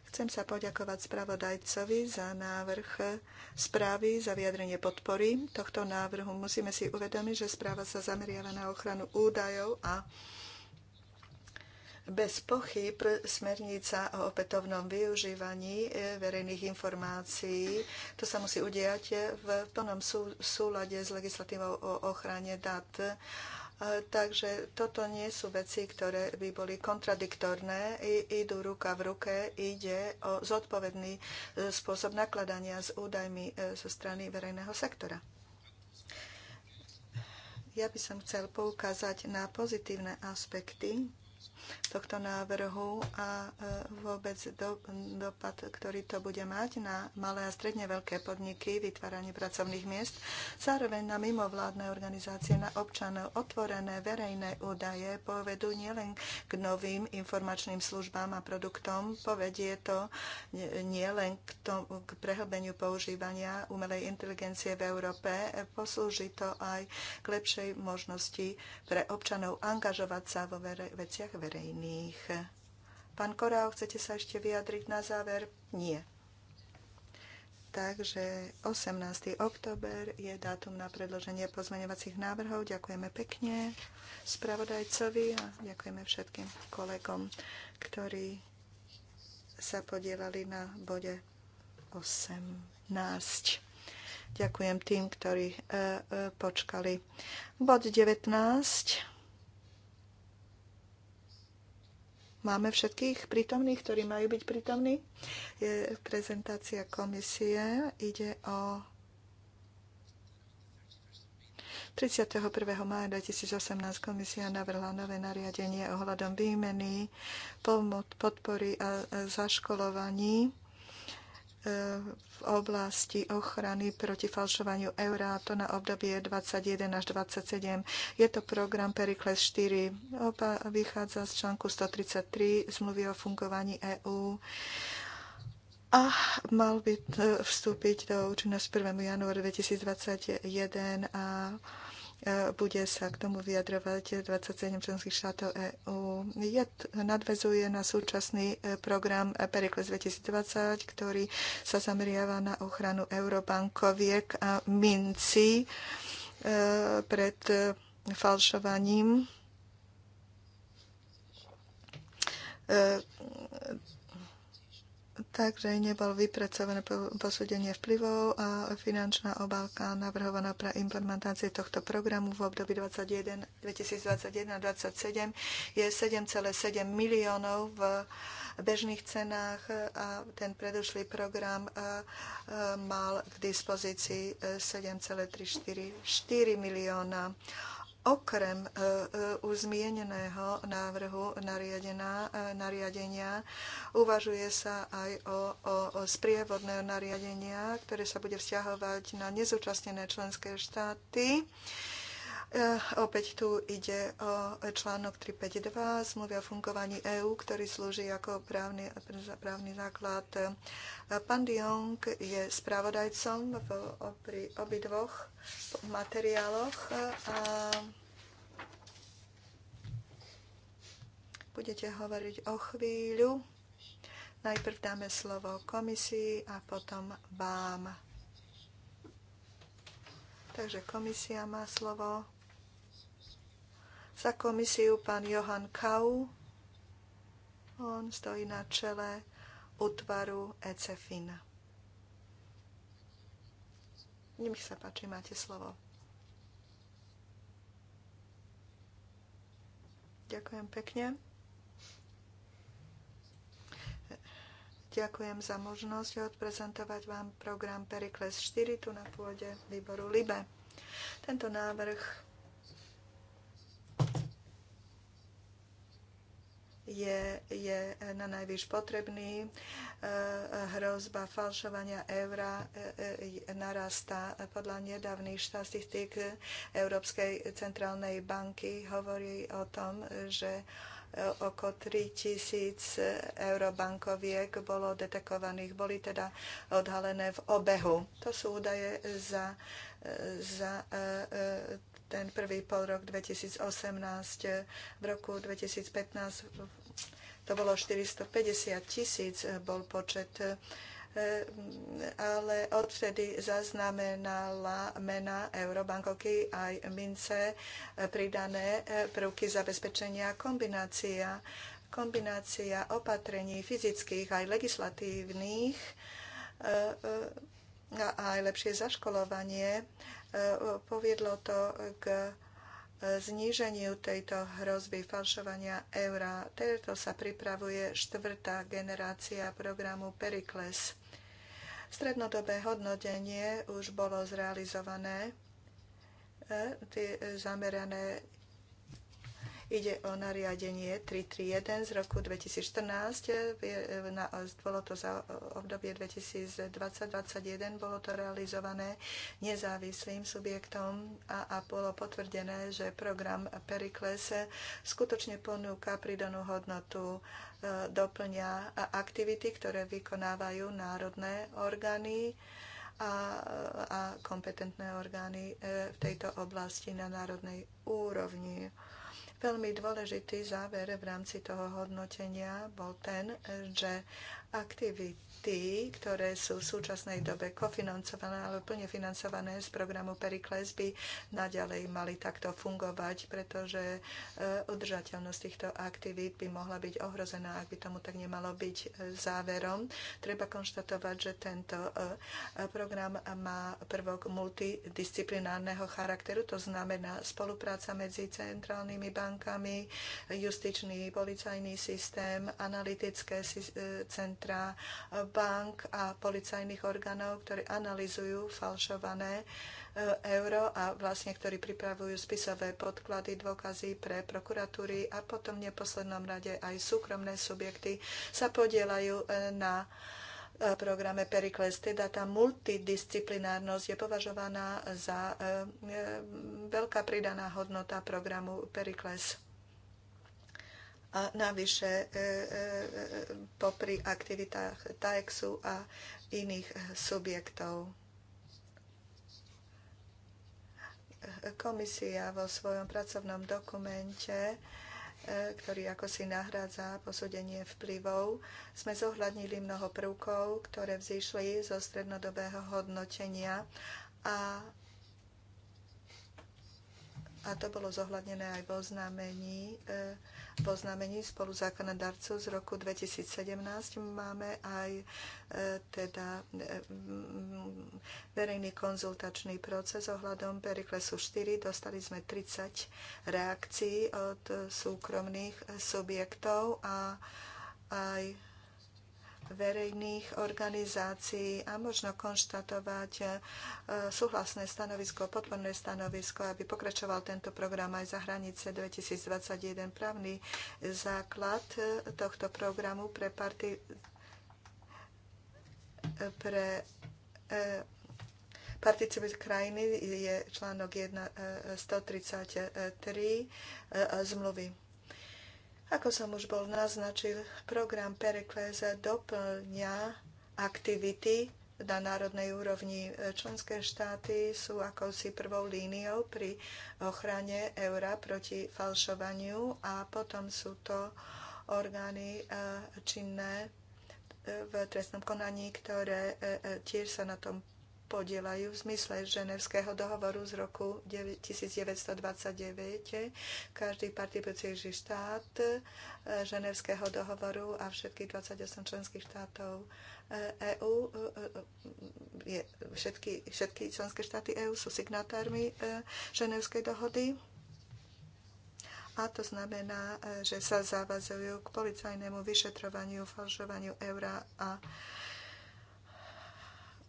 Chcem sa poďakovať spravodajcovi za návrh správy, za vyjadrenie podpory tohto návrhu. Musíme si uvedomiť, že správa sa zameriava na ochranu údajov a bez pochyb smernica o opätovnom využívaní e, verejných informácií, to sa musí udiať v plnom súlade s legislatívou o ochrane dát. E, takže toto nie sú veci, ktoré by boli kontradiktorné, I, idú ruka v ruke, ide o zodpovedný e, spôsob nakladania s údajmi zo strany verejného sektora. Ja by som chcel poukázať na pozitívne aspekty tohto návrhu a e, vôbec do, dopad, ktorý to bude mať na malé a stredne veľké podniky, vytváranie pracovných miest, zároveň na mimovládne organizácie, na občanov. Otvorené verejné údaje povedú nielen k novým informačným službám a produktom, povedie to nielen k, k prehlbeniu používania umelej inteligencie v Európe, poslúži to aj k lepšej možnosti pre občanov angažovať sa vo vere, veciach verejných verejných. Pán Korál, chcete sa ešte vyjadriť na záver? Nie. Takže 18. október je dátum na predloženie pozmeňovacích návrhov. Ďakujeme pekne spravodajcovi a ďakujeme všetkým kolegom, ktorí sa podielali na bode 18. Ďakujem tým, ktorí e, e, počkali. Bod 19. Máme všetkých prítomných, ktorí majú byť prítomní. Je prezentácia komisie. Ide o 31. maja 2018 komisia navrhla nové nariadenie ohľadom výmeny, podpory a zaškolovaní E, v oblasti ochrany proti falšovaniu eurá, to na obdobie 21 až 27. Je to program Perikles 4. Oba vychádza z článku 133 zmluvy o fungovaní EÚ a mal by e, vstúpiť do účinnosti 1. januára 2021 a bude sa k tomu vyjadrovať 27 členských štátov EÚ. Je, nadvezuje na súčasný e, program Perikles 2020, ktorý sa zameriava na ochranu eurobankoviek a minci e, pred e, falšovaním takže nebol vypracované posúdenie vplyvov a finančná obálka navrhovaná pre implementáciu tohto programu v období 2021-2027 je 7,7 miliónov v bežných cenách a ten predošlý program e, e, mal k dispozícii 7,344 milióna okrem e, e, už zmieneného návrhu e, nariadenia uvažuje sa aj o, o, o sprievodné nariadenia, ktoré sa bude vzťahovať na nezúčastnené členské štáty. Eh, opäť tu ide o článok 352 zmluvy o fungovaní EÚ, ktorý slúži ako právny, právny základ. Eh, pán Diong je správodajcom v, pri obidvoch materiáloch eh, a budete hovoriť o chvíľu. Najprv dáme slovo komisii a potom vám. Takže komisia má slovo. Za komisiu pán Johan Kau. On stojí na čele útvaru ECFIN. Nech sa páči, máte slovo. Ďakujem pekne. Ďakujem za možnosť odprezentovať vám program Perikles 4 tu na pôde výboru LIBE. Tento návrh je, je na najvyš potrebný. E, hrozba falšovania eura e, e, narastá. Podľa nedávnych štatistík Európskej centrálnej banky hovorí o tom, že oko 3000 eurobankoviek bolo detekovaných, boli teda odhalené v obehu. To sú údaje za, za ten prvý pol rok 2018. V roku 2015 to bolo 450 tisíc eh, bol počet eh, ale odvtedy zaznamenala mena eurobankovky aj mince eh, pridané prvky zabezpečenia kombinácia, kombinácia opatrení fyzických aj legislatívnych a aj lepšie zaškolovanie Poviedlo to k zníženiu tejto hrozby falšovania eura. Tento sa pripravuje štvrtá generácia programu Pericles. Strednodobé hodnotenie už bolo zrealizované e, zamerané Ide o nariadenie 331 z roku 2014. Bolo to za obdobie 2020-2021. Bolo to realizované nezávislým subjektom a, a bolo potvrdené, že program Perikles skutočne ponúka pridanú hodnotu e, doplňa aktivity, ktoré vykonávajú národné orgány a, a kompetentné orgány e, v tejto oblasti na národnej úrovni. Veľmi dôležitý záver v rámci toho hodnotenia bol ten, že aktivity projekty, ktoré sú v súčasnej dobe kofinancované alebo plne financované z programu Perikles by naďalej mali takto fungovať, pretože e, udržateľnosť týchto aktivít by mohla byť ohrozená, ak by tomu tak nemalo byť e, záverom. Treba konštatovať, že tento e, program má prvok multidisciplinárneho charakteru, to znamená spolupráca medzi centrálnymi bankami, justičný policajný systém, analytické centra, bank a policajných orgánov, ktorí analizujú falšované e, euro a vlastne, ktorí pripravujú spisové podklady, dôkazy pre prokuratúry a potom v neposlednom rade aj súkromné subjekty sa podielajú e, na e, programe Perikles. Teda tá multidisciplinárnosť je považovaná za veľká pridaná hodnota programu Perikles a navyše e, e, e, popri aktivitách TAEXu a iných subjektov. Komisia vo svojom pracovnom dokumente ktorý ako si nahrádza posúdenie vplyvov, sme zohľadnili mnoho prvkov, ktoré vzýšli zo strednodobého hodnotenia a, a to bolo zohľadnené aj vo znamení e, v oznámení spolu zákonodarcov z roku 2017 máme aj e, teda e, verejný konzultačný proces ohľadom Periklesu 4. Dostali sme 30 reakcií od súkromných subjektov a aj verejných organizácií a možno konštatovať eh, súhlasné stanovisko, podporné stanovisko, aby pokračoval tento program aj za hranice 2021. Právny základ eh, tohto programu pre party eh, pre participant krajiny je článok 133 zmluvy. Ako som už bol naznačil, program Perikles doplňa aktivity na národnej úrovni. Členské štáty sú akousi prvou líniou pri ochrane eura proti falšovaniu a potom sú to orgány e, činné e, v trestnom konaní, ktoré e, tiež sa na tom podielajú v zmysle Ženevského dohovoru z roku 1929. Každý participujúci štát e, Ženevského dohovoru a všetkých 28 členských štátov EÚ, e e, všetky, všetky členské štáty EÚ sú signatármi Ženevskej dohody. A to znamená, že sa zavazujú k policajnému vyšetrovaniu, falšovaniu eura a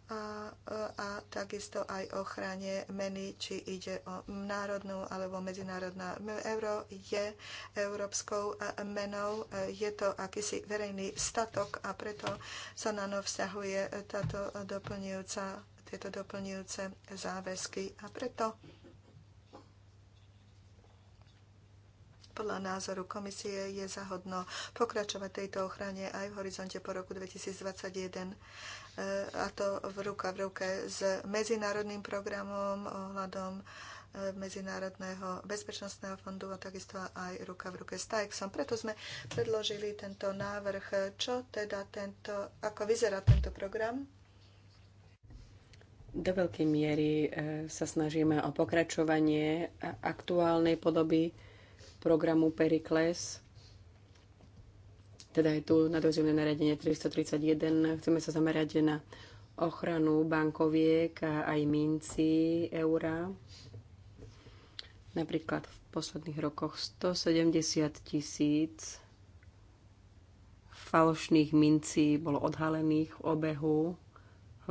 a, a takisto aj ochrane meny, či ide o národnú alebo medzinárodná. Euro je európskou menou, je to akýsi verejný statok a preto sa na no vzťahuje táto doplňujúca, tieto doplňujúce záväzky. A preto Podľa názoru komisie je zahodno pokračovať tejto ochrane aj v horizonte po roku 2021 a to v ruka v ruke s medzinárodným programom ohľadom e, Medzinárodného bezpečnostného fondu a takisto aj ruka v ruke s TAEXom. Preto sme predložili tento návrh, čo teda tento, ako vyzerá tento program. Do veľkej miery e, sa snažíme o pokračovanie aktuálnej podoby programu Perikles, teda je tu nadozivné nariadenie 331. Chceme sa zamerať na ochranu bankoviek a aj minci eura. Napríklad v posledných rokoch 170 tisíc falošných mincí bolo odhalených v obehu.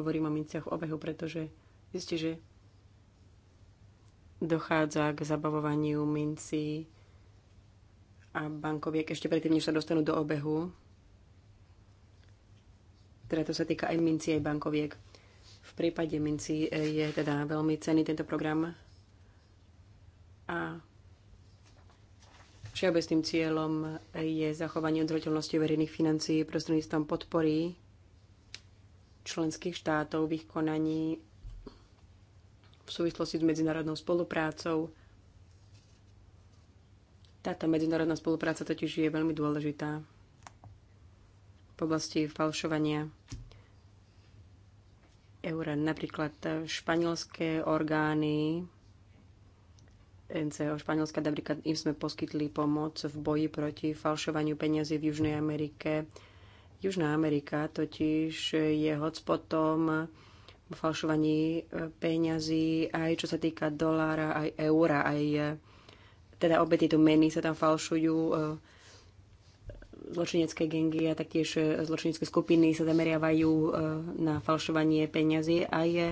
Hovorím o minciach v obehu, pretože viete, že dochádza k zabavovaniu mincí a bankoviek ešte predtým, než sa dostanú do obehu. Teda to sa týka aj minci, aj bankoviek. V prípade minci eh, je teda veľmi cený tento program a Všeobecným cieľom je zachovanie udržateľnosti verejných financí prostredníctvom podpory členských štátov v ich konaní v súvislosti s medzinárodnou spoluprácou táto medzinárodná spolupráca totiž je veľmi dôležitá v oblasti falšovania eur. Napríklad španielské orgány NCO Španielska, napríklad im sme poskytli pomoc v boji proti falšovaniu peniazy v Južnej Amerike. Južná Amerika totiž je hotspotom v falšovaní e, peňazí aj čo sa týka dolára, aj eura, aj e, teda obe tieto meny sa tam falšujú, e, zločinecké gengy a taktiež e, zločinecké skupiny sa zameriavajú e, na falšovanie peňazí a je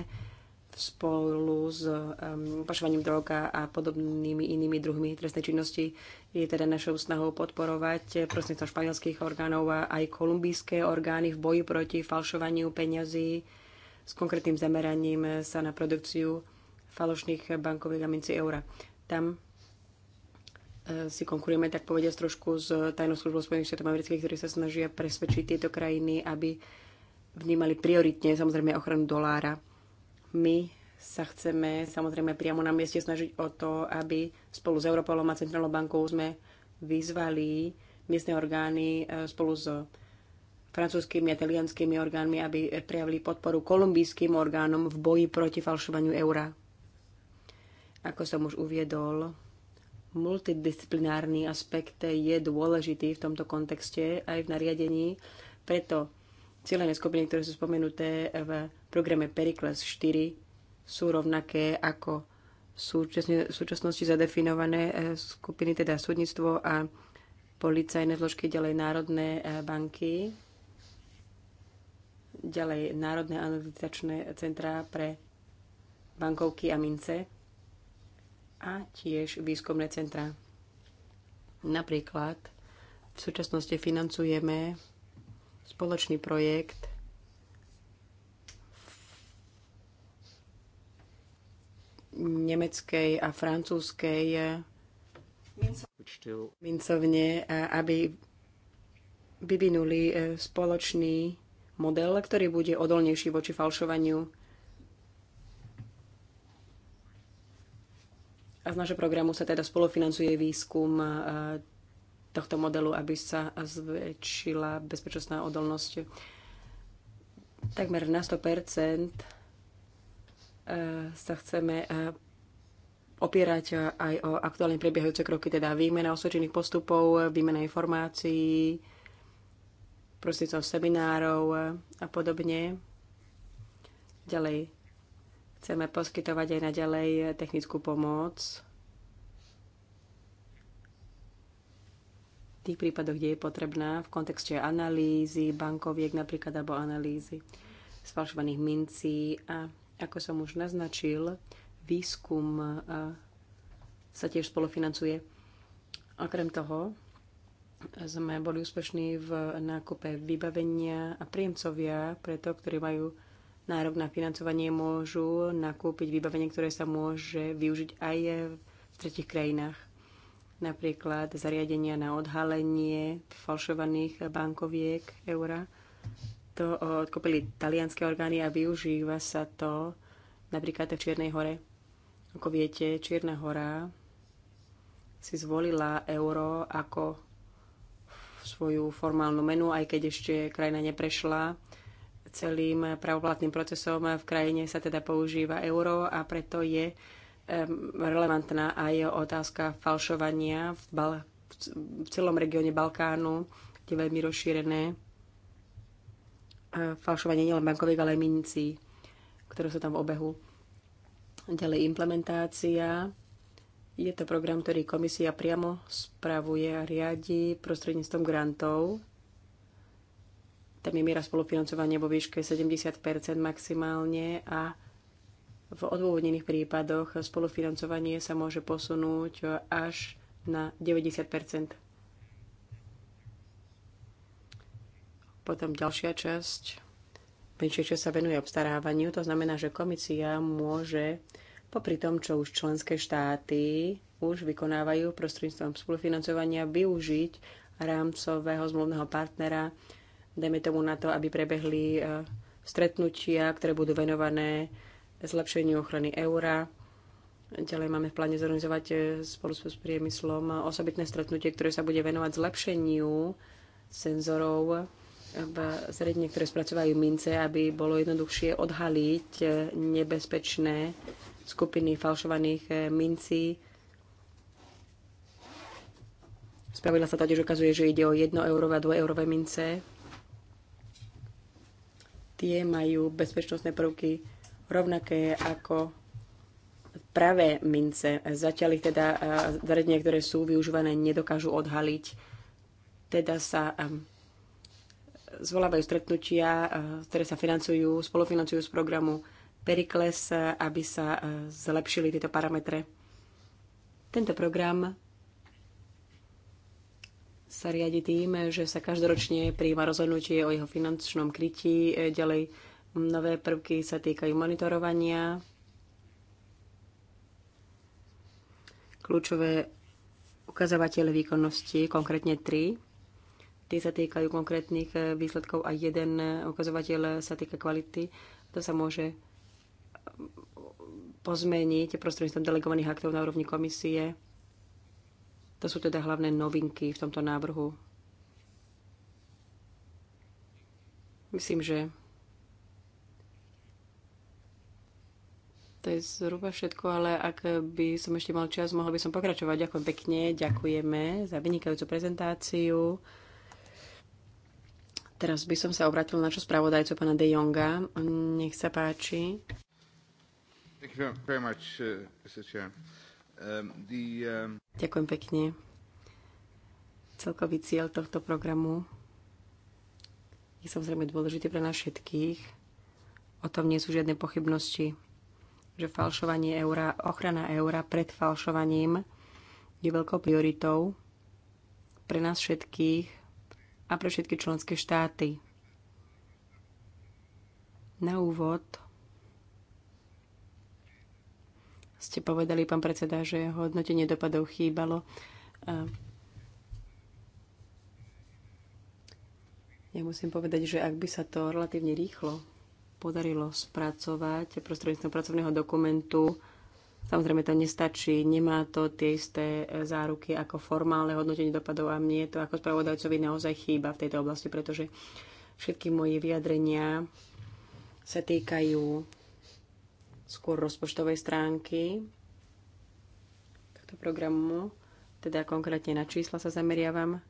spolu s um, pašovaním droga a podobnými inými druhmi trestnej činnosti je teda našou snahou podporovať prostredníctvom španielských orgánov a aj kolumbijské orgány v boji proti falšovaniu peňazí s konkrétnym zameraním sa na produkciu falošných bankových a minci eura. Tam si konkurujeme, tak povediať, trošku s tajnou službou Spojených štátov amerických, ktorí sa snažia presvedčiť tieto krajiny, aby vnímali prioritne samozrejme ochranu dolára. My sa chceme samozrejme priamo na mieste snažiť o to, aby spolu s Europolom a Centrálnou bankou sme vyzvali miestne orgány e, spolu s francúzskými a talianskými orgánmi, aby prijavili podporu kolumbijským orgánom v boji proti falšovaniu eura. Ako som už uviedol, multidisciplinárny aspekt je dôležitý v tomto kontexte aj v nariadení. Preto cieľené skupiny, ktoré sú spomenuté v programe Pericles 4, sú rovnaké ako v súčasnosti zadefinované eh, skupiny, teda súdnictvo a policajné zložky, ďalej národné eh, banky, ďalej národné analytizačné centrá pre bankovky a mince a tiež výskumné centra. Napríklad v súčasnosti financujeme spoločný projekt nemeckej a francúzskej mincovne, aby vyvinuli e, spoločný model, ktorý bude odolnejší voči falšovaniu A z nášho programu sa teda spolufinancuje výskum e, tohto modelu, aby sa zväčšila bezpečnostná odolnosť takmer na 100% e, sa chceme e, opierať aj o aktuálne prebiehajúce kroky, teda výmena osvedčených postupov, výmena informácií, prostredníctvom seminárov a podobne. Ďalej Chceme poskytovať aj naďalej technickú pomoc v tých prípadoch, kde je potrebná v kontexte analýzy bankoviek napríklad alebo analýzy sfalšovaných mincí a ako som už naznačil, výskum sa tiež spolufinancuje. Okrem toho sme boli úspešní v nákupe vybavenia a príjemcovia pre to, ktorí majú nárok na financovanie, môžu nakúpiť vybavenie, ktoré sa môže využiť aj v tretich krajinách. Napríklad zariadenia na odhalenie falšovaných bankoviek eura. To odkúpili talianské orgány a využíva sa to napríklad v Čiernej hore. Ako viete, Čierna hora si zvolila euro ako svoju formálnu menu, aj keď ešte krajina neprešla celým pravoplatným procesom v krajine sa teda používa euro a preto je relevantná aj otázka falšovania v, Bal- v celom regióne Balkánu, kde je veľmi rozšírené e, falšovanie nielen bankových, ale aj minicí, ktoré sú tam v obehu. Ďalej implementácia. Je to program, ktorý komisia priamo spravuje a riadi prostredníctvom grantov tam je miera spolufinancovania vo výške 70 maximálne a v odôvodnených prípadoch spolufinancovanie sa môže posunúť až na 90 Potom ďalšia časť. Menšia časť sa venuje obstarávaniu. To znamená, že komisia môže popri tom, čo už členské štáty už vykonávajú prostredníctvom spolufinancovania, využiť rámcového zmluvného partnera dajme tomu na to, aby prebehli e, stretnutia, ktoré budú venované zlepšeniu ochrany eura. Ďalej máme v pláne zorganizovať e, spolu s priemyslom osobitné stretnutie, ktoré sa bude venovať zlepšeniu senzorov v zariadení, ktoré spracovajú mince, aby bolo jednoduchšie odhaliť e, nebezpečné skupiny falšovaných mincí. Spravidla sa totiž ukazuje, že ide o 1 eurové a 2 eurové mince Tie majú bezpečnostné prvky rovnaké ako pravé mince. Zatiaľ ich teda e, zariadenia, ktoré sú využívané, nedokážu odhaliť. Teda sa e, zvolávajú stretnutia, e, ktoré sa financujú, spolufinancujú z programu Perikles, aby sa zlepšili tieto parametre. Tento program sa riadi tým, že sa každoročne prijíma rozhodnutie o jeho finančnom krytí. Ďalej nové prvky sa týkajú monitorovania. Kľúčové ukazovatele výkonnosti, konkrétne tri. Tie sa týkajú konkrétnych e, výsledkov a jeden ukazovateľ sa týka kvality. To sa môže pozmeniť prostredníctvom delegovaných aktov na úrovni komisie to sú teda hlavné novinky v tomto návrhu. Myslím, že to je zhruba všetko, ale ak by som ešte mal čas, mohla by som pokračovať. Ďakujem pekne, ďakujeme za vynikajúcu prezentáciu. Teraz by som sa obratil na čo spravodajcu pana De Jonga. Nech sa páči. Thank you very much, uh, Mr. Chair. Um, um, Ďakujem pekne. Celkový cieľ tohto programu je samozrejme dôležitý pre nás všetkých. O tom nie sú žiadne pochybnosti, že falšovanie eura, ochrana eura pred falšovaním je veľkou prioritou pre nás všetkých a pre všetky členské štáty. Na úvod ste povedali, pán predseda, že hodnotenie dopadov chýbalo. Ja musím povedať, že ak by sa to relatívne rýchlo podarilo spracovať prostredníctvom pracovného dokumentu, samozrejme to nestačí, nemá to tie isté záruky ako formálne hodnotenie dopadov a mne to ako spravodajcovi naozaj chýba v tejto oblasti, pretože všetky moje vyjadrenia sa týkajú skôr rozpočtovej stránky tohto programu, teda konkrétne na čísla sa zameriavam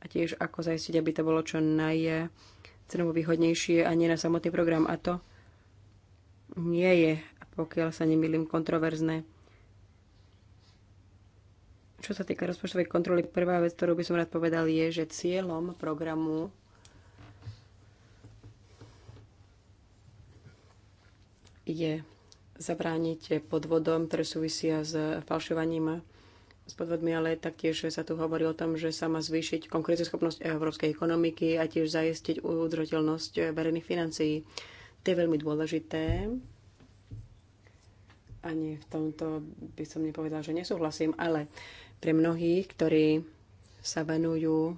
a tiež ako zaistiť, aby to bolo čo najcenovo eh, výhodnejšie a nie na samotný program. A to nie je, pokiaľ sa nemýlim, kontroverzné. Čo sa týka rozpočtovej kontroly, prvá vec, ktorú by som rád povedal, je, že cieľom programu je zabrániť podvodom, ktoré súvisia s falšovaním s podvodmi, ale taktiež sa tu hovorí o tom, že sa má zvýšiť konkurenceschopnosť európskej ekonomiky a tiež zajistiť udržateľnosť verejných financií. To je veľmi dôležité. Ani v tomto by som nepovedala, že nesúhlasím, ale pre mnohých, ktorí sa venujú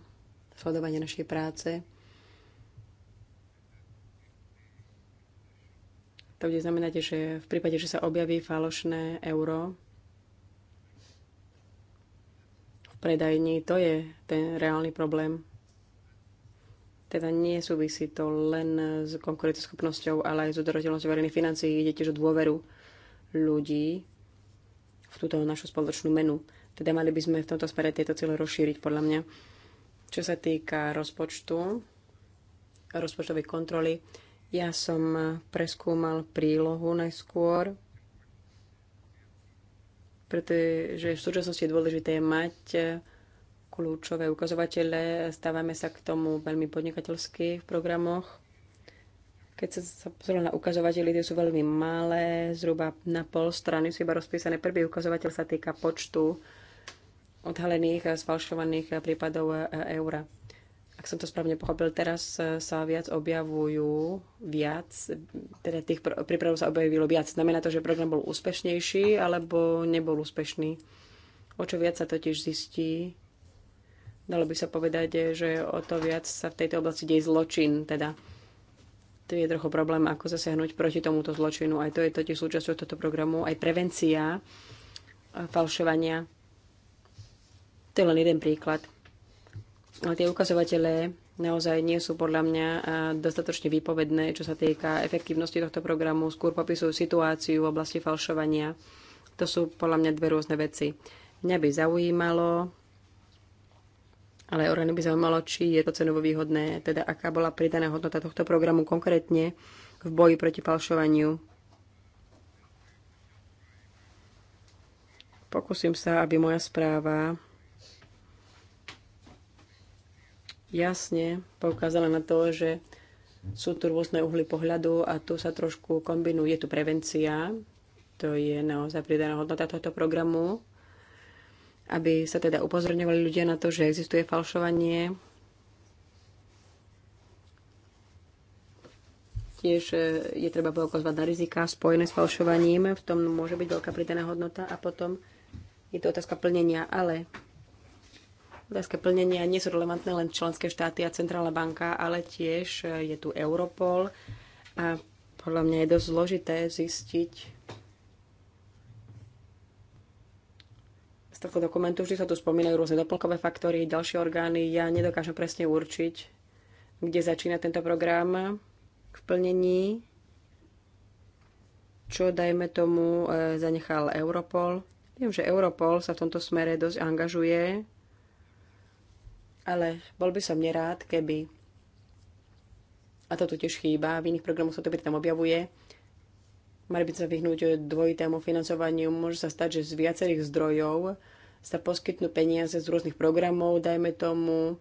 sledovanie našej práce, To bude znamenať, že v prípade, že sa objaví falošné euro v predajni, to je ten reálny problém. Teda nie súvisí to len s konkurenceschopnosťou, ale aj s udržateľnosťou verejných financií. Ide tiež o dôveru ľudí v túto našu spoločnú menu. Teda mali by sme v tomto smere tieto cieľe rozšíriť, podľa mňa. Čo sa týka rozpočtu, rozpočtovej kontroly, ja som eh, preskúmal prílohu najskôr, pretože v súčasnosti je dôležité mať eh, kľúčové ukazovatele. Stávame sa k tomu veľmi podnikateľsky v programoch. Keď sa pozrieme na ukazovatele, tie sú veľmi malé, zhruba na pol strany sú iba rozpísané. Prvý ukazovateľ sa týka počtu odhalených a sfalšovaných prípadov eh, eura ak som to správne pochopil, teraz e, sa viac objavujú viac, teda tých príprav sa objavilo viac. Znamená to, že program bol úspešnejší alebo nebol úspešný? O čo viac sa totiž zistí, dalo by sa povedať, že o to viac sa v tejto oblasti deje zločin, teda to je trochu problém, ako zasiahnuť proti tomuto zločinu. Aj to je totiž súčasťou tohto programu, aj prevencia e, falšovania. To je len jeden príklad ale tie ukazovatele naozaj nie sú podľa mňa dostatočne výpovedné, čo sa týka efektívnosti tohto programu. Skôr popisujú situáciu v oblasti falšovania. To sú podľa mňa dve rôzne veci. Mňa by zaujímalo, ale Orenu by zaujímalo, či je to cenovo výhodné, teda aká bola pridaná hodnota tohto programu konkrétne v boji proti falšovaniu. Pokúsim sa, aby moja správa jasne poukázala na to, že sú tu rôzne uhly pohľadu a tu sa trošku kombinuje tu prevencia. To je naozaj pridaná hodnota tohto programu, aby sa teda upozorňovali ľudia na to, že existuje falšovanie. Tiež e, je treba poukazovať na rizika spojené s falšovaním. V tom môže byť veľká pridaná hodnota a potom je to otázka plnenia, ale Otázka plnenia nie sú relevantné len členské štáty a Centrálna banka, ale tiež e, je tu Europol a podľa mňa je dosť zložité zistiť z tohto dokumentu, vždy sa tu spomínajú rôzne doplnkové faktory, ďalšie orgány. Ja nedokážem presne určiť, kde začína tento program v plnení, čo, dajme tomu, e, zanechal Europol. Viem, že Europol sa v tomto smere dosť angažuje ale bol by som nerád, keby, a to tu tiež chýba, v iných programoch sa to tam objavuje, mali by sa vyhnúť dvojitému financovaniu. Môže sa stať, že z viacerých zdrojov sa poskytnú peniaze z rôznych programov, dajme tomu,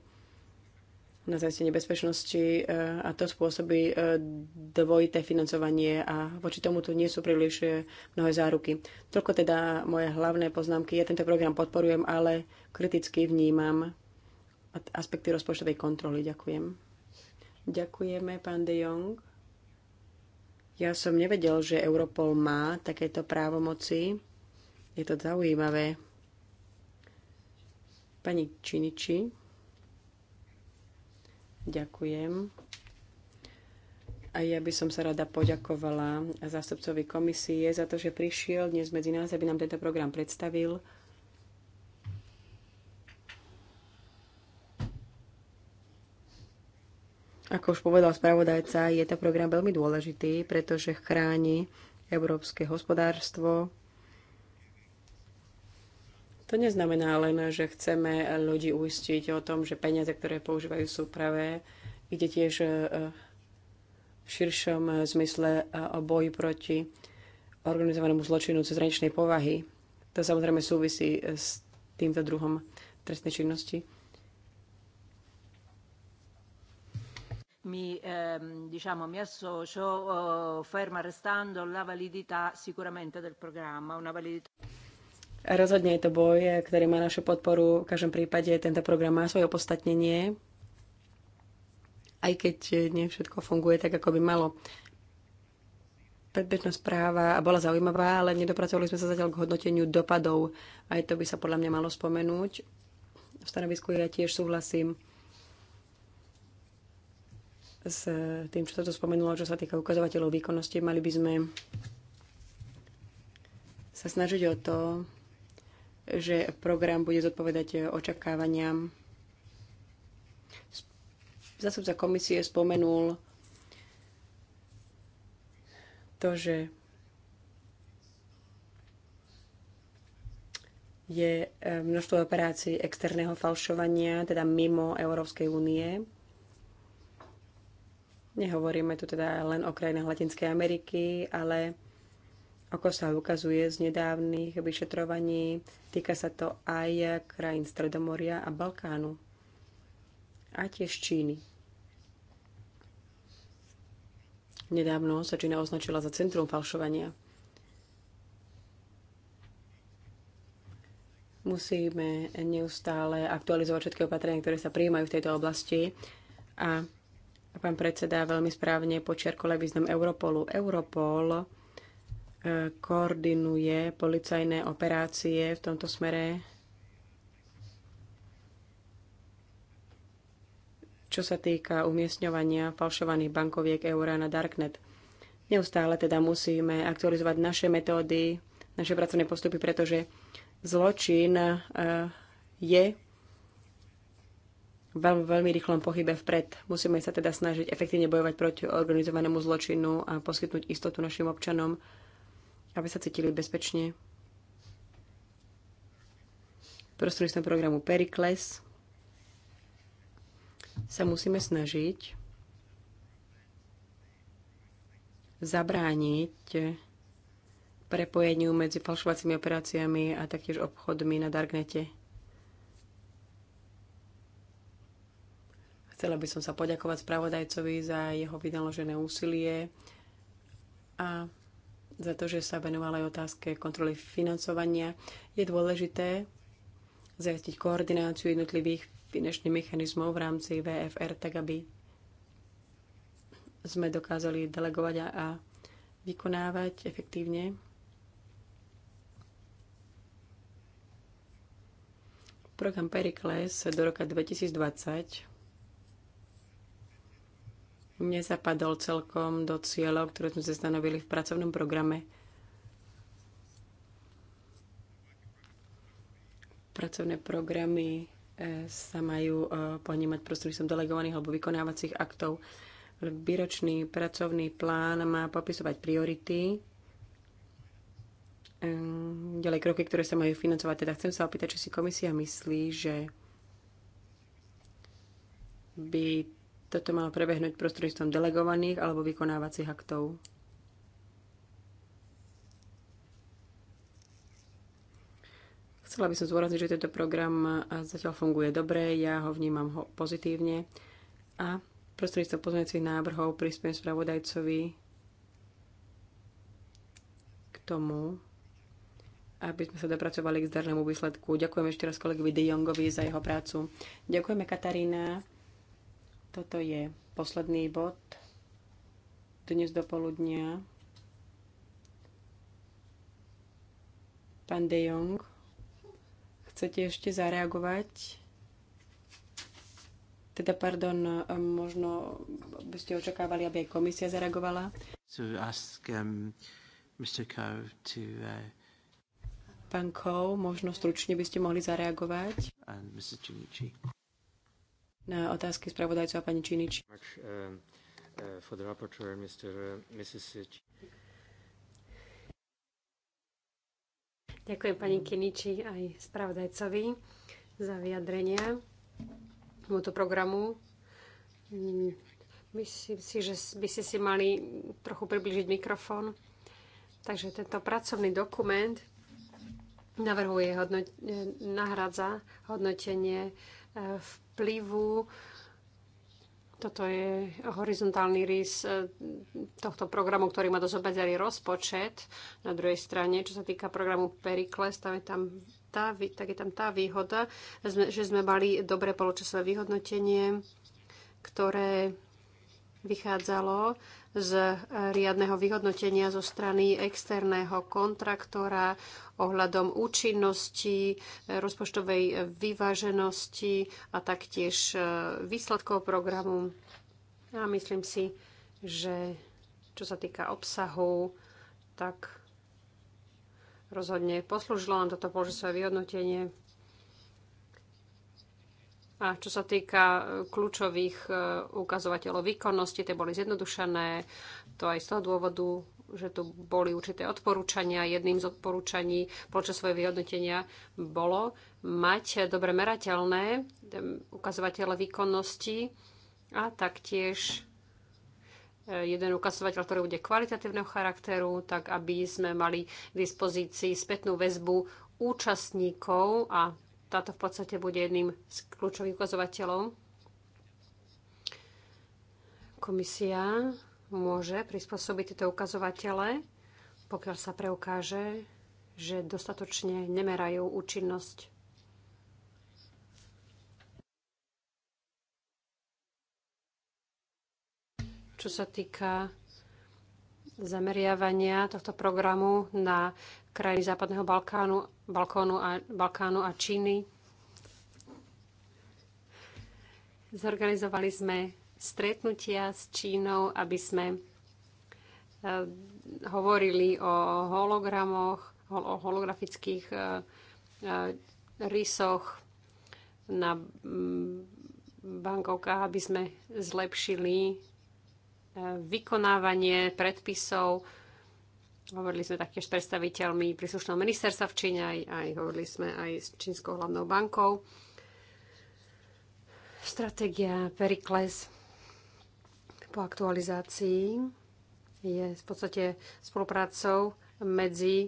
na zajistenie bezpečnosti e, a to spôsobí e, dvojité financovanie a voči tomu tu nie sú príliš e, mnohé záruky. Toľko teda moje hlavné poznámky. Ja tento program podporujem, ale kriticky vnímam aspekty rozpočtovej kontroly. Ďakujem. Ďakujeme, pán De Jong. Ja som nevedel, že Europol má takéto právomoci. Je to zaujímavé. Pani Činiči. Ďakujem. A ja by som sa rada poďakovala zástupcovi komisie za to, že prišiel dnes medzi nás, aby nám tento program predstavil. Ako už povedal spravodajca, je to program veľmi dôležitý, pretože chráni európske hospodárstvo. To neznamená len, že chceme ľudí uistiť o tom, že peniaze, ktoré používajú, sú pravé. Ide tiež e, v širšom e, zmysle e, o boji proti organizovanému zločinu cezhraničnej povahy. To samozrejme súvisí s týmto druhom trestnej činnosti. mi ehm, diciamo, mi associo eh, ferma restando la validità sicuramente del programma, una validità Rozhodne je to boj, ktorý má našu podporu. V každom prípade tento program má svoje opodstatnenie, aj keď e, nie všetko funguje tak, ako by malo. Predbežná správa bola zaujímavá, ale nedopracovali sme sa zatiaľ k hodnoteniu dopadov. Aj to by sa podľa mňa malo spomenúť. V stanovisku ja tiež súhlasím s tým, čo sa to spomenulo, čo sa týka ukazovateľov výkonnosti, mali by sme sa snažiť o to, že program bude zodpovedať očakávaniam. Zastupca komisie spomenul to, že je eh, množstvo operácií externého falšovania, teda mimo Európskej únie. Nehovoríme tu teda len o krajinách Latinskej Ameriky, ale ako sa ukazuje z nedávnych vyšetrovaní, týka sa to aj krajín Stredomoria a Balkánu a tiež Číny. Nedávno sa Čína označila za centrum falšovania. Musíme neustále aktualizovať všetky opatrenia, ktoré sa prijímajú v tejto oblasti a Pán predseda veľmi správne počiarkol aj význam Europolu. Europol e, koordinuje policajné operácie v tomto smere. čo sa týka umiestňovania falšovaných bankoviek eura na Darknet. Neustále teda musíme aktualizovať naše metódy, naše pracovné postupy, pretože zločin e, je veľmi, veľmi rýchlom pohybe vpred. Musíme sa teda snažiť efektívne bojovať proti organizovanému zločinu a poskytnúť istotu našim občanom, aby sa cítili bezpečne. Prostredníctvom programu Perikles sa musíme snažiť zabrániť prepojeniu medzi falšovacími operáciami a taktiež obchodmi na Darknete. Chcela by som sa poďakovať spravodajcovi za jeho vynaložené úsilie a za to, že sa venovala aj otázke kontroly financovania. Je dôležité zajistiť koordináciu jednotlivých finančných mechanizmov v rámci VFR, tak aby sme dokázali delegovať a vykonávať efektívne. Program Pericles do roka 2020 nezapadol celkom do cieľov, ktoré sme sa stanovili v pracovnom programe. Pracovné programy e, sa majú e, ponímať prostredníctvom delegovaných alebo vykonávacích aktov. Výročný pracovný plán má popisovať priority, e, ďalej kroky, ktoré sa majú financovať. Teda chcem sa opýtať, či si komisia myslí, že by toto malo prebehnúť prostredstvom delegovaných alebo vykonávacích aktov. Chcela by som zúrazniť, že tento program zatiaľ funguje dobre, ja ho vnímam ho pozitívne a prostredstvom pozmeňujúcich návrhov prispiem spravodajcovi k tomu, aby sme sa dopracovali k zdarnému výsledku. Ďakujem ešte raz kolegovi De Jongovi za jeho prácu. Ďakujeme, Katarína. Toto je posledný bod dnes do poludnia. Pán De Jong, chcete ešte zareagovať? Teda, pardon, možno by ste očakávali, aby aj komisia zareagovala. To ask, um, Mr. Coe to, uh... Pán Kou, možno stručne by ste mohli zareagovať. And Mr na otázky spravodajcov a pani Činič. Ďakujem pani Kiniči aj spravodajcovi za vyjadrenia tomuto programu. Myslím si, že by ste si mali trochu približiť mikrofón. Takže tento pracovný dokument navrhuje, eh, nahradza hodnotenie eh, v vplyvu. Toto je horizontálny rys e, tohto programu, ktorý má dosť obmedzený rozpočet. Na druhej strane, čo sa týka programu Perikles, tam je tam tá, tak je tam tá výhoda, že sme mali dobré poločasové vyhodnotenie, ktoré vychádzalo z riadneho vyhodnotenia zo strany externého kontraktora ohľadom účinnosti, rozpočtovej vyváženosti a taktiež e, výsledkov programu. A myslím si, že čo sa týka obsahu, tak rozhodne poslúžilo nám toto požasové vyhodnotenie. A čo sa týka e, kľúčových e, ukazovateľov výkonnosti, tie boli zjednodušené. To aj z toho dôvodu, že tu boli určité odporúčania. Jedným z odporúčaní počas svoje vyhodnotenia bolo mať dobre merateľné ukazovatele výkonnosti a taktiež e, jeden ukazovateľ, ktorý bude kvalitatívneho charakteru, tak aby sme mali k dispozícii spätnú väzbu účastníkov a táto v podstate bude jedným z kľúčových ukazovateľov. Komisia môže prispôsobiť tieto ukazovatele, pokiaľ sa preukáže, že dostatočne nemerajú účinnosť čo sa týka zameriavania tohto programu na krajiny Západného Balkánu, Balkónu a, Balkánu a Číny. Zorganizovali sme stretnutia s Čínou, aby sme e, hovorili o hologramoch, o holografických e, e, rysoch na bankovkách, aby sme zlepšili vykonávanie predpisov Hovorili sme taktiež s predstaviteľmi príslušného ministerstva v Číne, aj, aj hovorili sme aj s Čínskou hlavnou bankou. Stratégia Perikles po aktualizácii je v podstate spoluprácou medzi e,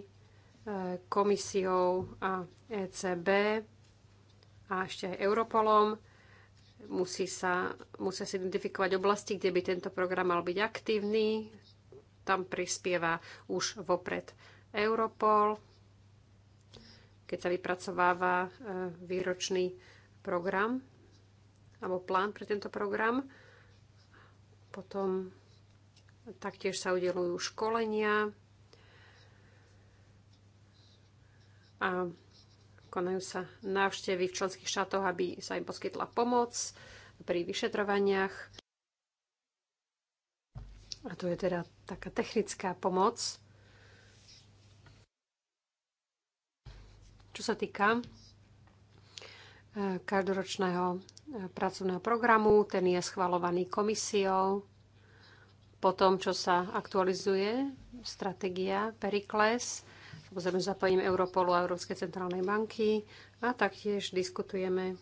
komisiou a ECB a ešte aj Europolom. Musí sa, musia sa identifikovať oblasti, kde by tento program mal byť aktívny tam prispieva už vopred Europol, keď sa vypracováva e, výročný program alebo plán pre tento program. Potom taktiež sa udelujú školenia a konajú sa návštevy v členských štátoch, aby sa im poskytla pomoc pri vyšetrovaniach. A tu je teda taká technická pomoc. Čo sa týka e, každoročného e, pracovného programu, ten je schvalovaný komisiou. Po tom, čo sa aktualizuje stratégia Perikles, samozrejme zapojím Europolu a Európskej centrálnej banky a taktiež diskutujeme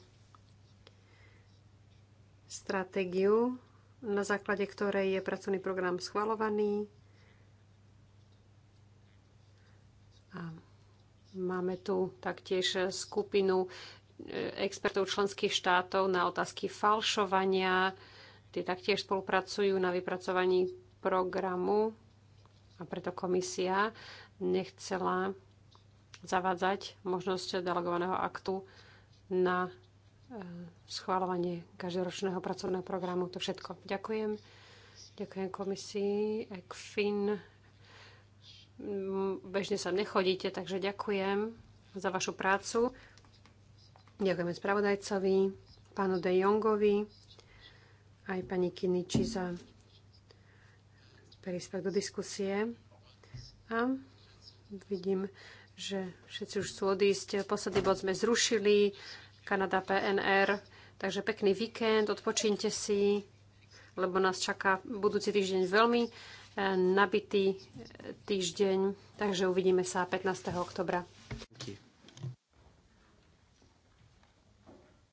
stratégiu na základe ktorej je pracovný program schvalovaný. A máme tu taktiež skupinu e, expertov členských štátov na otázky falšovania. Tí taktiež spolupracujú na vypracovaní programu a preto komisia nechcela zavádzať možnosť delegovaného aktu na schváľovanie každoročného pracovného programu. To všetko. Ďakujem. Ďakujem komisii ECFIN. Mm, bežne sa nechodíte, takže ďakujem za vašu prácu. Ďakujeme spravodajcovi, pánu De Jongovi, aj pani Kiniči za príspevok do diskusie. A vidím, že všetci už chcú odísť. Posledný bod sme zrušili. Kanada PNR. Takže pekný víkend, odpočíňte si, lebo nás čaká budúci týždeň veľmi eh, nabitý eh, týždeň, takže uvidíme sa 15. oktobra.